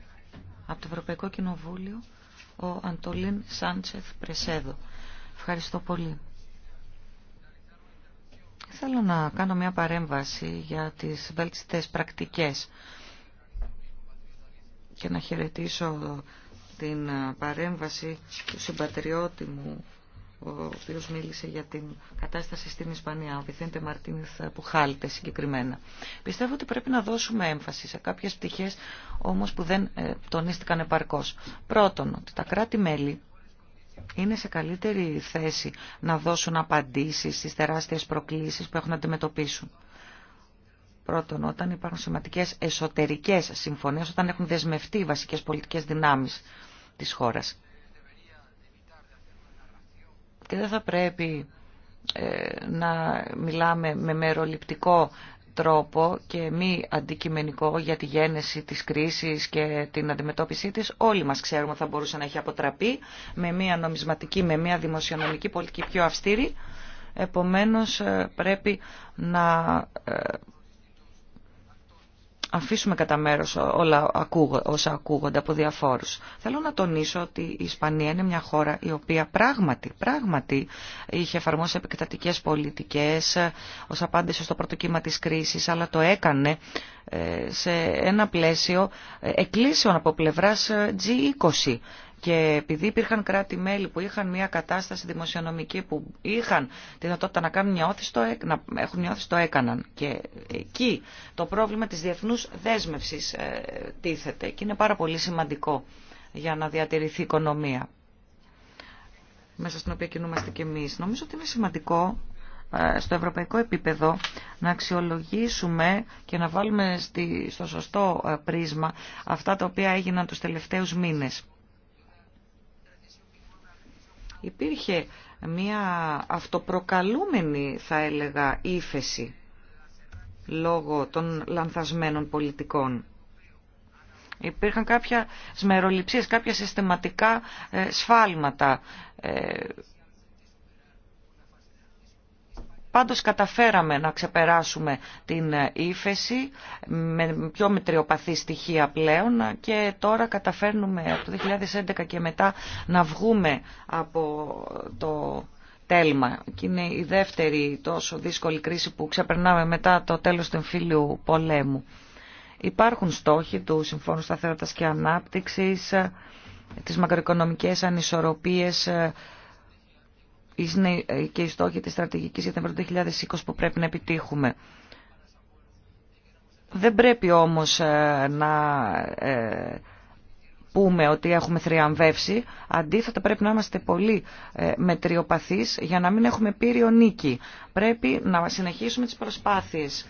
Από το Ευρωπαϊκό Κοινοβούλιο, ο Αντολίν Σάντσεφ Πρεσέδο. Ευχαριστώ πολύ. Θέλω να κάνω μια παρέμβαση για τις βέλτιστες πρακτικές και να χαιρετήσω την παρέμβαση του συμπατριώτη μου, ο οποίος μίλησε για την κατάσταση στην Ισπανία, ο Βιθέντε Μαρτίνιθ που χάλεται συγκεκριμένα. Πιστεύω ότι πρέπει να δώσουμε έμφαση σε κάποιες πτυχές όμως που δεν ε, τονίστηκαν επαρκώς. Πρώτον, ότι τα κράτη-μέλη είναι σε καλύτερη θέση να δώσουν απαντήσεις στις τεράστιες προκλήσεις που έχουν να αντιμετωπίσουν. Πρώτον, όταν υπάρχουν σημαντικές εσωτερικές συμφωνίες, όταν έχουν δεσμευτεί οι βασικές πολιτικές δυνάμεις της χώρας. Και δεν θα πρέπει ε, να μιλάμε με μεροληπτικό τρόπο και μη αντικειμενικό για τη γένεση της κρίσης και την αντιμετώπιση της. Όλοι μας ξέρουμε θα μπορούσε να έχει αποτραπεί με μια νομισματική, με μια δημοσιονομική πολιτική πιο αυστήρη. Επομένως ε, πρέπει να ε, αφήσουμε κατά μέρο όλα όσα ακούγονται από διαφόρους. Θέλω να τονίσω ότι η Ισπανία είναι μια χώρα η οποία πράγματι, πράγματι είχε εφαρμόσει επεκτατικές πολιτικές ε, ως απάντηση στο πρώτο κύμα της κρίσης, αλλά το έκανε ε, σε ένα πλαίσιο ε, εκκλήσεων από πλευράς G20. Και επειδή υπήρχαν κράτη-μέλη που είχαν μια κατάσταση δημοσιονομική που είχαν τη δυνατότητα να, κάνουν μια όθηση, το, να έχουν μια όθηση, το έκαναν. Και εκεί το πρόβλημα της διεθνούς δέσμευσης ε, τίθεται και είναι πάρα πολύ σημαντικό για να διατηρηθεί η οικονομία μέσα στην οποία κινούμαστε και εμείς. Νομίζω ότι είναι σημαντικό ε, στο ευρωπαϊκό επίπεδο να αξιολογήσουμε και να βάλουμε στο σωστό ε, πρίσμα αυτά τα οποία έγιναν τους τελευταίους μήνες υπήρχε μια αυτοπροκαλούμενη θα έλεγα ύφεση λόγω των λανθασμένων πολιτικών. Υπήρχαν κάποια σμεροληψίες, κάποια συστηματικά ε, σφάλματα ε, Πάντως καταφέραμε να ξεπεράσουμε την ύφεση με πιο μετριοπαθή στοιχεία πλέον και τώρα καταφέρνουμε από το 2011 και μετά να βγούμε από το τέλμα. Και είναι η δεύτερη τόσο δύσκολη κρίση που ξεπερνάμε μετά το τέλος του εμφύλιου πολέμου. Υπάρχουν στόχοι του Συμφώνου Σταθερότητας και Ανάπτυξης, τις μακροοικονομικές ανισορροπίες είναι και οι στόχοι της στρατηγικής για την Ευρώπη 2020 που πρέπει να επιτύχουμε. Δεν πρέπει όμως ε, να ε, πούμε ότι έχουμε θριαμβεύσει. Αντίθετα πρέπει να είμαστε πολύ ε, μετριοπαθείς για να μην έχουμε πύριο νίκη. Πρέπει να συνεχίσουμε τις προσπάθειες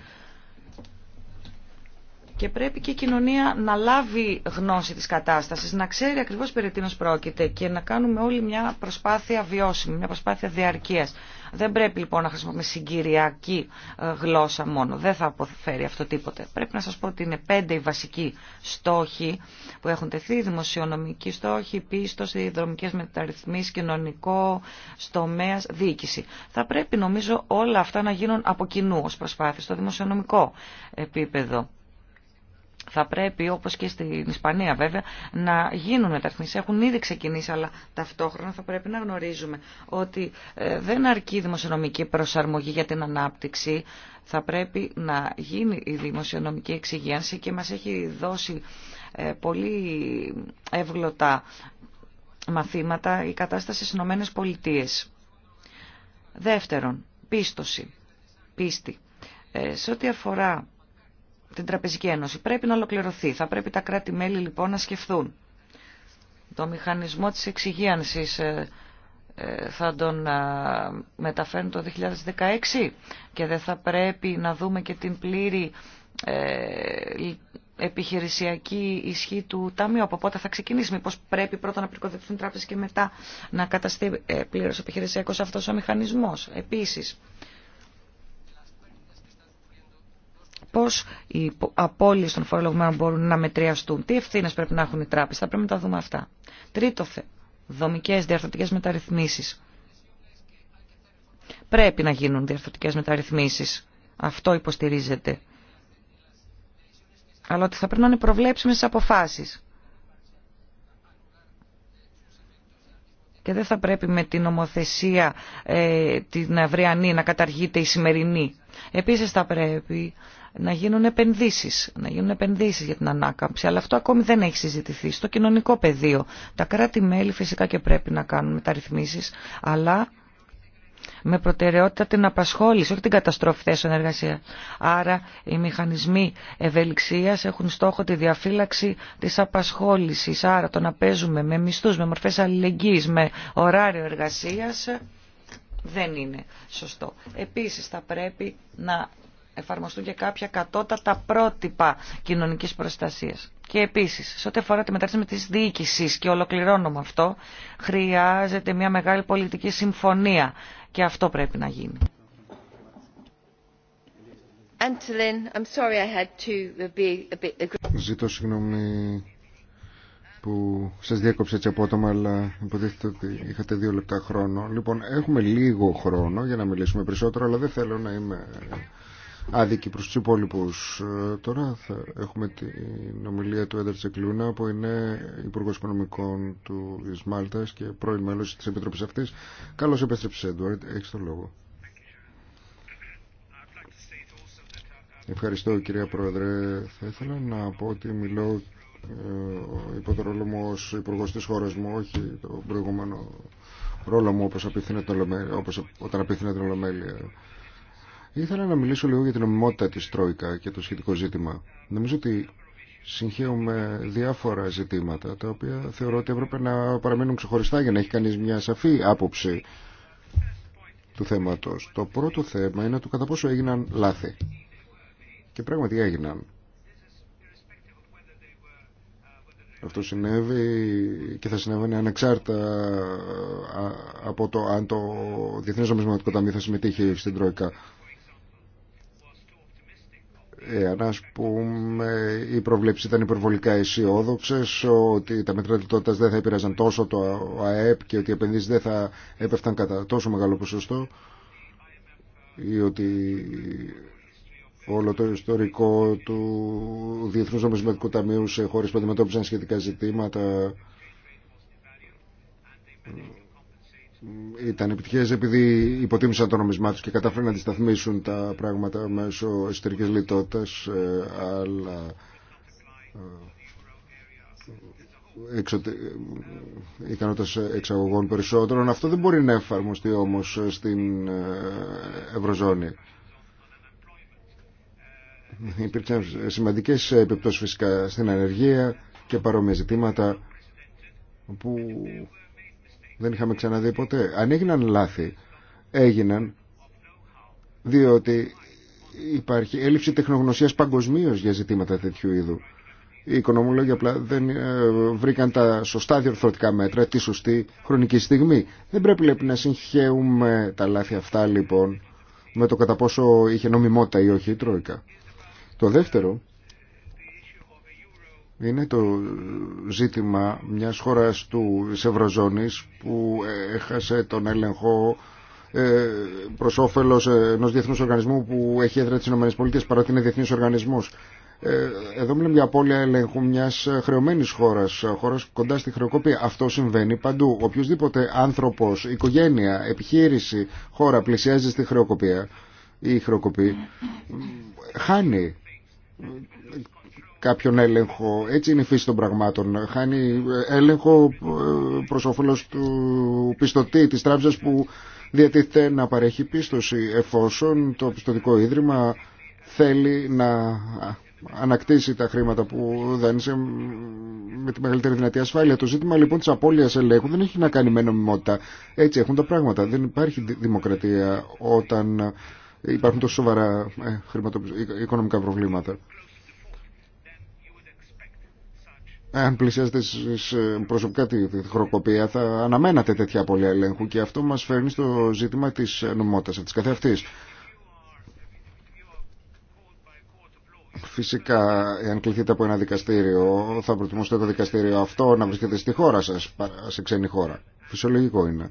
και πρέπει και η κοινωνία να λάβει γνώση της κατάστασης, να ξέρει ακριβώς περί τίνος πρόκειται και να κάνουμε όλοι μια προσπάθεια βιώσιμη, μια προσπάθεια διαρκείας. Δεν πρέπει λοιπόν να χρησιμοποιούμε συγκυριακή ε, γλώσσα μόνο. Δεν θα αποφέρει αυτό τίποτε. Πρέπει να σας πω ότι είναι πέντε οι βασικοί στόχοι που έχουν τεθεί. δημοσιονομικοί στόχοι, πίστοση, δρομικές μεταρρυθμίσεις, κοινωνικό, στομέας, διοίκηση. Θα πρέπει νομίζω όλα αυτά να γίνουν από κοινού ω προσπάθεια στο δημοσιονομικό επίπεδο θα πρέπει, όπως και στην Ισπανία βέβαια, να γίνουν μεταρρυθμίσεις. Έχουν ήδη ξεκινήσει, αλλά ταυτόχρονα θα πρέπει να γνωρίζουμε ότι ε, δεν αρκεί η δημοσιονομική προσαρμογή για την ανάπτυξη. Θα πρέπει να γίνει η δημοσιονομική εξυγίανση και μας έχει δώσει ε, πολύ εύγλωτα μαθήματα η κατάσταση στις Ηνωμένες Δεύτερον, πίστοση, πίστη. Ε, σε ό,τι αφορά την Τραπεζική Ένωση. Πρέπει να ολοκληρωθεί. Θα πρέπει τα κράτη-μέλη λοιπόν να σκεφτούν. Το μηχανισμό της εξυγίανσης ε, ε, θα τον ε, μεταφέρουν το 2016 και δεν θα πρέπει να δούμε και την πλήρη επιχειρησιακή ισχύ του Ταμείου. Από πότε θα ξεκινήσει, μήπως πρέπει πρώτα να πρικοδευτούν τράπεζες και μετά να καταστεί πλήρως επιχειρησιακός αυτός ο μηχανισμός. Επίσης, πώ οι απώλειες των φορολογουμένων μπορούν να μετριαστούν, τι ευθύνε πρέπει να έχουν οι τράπεζε, θα πρέπει να τα δούμε αυτά. Τρίτο θέμα, δομικές διαρθρωτικές μεταρρυθμίσεις. Πρέπει να γίνουν διαρθρωτικές μεταρρυθμίσεις. Αυτό υποστηρίζεται. Αλλά ότι θα πρέπει να είναι προβλέψιμε τι αποφάσει. Και δεν θα πρέπει με την νομοθεσία ε, την αυριανή να καταργείται η σημερινή. Επίσης θα πρέπει να γίνουν επενδύσει να γίνουν για την ανάκαμψη, αλλά αυτό ακόμη δεν έχει συζητηθεί στο κοινωνικό πεδίο. Τα κράτη-μέλη φυσικά και πρέπει να κάνουν μεταρρυθμίσεις, αλλά με προτεραιότητα την απασχόληση, όχι την καταστροφή θέσεων εργασία. Άρα οι μηχανισμοί ευελιξία έχουν στόχο τη διαφύλαξη τη απασχόληση, Άρα το να παίζουμε με μισθού, με μορφέ αλληλεγγύη με ωράριο εργασία δεν είναι σωστό. Επίσης θα πρέπει να εφαρμοστούν και κάποια κατώτατα πρότυπα κοινωνικής προστασίας. Και επίσης, σε ό,τι αφορά τη με τις διοίκησης, και ολοκληρώνω με αυτό, χρειάζεται μια μεγάλη πολιτική συμφωνία και αυτό πρέπει να γίνει. Ζητώ συγγνώμη που σας διέκοψα έτσι απότομα, αλλά υποτίθεται ότι είχατε δύο λεπτά χρόνο. Λοιπόν, έχουμε λίγο χρόνο για να μιλήσουμε περισσότερο, αλλά δεν θέλω να είμαι άδικη προς τους υπόλοιπους. Ε, τώρα θα έχουμε την ομιλία του Έντερ Τσεκλούνα που είναι Υπουργός Οικονομικών του Μάλτα και πρώην μέλος της Επιτροπής αυτής. Καλώς επέστρεψες Έντουαρτ, έχεις το λόγο. Ευχαριστώ κυρία Πρόεδρε. Θα ήθελα να πω ότι μιλώ ε, υπό το ρόλο μου ως υπουργός της χώρας μου, όχι το προηγούμενο ρόλο μου όπως, όπως όταν απίθυνα την Ολομέλεια. Ήθελα να μιλήσω λίγο για την ομιμότητα της Τρόικα και το σχετικό ζήτημα. Νομίζω ότι συγχέουμε διάφορα ζητήματα, τα οποία θεωρώ ότι έπρεπε να παραμείνουν ξεχωριστά για να έχει κανείς μια σαφή άποψη του θέματος. Το πρώτο θέμα είναι το κατά πόσο έγιναν λάθη. Και πράγματι έγιναν. Αυτό συνέβη και θα συνέβαινε ανεξάρτητα από το αν το Διεθνές Νομισματικό Ταμείο θα συμμετείχε στην Τρόικα. Εάν ας πούμε οι προβλέψεις ήταν υπερβολικά αισιόδοξε, ότι τα μέτρα λιτότητας δεν θα επηρεάζαν τόσο το ΑΕΠ και ότι οι επενδύσεις δεν θα έπεφταν κατά τόσο μεγάλο ποσοστό ή ότι όλο το ιστορικό του Διεθνούς Νομισματικού Ταμείου σε χώρες που αντιμετώπιζαν σχετικά ζητήματα ήταν επιτυχές επειδή υποτίμησαν το νομισμά του και κατάφεραν να αντισταθμίσουν τα πράγματα μέσω εσωτερικής λιτότητας ε, αλλά ε, ε, εξαγωγών περισσότερων. Αυτό δεν μπορεί να εφαρμοστεί όμως στην Ευρωζώνη. Υπήρξαν σημαντικές επιπτώσεις φυσικά στην ανεργία και παρόμοια ζητήματα που δεν είχαμε ξαναδεί ποτέ. Αν έγιναν λάθη, έγιναν διότι υπάρχει έλλειψη τεχνογνωσίας παγκοσμίω για ζητήματα τέτοιου είδου. Οι οικονομολόγοι απλά δεν ε, βρήκαν τα σωστά διορθωτικά μέτρα τη σωστή χρονική στιγμή. Δεν πρέπει λέει, να συγχαίουμε τα λάθη αυτά λοιπόν με το κατά πόσο είχε νομιμότητα ή όχι η Τρόικα. Το δεύτερο είναι το ζήτημα μιας χώρας του Ευρωζώνης που ε, έχασε τον έλεγχο ε, προ όφελο ενό διεθνούς οργανισμού που έχει έδρα τις ΗΠΑ παρά ότι είναι διεθνή οργανισμό. Ε, εδώ μιλάμε για απώλεια ελέγχου μια χρεωμένη χώρα, χώρα κοντά στη χρεοκοπία. Αυτό συμβαίνει παντού. Οποιουσδήποτε άνθρωπο, οικογένεια, επιχείρηση, χώρα πλησιάζει στη χρεοκοπία ή χρεοκοπή, χάνει κάποιον έλεγχο. Έτσι είναι η φύση των πραγμάτων. Χάνει ε, έλεγχο ε, προς όφελος του πιστωτή της τράπεζας που διατίθεται να παρέχει πίστοση εφόσον το πιστωτικό ίδρυμα θέλει να ανακτήσει τα χρήματα που δάνεισε με τη μεγαλύτερη δυνατή ασφάλεια. Το ζήτημα λοιπόν της απώλειας ελέγχου δεν έχει να κάνει με νομιμότητα. Έτσι έχουν τα πράγματα. Δεν υπάρχει δημοκρατία όταν υπάρχουν τόσο σοβαρά ε, οικονομικά προβλήματα. αν πλησιάζετε προσωπικά τη, χροκοπία θα αναμένατε τέτοια πολλή ελέγχου και αυτό μας φέρνει στο ζήτημα της νομότας, της καθεαυτής. Φυσικά, εάν κληθείτε από ένα δικαστήριο, θα προτιμούσετε το δικαστήριο αυτό να βρίσκεται στη χώρα σας, σε ξένη χώρα. Φυσιολογικό είναι.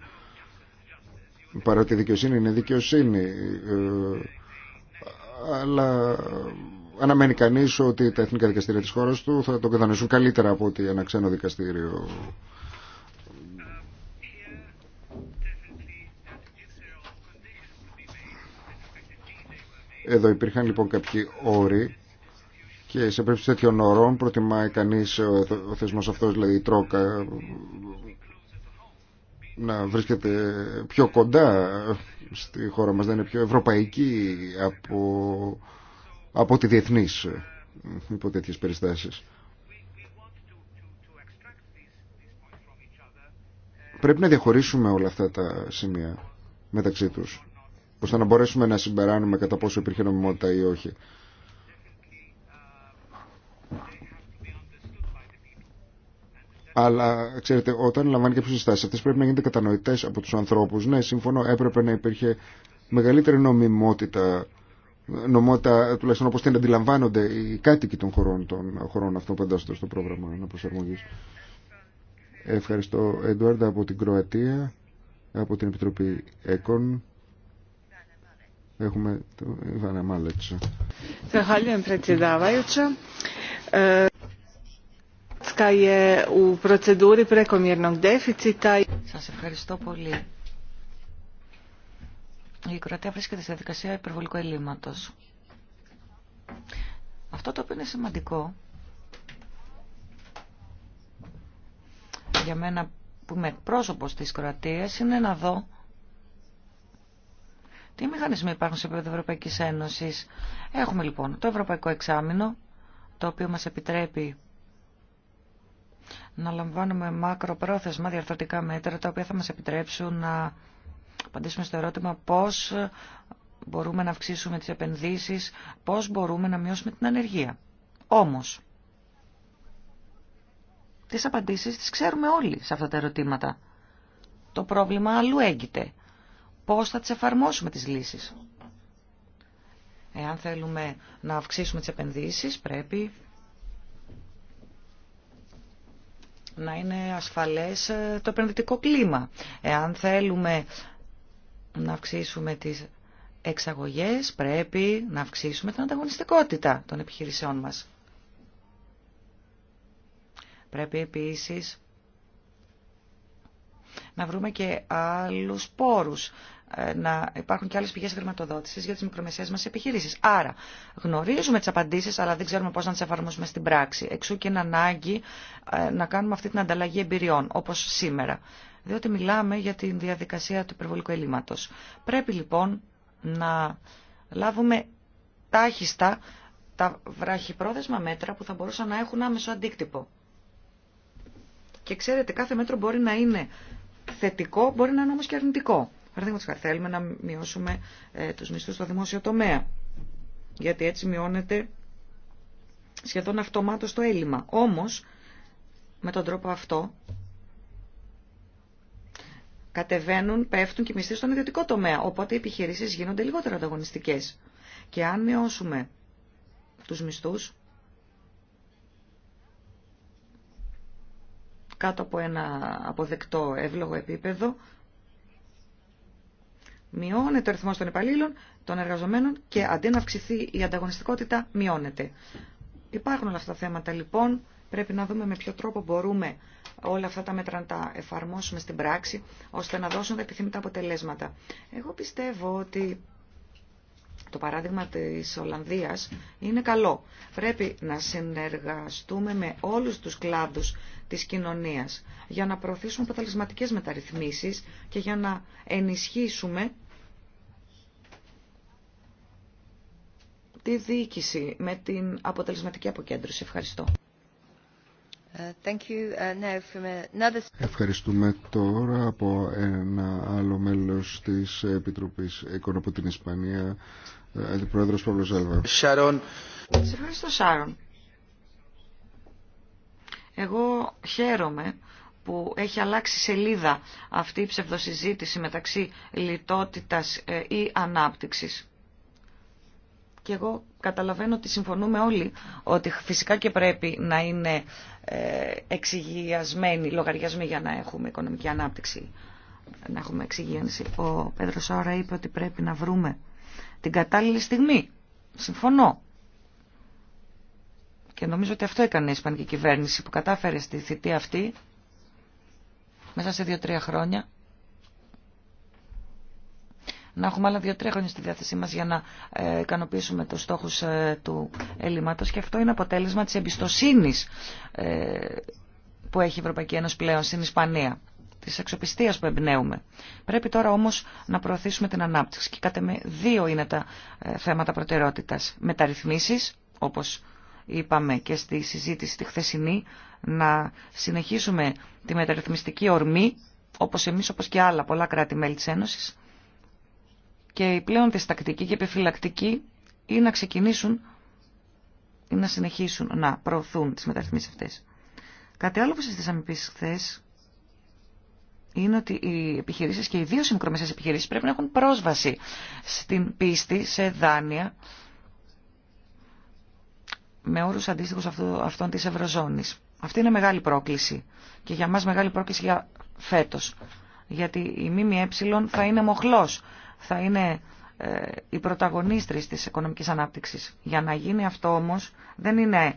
Παρότι η δικαιοσύνη είναι δικαιοσύνη, ε, αλλά αναμένει κανείς ότι τα εθνικά δικαστήρια της χώρα του θα τον κατανοήσουν καλύτερα από ότι ένα ξένο δικαστήριο. Εδώ υπήρχαν λοιπόν κάποιοι όροι και σε περίπτωση τέτοιων όρων προτιμάει κανείς ο θεσμός αυτός, δηλαδή η Τρόκα, να βρίσκεται πιο κοντά στη χώρα μας, δεν είναι πιο ευρωπαϊκή από από τη διεθνής ε, υπό τέτοιε περιστάσεις. Πρέπει να διαχωρίσουμε όλα αυτά τα σημεία μεταξύ τους, ώστε να μπορέσουμε να συμπεράνουμε κατά πόσο υπήρχε νομιμότητα ή όχι. Αλλά ξέρετε, όταν λαμβάνει κάποιες συστάσει, αυτές πρέπει να γίνονται κατανοητές από τους ανθρώπους. Ναι, σύμφωνο, έπρεπε να υπήρχε μεγαλύτερη νομιμότητα νομότα, τουλάχιστον όπως την αντιλαμβάνονται οι κάτοικοι των χωρών, των χωρών αυτών που εντάσσονται στο πρόγραμμα αναπροσαρμογή. Ευχαριστώ, Εντουάρντα, από την Κροατία, από την Επιτροπή ΕΚΟΝ. Έχουμε το Ιβάνα Μάλετσο. Ε, Σας ευχαριστώ πολύ η Κροατία βρίσκεται στη διαδικασία υπερβολικού ελλείμματος. Αυτό το οποίο είναι σημαντικό για μένα που είμαι πρόσωπο της Κροατίας είναι να δω τι μηχανισμοί υπάρχουν σε επίπεδο Ευρωπαϊκή Ένωση. Έχουμε λοιπόν το Ευρωπαϊκό Εξάμεινο, το οποίο μας επιτρέπει να λαμβάνουμε μακροπρόθεσμα διαρθρωτικά μέτρα, τα οποία θα μας επιτρέψουν να απαντήσουμε στο ερώτημα πώς μπορούμε να αυξήσουμε τις επενδύσεις, πώς μπορούμε να μειώσουμε την ανεργία. Όμως, τις απαντήσεις τις ξέρουμε όλοι σε αυτά τα ερωτήματα. Το πρόβλημα αλλού έγκυται. Πώς θα τις εφαρμόσουμε τις λύσεις. Εάν θέλουμε να αυξήσουμε τις επενδύσεις, πρέπει να είναι ασφαλές το επενδυτικό κλίμα. Εάν θέλουμε να αυξήσουμε τις εξαγωγές, πρέπει να αυξήσουμε την ανταγωνιστικότητα των επιχειρήσεών μας. Πρέπει επίσης να βρούμε και άλλους πόρους, ε, να υπάρχουν και άλλες πηγές χρηματοδότησης για τις μικρομεσαίες μας επιχειρήσεις. Άρα, γνωρίζουμε τις απαντήσεις, αλλά δεν ξέρουμε πώς να τις εφαρμόσουμε στην πράξη. Εξού και είναι ανάγκη ε, να κάνουμε αυτή την ανταλλαγή εμπειριών, όπως σήμερα διότι μιλάμε για την διαδικασία του υπερβολικού ελλείμματος. Πρέπει λοιπόν να λάβουμε τάχιστα τα βραχυπρόθεσμα μέτρα που θα μπορούσαν να έχουν άμεσο αντίκτυπο. Και ξέρετε, κάθε μέτρο μπορεί να είναι θετικό, μπορεί να είναι όμως και αρνητικό. Παραδείγματο χάρη, θέλουμε να μειώσουμε ε, τους μισθούς στο δημόσιο τομέα. Γιατί έτσι μειώνεται σχεδόν αυτομάτως το έλλειμμα. Όμως, με τον τρόπο αυτό, κατεβαίνουν, πέφτουν και οι μισθοί στον ιδιωτικό τομέα. Οπότε οι επιχειρήσεις γίνονται λιγότερο ανταγωνιστικές. Και αν μειώσουμε τους μισθούς κάτω από ένα αποδεκτό εύλογο επίπεδο, μειώνεται ο αριθμό των υπαλλήλων, των εργαζομένων και αντί να αυξηθεί η ανταγωνιστικότητα, μειώνεται. Υπάρχουν όλα αυτά τα θέματα λοιπόν Πρέπει να δούμε με ποιο τρόπο μπορούμε όλα αυτά τα μέτρα να τα εφαρμόσουμε στην πράξη, ώστε να δώσουν τα επιθυμητά αποτελέσματα. Εγώ πιστεύω ότι το παράδειγμα της Ολλανδίας είναι καλό. Πρέπει να συνεργαστούμε με όλους τους κλάδους της κοινωνίας για να προωθήσουμε αποτελεσματικές μεταρρυθμίσεις και για να ενισχύσουμε τη διοίκηση με την αποτελεσματική αποκέντρωση. Ευχαριστώ. Uh, Ευχαριστούμε τώρα από ένα άλλο μέλος της Επιτροπής Εικόνα από την Ισπανία, ε, πρόεδρος Παύλος Ζέλβα. Σαρών. Σε ευχαριστώ Σάρων. Εγώ χαίρομαι που έχει αλλάξει σελίδα αυτή η ψευδοσυζήτηση μεταξύ λιτότητας ε, ή ανάπτυξης. Και εγώ καταλαβαίνω ότι συμφωνούμε όλοι ότι φυσικά και πρέπει να είναι ε, εξυγιασμένοι λογαριασμοί για να έχουμε οικονομική ανάπτυξη, να έχουμε εξυγίανση. Ο Πέτρος Σόρα είπε ότι πρέπει να βρούμε την κατάλληλη στιγμή. Συμφωνώ. Και νομίζω ότι αυτό έκανε η Ισπανική κυβέρνηση που κατάφερε στη θητεία αυτή μέσα σε δύο-τρία χρόνια να έχουμε άλλα δύο-τρία χρόνια στη διάθεσή μας για να ε, ικανοποιήσουμε τους στόχους ε, του ελλείμματος και αυτό είναι αποτέλεσμα της εμπιστοσύνης ε, που έχει η Ευρωπαϊκή Ένωση πλέον στην Ισπανία τη αξιοπιστία που εμπνέουμε. Πρέπει τώρα όμω να προωθήσουμε την ανάπτυξη. Και κάτι με δύο είναι τα θέματα προτεραιότητα. Μεταρρυθμίσει, όπω είπαμε και στη συζήτηση τη χθεσινή, να συνεχίσουμε τη μεταρρυθμιστική ορμή, όπω εμεί, όπω και άλλα πολλά κράτη-μέλη τη Ένωση και η πλέον διστακτική και επιφυλακτική ή να ξεκινήσουν ή να συνεχίσουν να προωθούν τις μεταρρυθμίσεις αυτές. Κάτι άλλο που συζητήσαμε επίση χθε είναι ότι οι επιχειρήσει και οι δύο μικρομεσαίε επιχειρήσει πρέπει να έχουν πρόσβαση στην πίστη, σε δάνεια, με όρου αντίστοιχου αυτών τη Ευρωζώνη. Αυτή είναι μεγάλη πρόκληση και για μα μεγάλη πρόκληση για φέτο. Γιατί η ΜΜΕ θα είναι μοχλός θα είναι οι ε, πρωταγωνίστρες της οικονομικής ανάπτυξης. Για να γίνει αυτό όμως δεν είναι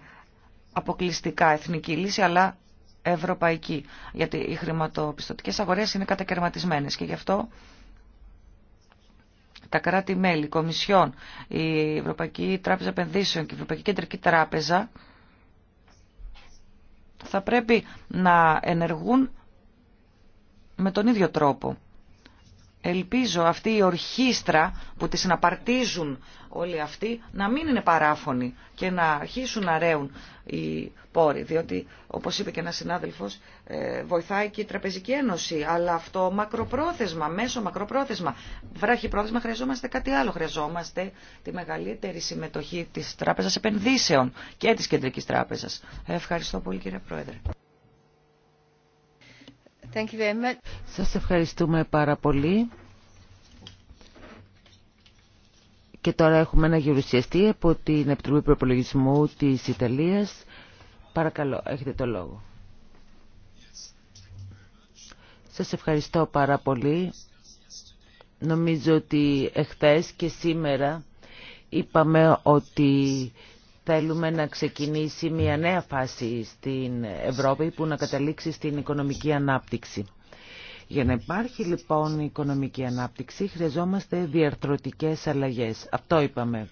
αποκλειστικά εθνική λύση, αλλά ευρωπαϊκή. Γιατί οι χρηματοπιστωτικές αγορές είναι κατακαιρματισμένες και γι' αυτό τα κράτη-μέλη, η Κομισιόν, η Ευρωπαϊκή Τράπεζα Επενδύσεων και η Ευρωπαϊκή Κεντρική Τράπεζα θα πρέπει να ενεργούν με τον ίδιο τρόπο. Ελπίζω αυτή η ορχήστρα που τη συναπαρτίζουν όλοι αυτοί να μην είναι παράφωνοι και να αρχίσουν να ρέουν οι πόροι. Διότι, όπως είπε και ένας συνάδελφος, ε, βοηθάει και η Τραπεζική Ένωση. Αλλά αυτό μακροπρόθεσμα, μέσο μακροπρόθεσμα, βράχη πρόθεσμα, χρειαζόμαστε κάτι άλλο. Χρειαζόμαστε τη μεγαλύτερη συμμετοχή της Τράπεζας Επενδύσεων και της Κεντρικής Τράπεζας. Ευχαριστώ πολύ κύριε Πρόεδρε. Thank Σας ευχαριστούμε πάρα πολύ. Και τώρα έχουμε ένα γερουσιαστή από την Επιτροπή Προπολογισμού της Ιταλίας. Παρακαλώ, έχετε το λόγο. Σας ευχαριστώ πάρα πολύ. Νομίζω ότι εχθές και σήμερα είπαμε ότι θέλουμε να ξεκινήσει μια νέα φάση στην Ευρώπη που να καταλήξει στην οικονομική ανάπτυξη. Για να υπάρχει λοιπόν οικονομική ανάπτυξη χρειαζόμαστε διαρθρωτικές αλλαγές. Αυτό είπαμε.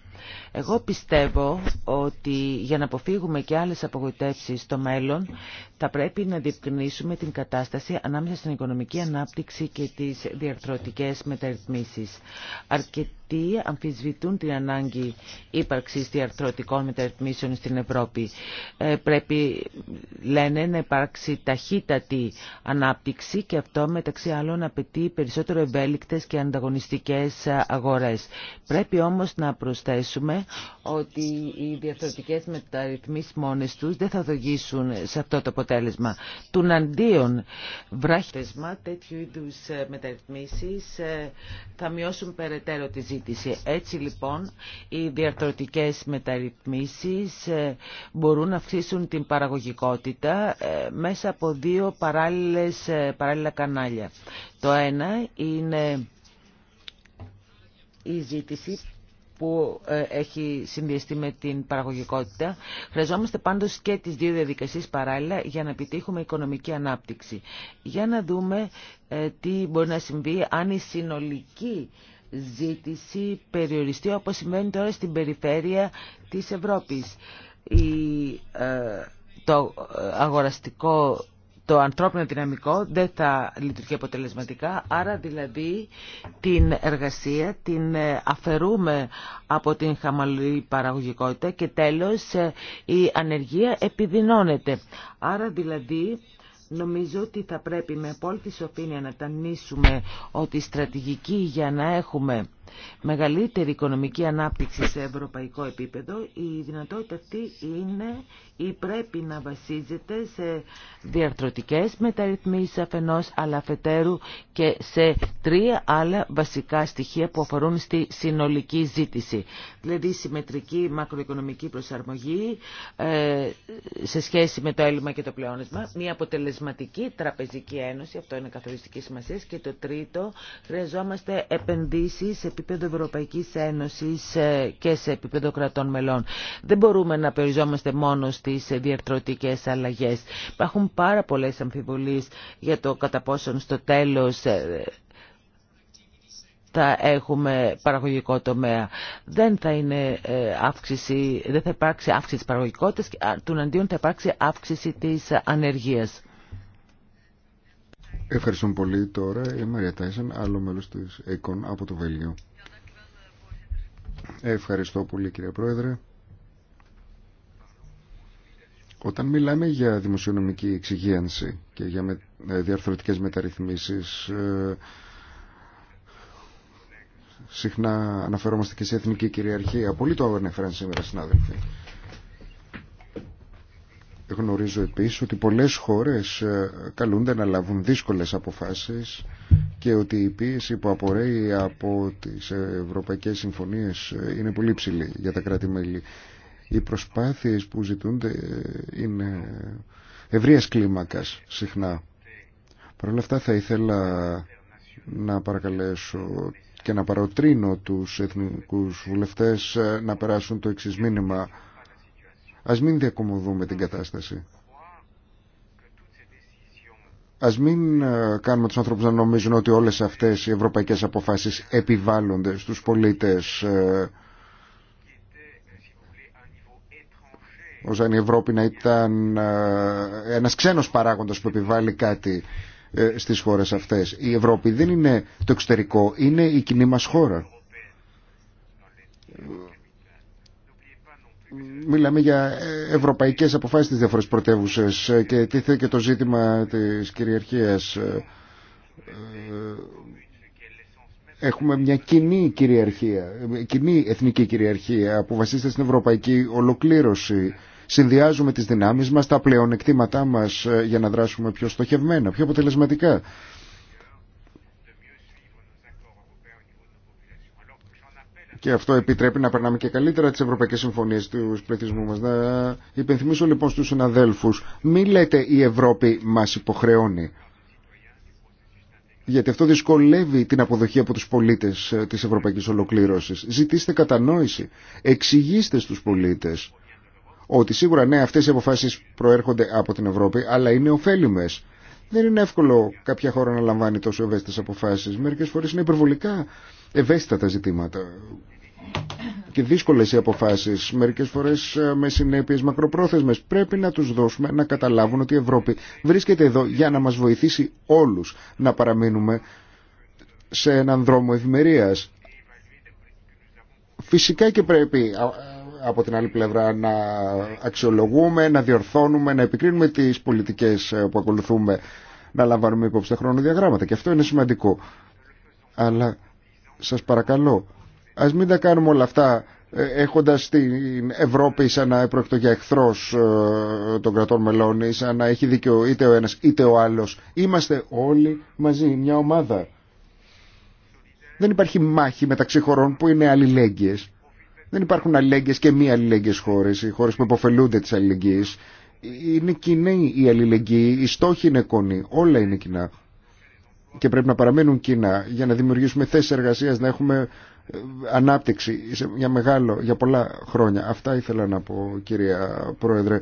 Εγώ πιστεύω ότι για να αποφύγουμε και άλλες απογοητεύσεις στο μέλλον θα πρέπει να διευκρινίσουμε την κατάσταση ανάμεσα στην οικονομική ανάπτυξη και τις διαρθρωτικές μεταρρυθμίσεις. Αρκετοί αμφισβητούν την ανάγκη ύπαρξης διαρθρωτικών μεταρρυθμίσεων στην Ευρώπη. Ε, πρέπει, λένε, να υπάρξει ταχύτατη ανάπτυξη και αυτό μεταξύ άλλων απαιτεί περισσότερο ευέλικτες και ανταγωνιστικές ε, αγορές. Πρέπει όμως να προσθέσουμε θέσουμε ότι οι διαφορετικές μεταρρυθμίσει μόνες τους δεν θα οδηγήσουν σε αυτό το αποτέλεσμα. Τουν αντίον βράχτεσμα τέτοιου είδου ε, μεταρρυθμίσεις ε, θα μειώσουν περαιτέρω τη ζήτηση. Έτσι λοιπόν οι διαφορετικές μεταρρυθμίσεις ε, μπορούν να αυξήσουν την παραγωγικότητα μέσα από δύο παράλληλα κανάλια. Το ένα είναι η ζήτηση που ε, έχει συνδυαστεί με την παραγωγικότητα. Χρειαζόμαστε πάντως και τις δύο διαδικασίες παράλληλα για να επιτύχουμε οικονομική ανάπτυξη. Για να δούμε ε, τι μπορεί να συμβεί αν η συνολική ζήτηση περιοριστεί όπως σημαίνει τώρα στην περιφέρεια της Ευρώπης. Η, ε, το αγοραστικό το ανθρώπινο δυναμικό δεν θα λειτουργεί αποτελεσματικά, άρα δηλαδή την εργασία την ε, αφαιρούμε από την χαμαλή παραγωγικότητα και τέλος ε, η ανεργία επιδεινώνεται. Άρα δηλαδή Νομίζω ότι θα πρέπει με απόλυτη σοφήνεια να τανίσουμε ότι η στρατηγική για να έχουμε μεγαλύτερη οικονομική ανάπτυξη σε ευρωπαϊκό επίπεδο, η δυνατότητα αυτή είναι ή πρέπει να βασίζεται σε διαρθρωτικές μεταρρυθμίσεις αφενός αλλά αφετέρου και σε τρία άλλα βασικά στοιχεία που αφορούν στη συνολική ζήτηση. Δηλαδή συμμετρική μακροοικονομική προσαρμογή ε, σε σχέση με το έλλειμμα και το πλεόνασμα, μια αποτελεσματική τραπεζική ένωση, αυτό είναι καθοριστική σημασία, και το τρίτο, χρειαζόμαστε επενδύσεις επίπεδο Ευρωπαϊκής Ένωσης ε, και σε επίπεδο κρατών μελών. Δεν μπορούμε να περιζόμαστε μόνο στις διαρθρωτικέ αλλαγές. Υπάρχουν πάρα πολλές αμφιβολίες για το κατά πόσον στο τέλος ε, θα έχουμε παραγωγικό τομέα. Δεν θα, είναι ε, αύξηση, δεν θα υπάρξει αύξηση της παραγωγικότητας, του αντίον θα υπάρξει αύξηση της ανεργίας. Ευχαριστούμε πολύ τώρα η Μαρία Τάισεν, άλλο μέλος της ΕΚΟΝ από το Βέλγιο. Ευχαριστώ πολύ κύριε Πρόεδρε. Όταν μιλάμε για δημοσιονομική εξυγίανση και για ε, διαρθρωτικές μεταρρυθμίσεις, ε, συχνά αναφερόμαστε και σε εθνική κυριαρχία. Πολύ το ανέφεραν σήμερα συνάδελφοι. Γνωρίζω επίσης ότι πολλές χώρες ε, καλούνται να λάβουν δύσκολες αποφάσεις και ότι η πίεση που απορρέει από τις ε, ευρωπαϊκές συμφωνίες ε, είναι πολύ ψηλή για τα κράτη-μέλη. Οι προσπάθειες που ζητούνται είναι ευρείας κλίμακας συχνά. Παρ' όλα αυτά θα ήθελα να παρακαλέσω και να παροτρύνω τους εθνικούς βουλευτές να περάσουν το εξής μήνυμα Ας μην διακομωδούμε την κατάσταση. Ας μην ε, κάνουμε τους ανθρώπους να νομίζουν ότι όλες αυτές οι ευρωπαϊκές αποφάσεις επιβάλλονται στους πολίτες ε, ως αν η Ευρώπη να ήταν ε, ένας ξένος παράγοντας που επιβάλλει κάτι στις χώρες αυτές. Η Ευρώπη δεν είναι το εξωτερικό, είναι η κοινή μας χώρα. Μιλάμε για ευρωπαϊκές αποφάσεις στις διάφορες πρωτεύουσες και τίθεται και το ζήτημα της κυριαρχίας. Ε, ε, έχουμε μια κοινή κυριαρχία, κοινή εθνική κυριαρχία που βασίζεται στην ευρωπαϊκή ολοκλήρωση. Συνδυάζουμε τις δυνάμεις μας, τα πλεονεκτήματά μας ε, για να δράσουμε πιο στοχευμένα, πιο αποτελεσματικά. Και αυτό επιτρέπει να περνάμε και καλύτερα τι ευρωπαϊκές Συμφωνίε του πληθυσμού μα Να υπενθυμίσω λοιπόν στου συναδέλφου, μην λέτε η Ευρώπη μα υποχρεώνει. Γιατί αυτό δυσκολεύει την αποδοχή από του πολίτε ε, τη ευρωπαϊκή ολοκλήρωση. Ζητήστε κατανόηση. Εξηγήστε στου πολίτε. ότι σίγουρα ναι αυτέ οι αποφάσει προέρχονται από την Ευρώπη αλλά είναι ωφέλιμε. Δεν είναι εύκολο κάποια χώρα να λαμβάνει τόσο ευαίσθητε αποφάσει. Μερικέ φορέ είναι υπερβολικά ευαίσθητα τα ζητήματα και δύσκολες οι αποφάσεις, μερικές φορές ε, με συνέπειες μακροπρόθεσμες. Πρέπει να τους δώσουμε να καταλάβουν ότι η Ευρώπη βρίσκεται εδώ για να μας βοηθήσει όλους να παραμείνουμε σε έναν δρόμο ευημερίας. Φυσικά και πρέπει από την άλλη πλευρά να αξιολογούμε, να διορθώνουμε, να επικρίνουμε τις πολιτικές ε, που ακολουθούμε, να λαμβάνουμε υπόψη τα χρονοδιαγράμματα και αυτό είναι σημαντικό. Αλλά σας παρακαλώ, ας μην τα κάνουμε όλα αυτά ε, έχοντας την Ευρώπη σαν να έπρεπε για εχθρός ε, των κρατών μελών σαν να έχει δίκιο είτε ο ένας είτε ο άλλος. Είμαστε όλοι μαζί, μια ομάδα. Δεν υπάρχει μάχη μεταξύ χωρών που είναι αλληλέγγυες. Δεν υπάρχουν αλληλέγγυες και μη αλληλέγγυες χώρες, οι χώρες που υποφελούνται της αλληλεγγύης. Είναι κοινή η αλληλεγγύη, οι στόχοι είναι κονοί, όλα είναι κοινά και πρέπει να παραμένουν κοινά για να δημιουργήσουμε θέσεις εργασίας, να έχουμε ε, ανάπτυξη για μεγάλο, για πολλά χρόνια. Αυτά ήθελα να πω κυρία Πρόεδρε.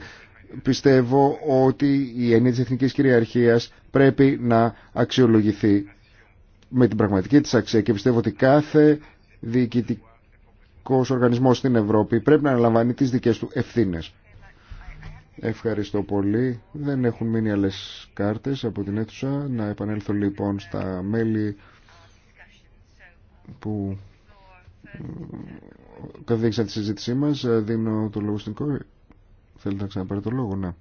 Πιστεύω ότι η έννοια της εθνικής κυριαρχίας πρέπει να αξιολογηθεί με την πραγματική της αξία και πιστεύω ότι κάθε διοικητικός οργανισμός στην Ευρώπη πρέπει να αναλαμβάνει τις δικές του ευθύνες. Ευχαριστώ πολύ. Δεν έχουν μείνει άλλε κάρτε από την αίθουσα. Να επανέλθω λοιπόν στα μέλη που ε, καθίξαν τη συζήτησή μα ε, Δίνω το λόγο στην κόρη. Θέλετε να ξαναπάρει το λόγο, ναι.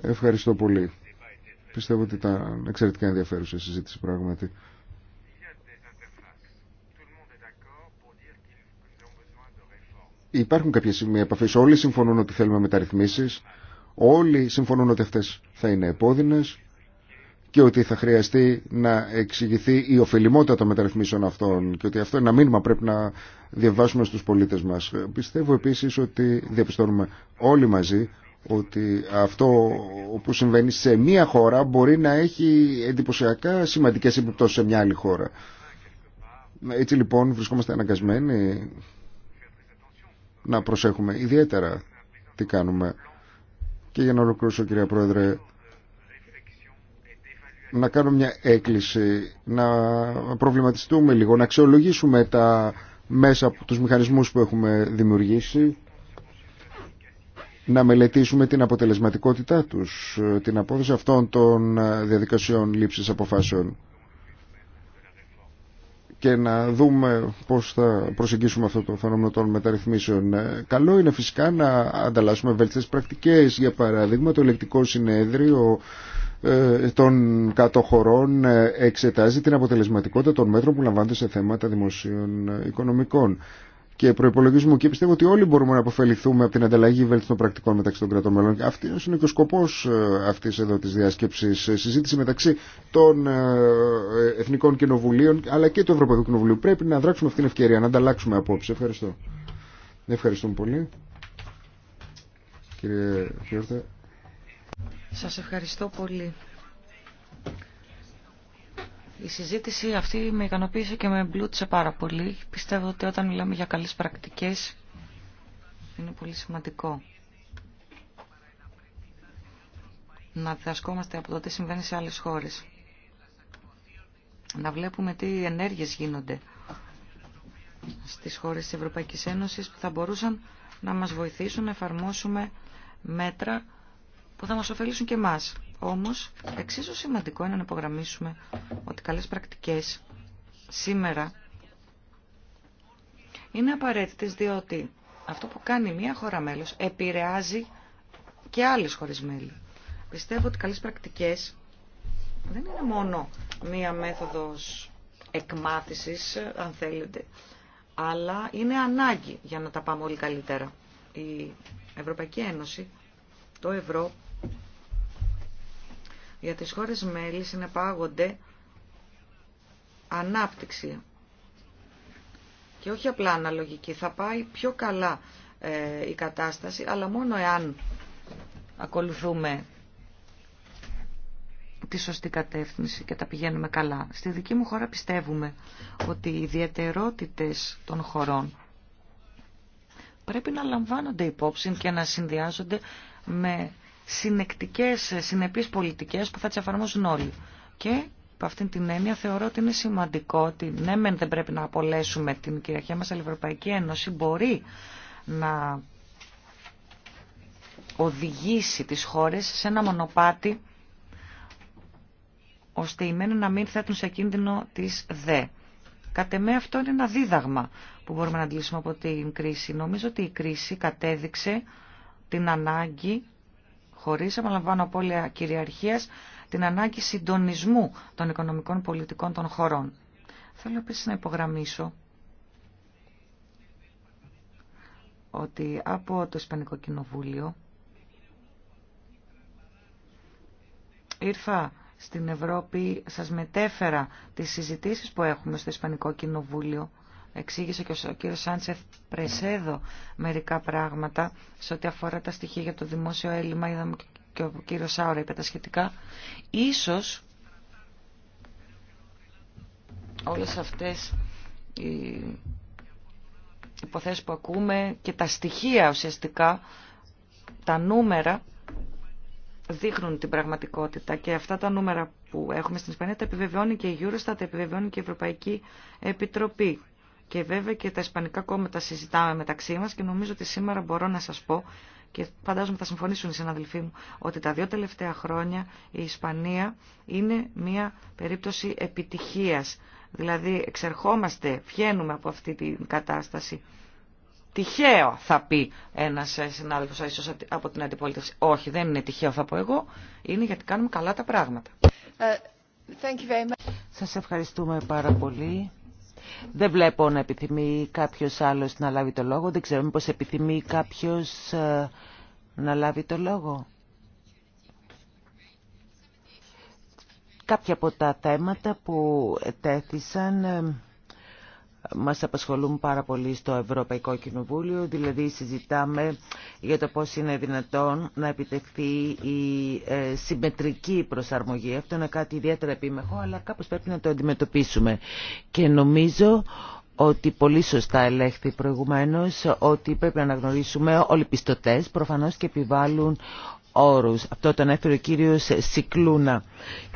Ευχαριστώ πολύ. Πιστεύω ότι ήταν εξαιρετικά ενδιαφέρουσα η συζήτηση πράγματι. υπάρχουν κάποια σημεία επαφή. Όλοι συμφωνούν ότι θέλουμε μεταρρυθμίσει. Όλοι συμφωνούν ότι αυτέ θα είναι επώδυνε και ότι θα χρειαστεί να εξηγηθεί η ωφελημότητα των μεταρρυθμίσεων αυτών και ότι αυτό είναι ένα μήνυμα πρέπει να διαβάσουμε στους πολίτες μας. Πιστεύω επίσης ότι διαπιστώνουμε όλοι μαζί ότι αυτό που συμβαίνει σε μία χώρα μπορεί να έχει εντυπωσιακά σημαντικές επιπτώσεις σε μια άλλη χώρα. Έτσι λοιπόν βρισκόμαστε αναγκασμένοι να προσέχουμε ιδιαίτερα τι κάνουμε. Και για να ολοκληρώσω κυρία Πρόεδρε, να κάνω μια έκκληση, να προβληματιστούμε λίγο, να αξιολογήσουμε τα μέσα από τους μηχανισμούς που έχουμε δημιουργήσει, να μελετήσουμε την αποτελεσματικότητά τους, την απόδοση αυτών των διαδικασιών λήψης αποφάσεων και να δούμε πώς θα προσεγγίσουμε αυτό το φαινόμενο των μεταρρυθμίσεων. Ε, καλό είναι φυσικά να ανταλλάσσουμε βέλτιστες πρακτικές. Για παράδειγμα, το ελεκτικό συνέδριο ε, των κατοχωρών ε, εξετάζει την αποτελεσματικότητα των μέτρων που λαμβάνονται σε θέματα δημοσίων οικονομικών και προπολογισμού και πιστεύω ότι όλοι μπορούμε να αποφεληθούμε από την ανταλλαγή βέλτιστων πρακτικών μεταξύ των κρατών μελών. Αυτό είναι και ο σκοπό ε, αυτή εδώ τη διάσκεψη. Ε, συζήτηση μεταξύ των ε, Εθνικών Κοινοβουλίων αλλά και του Ευρωπαϊκού Κοινοβουλίου. Πρέπει να δράξουμε αυτή την ευκαιρία, να ανταλλάξουμε απόψη. Ευχαριστώ. Ευχαριστούμε πολύ. Κύριε Σας ευχαριστώ πολύ. Η συζήτηση αυτή με ικανοποίησε και με εμπλούτησε πάρα πολύ. Πιστεύω ότι όταν μιλάμε για καλές πρακτικές είναι πολύ σημαντικό να διδασκόμαστε από το τι συμβαίνει σε άλλες χώρες. Να βλέπουμε τι ενέργειες γίνονται στις χώρες της Ευρωπαϊκής Ένωσης που θα μπορούσαν να μας βοηθήσουν να εφαρμόσουμε μέτρα που θα μας ωφελήσουν και εμάς. Όμως, εξίσου σημαντικό είναι να υπογραμμίσουμε ότι καλές πρακτικές σήμερα είναι απαραίτητες διότι αυτό που κάνει μία χώρα μέλος επηρεάζει και άλλες χώρες μέλη. Πιστεύω ότι καλές πρακτικές δεν είναι μόνο μία μέθοδος εκμάθησης, αν θέλετε, αλλά είναι ανάγκη για να τα πάμε όλοι καλύτερα. Η Ευρωπαϊκή Ένωση, το ευρώ, για τις χώρες μέλη συνεπάγονται ανάπτυξη και όχι απλά αναλογική. Θα πάει πιο καλά ε, η κατάσταση, αλλά μόνο εάν ακολουθούμε τη σωστή κατεύθυνση και τα πηγαίνουμε καλά. Στη δική μου χώρα πιστεύουμε ότι οι ιδιαιτερότητες των χωρών πρέπει να λαμβάνονται υπόψη και να συνδυάζονται με συνεκτικές, συνεπείς πολιτικές που θα τις εφαρμόσουν όλοι. Και από αυτήν την έννοια θεωρώ ότι είναι σημαντικό ότι ναι δεν πρέπει να απολέσουμε την κυριαρχία μας, αλλά η Ευρωπαϊκή Ένωση μπορεί να οδηγήσει τις χώρες σε ένα μονοπάτι ώστε οι μένουν να μην θέτουν σε κίνδυνο τις δε. Κατ' εμέ αυτό είναι ένα δίδαγμα που μπορούμε να αντλήσουμε από την κρίση. Νομίζω ότι η κρίση κατέδειξε την ανάγκη χωρίς, επαναλαμβάνω, απώλεια κυριαρχίας, την ανάγκη συντονισμού των οικονομικών πολιτικών των χωρών. Θέλω επίσης να υπογραμμίσω ότι από το Ισπανικό Κοινοβούλιο ήρθα στην Ευρώπη, σας μετέφερα τις συζητήσεις που έχουμε στο Ισπανικό Κοινοβούλιο εξήγησε και ο κύριος Σάντσεφ Πρεσέδο μερικά πράγματα σε ό,τι αφορά τα στοιχεία για το δημόσιο έλλειμμα. Είδαμε και ο κύριος Σάουρα είπε τα σχετικά. Ίσως όλες αυτές οι υποθέσεις που ακούμε και τα στοιχεία ουσιαστικά, τα νούμερα δείχνουν την πραγματικότητα και αυτά τα νούμερα που έχουμε στην Ισπανία τα επιβεβαιώνει και η Eurostat, τα επιβεβαιώνει και η Ευρωπαϊκή Επιτροπή. Και βέβαια και τα ισπανικά κόμματα συζητάμε μεταξύ μα και νομίζω ότι σήμερα μπορώ να σα πω και φαντάζομαι θα συμφωνήσουν οι συναδελφοί μου ότι τα δύο τελευταία χρόνια η Ισπανία είναι μια περίπτωση επιτυχία. Δηλαδή εξερχόμαστε, βγαίνουμε από αυτή την κατάσταση. Τυχαίο θα πει ένα συνάδελφο ίσως από την αντιπολίτευση. Όχι, δεν είναι τυχαίο θα πω εγώ, είναι γιατί κάνουμε καλά τα πράγματα. Ε, thank ευχαριστούμε πάρα πολύ. Δεν βλέπω να επιθυμεί κάποιος άλλος να λάβει το λόγο. Δεν ξέρω μήπως επιθυμεί κάποιος ε, να λάβει το λόγο. Κάποια από τα θέματα που τέθησαν ε, μας απασχολούν πάρα πολύ στο Ευρωπαϊκό Κοινοβούλιο, δηλαδή συζητάμε για το πώς είναι δυνατόν να επιτευχθεί η ε, συμμετρική προσαρμογή. Αυτό είναι κάτι ιδιαίτερα επίμεχο, αλλά κάπως πρέπει να το αντιμετωπίσουμε. Και νομίζω ότι πολύ σωστά ελέγχθη προηγουμένως ότι πρέπει να αναγνωρίσουμε όλοι οι πιστωτές προφανώς και επιβάλλουν όρους. Αυτό τον έφερε ο κύριος Σικλούνα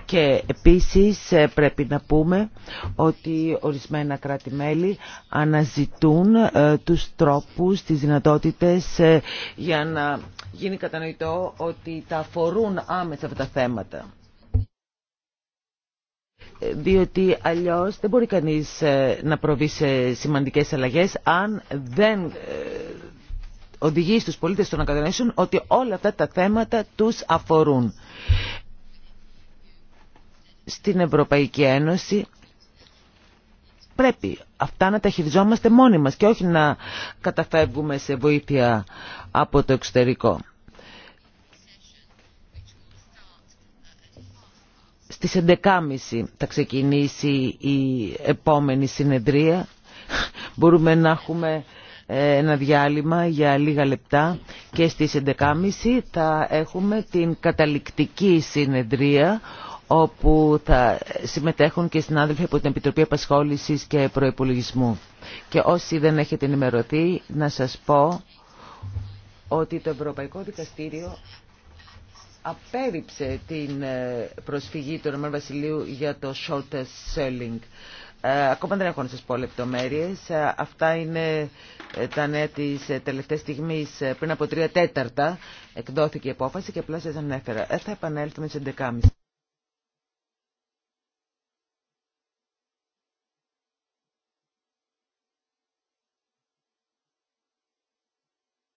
και επίσης ε, πρέπει να πούμε ότι ορισμένα κράτη-μέλη αναζητούν ε, τους τρόπους, τις δυνατότητες ε, για να γίνει κατανοητό ότι τα αφορούν άμεσα αυτά τα θέματα διότι αλλιώς δεν μπορεί κανείς να προβεί σε σημαντικές αλλαγές αν δεν οδηγεί στους πολίτες στο να κατανοήσουν ότι όλα αυτά τα θέματα τους αφορούν στην Ευρωπαϊκή Ένωση πρέπει αυτά να τα χειριζόμαστε μόνοι μας και όχι να καταφεύγουμε σε βοήθεια από το εξωτερικό. Στις 11.30 θα ξεκινήσει η επόμενη συνεδρία. Μπορούμε να έχουμε ε, ένα διάλειμμα για λίγα λεπτά και στις 11.30 θα έχουμε την καταληκτική συνεδρία όπου θα συμμετέχουν και συνάδελφοι από την Επιτροπή Απασχόλησης και Προϋπολογισμού. Και όσοι δεν έχετε ενημερωθεί, να σας πω ότι το Ευρωπαϊκό Δικαστήριο απέριψε την ε, προσφυγή του Ρωμανού Βασιλείου για το short selling. Ε, ακόμα δεν έχω να σας πω λεπτομέρειες. Ε, αυτά είναι τα νέα της τελευταίας στιγμής. Πριν από τρία τέταρτα εκδόθηκε η απόφαση και απλά σας ανέφερα. Θα επανέλθουμε στις 11.30.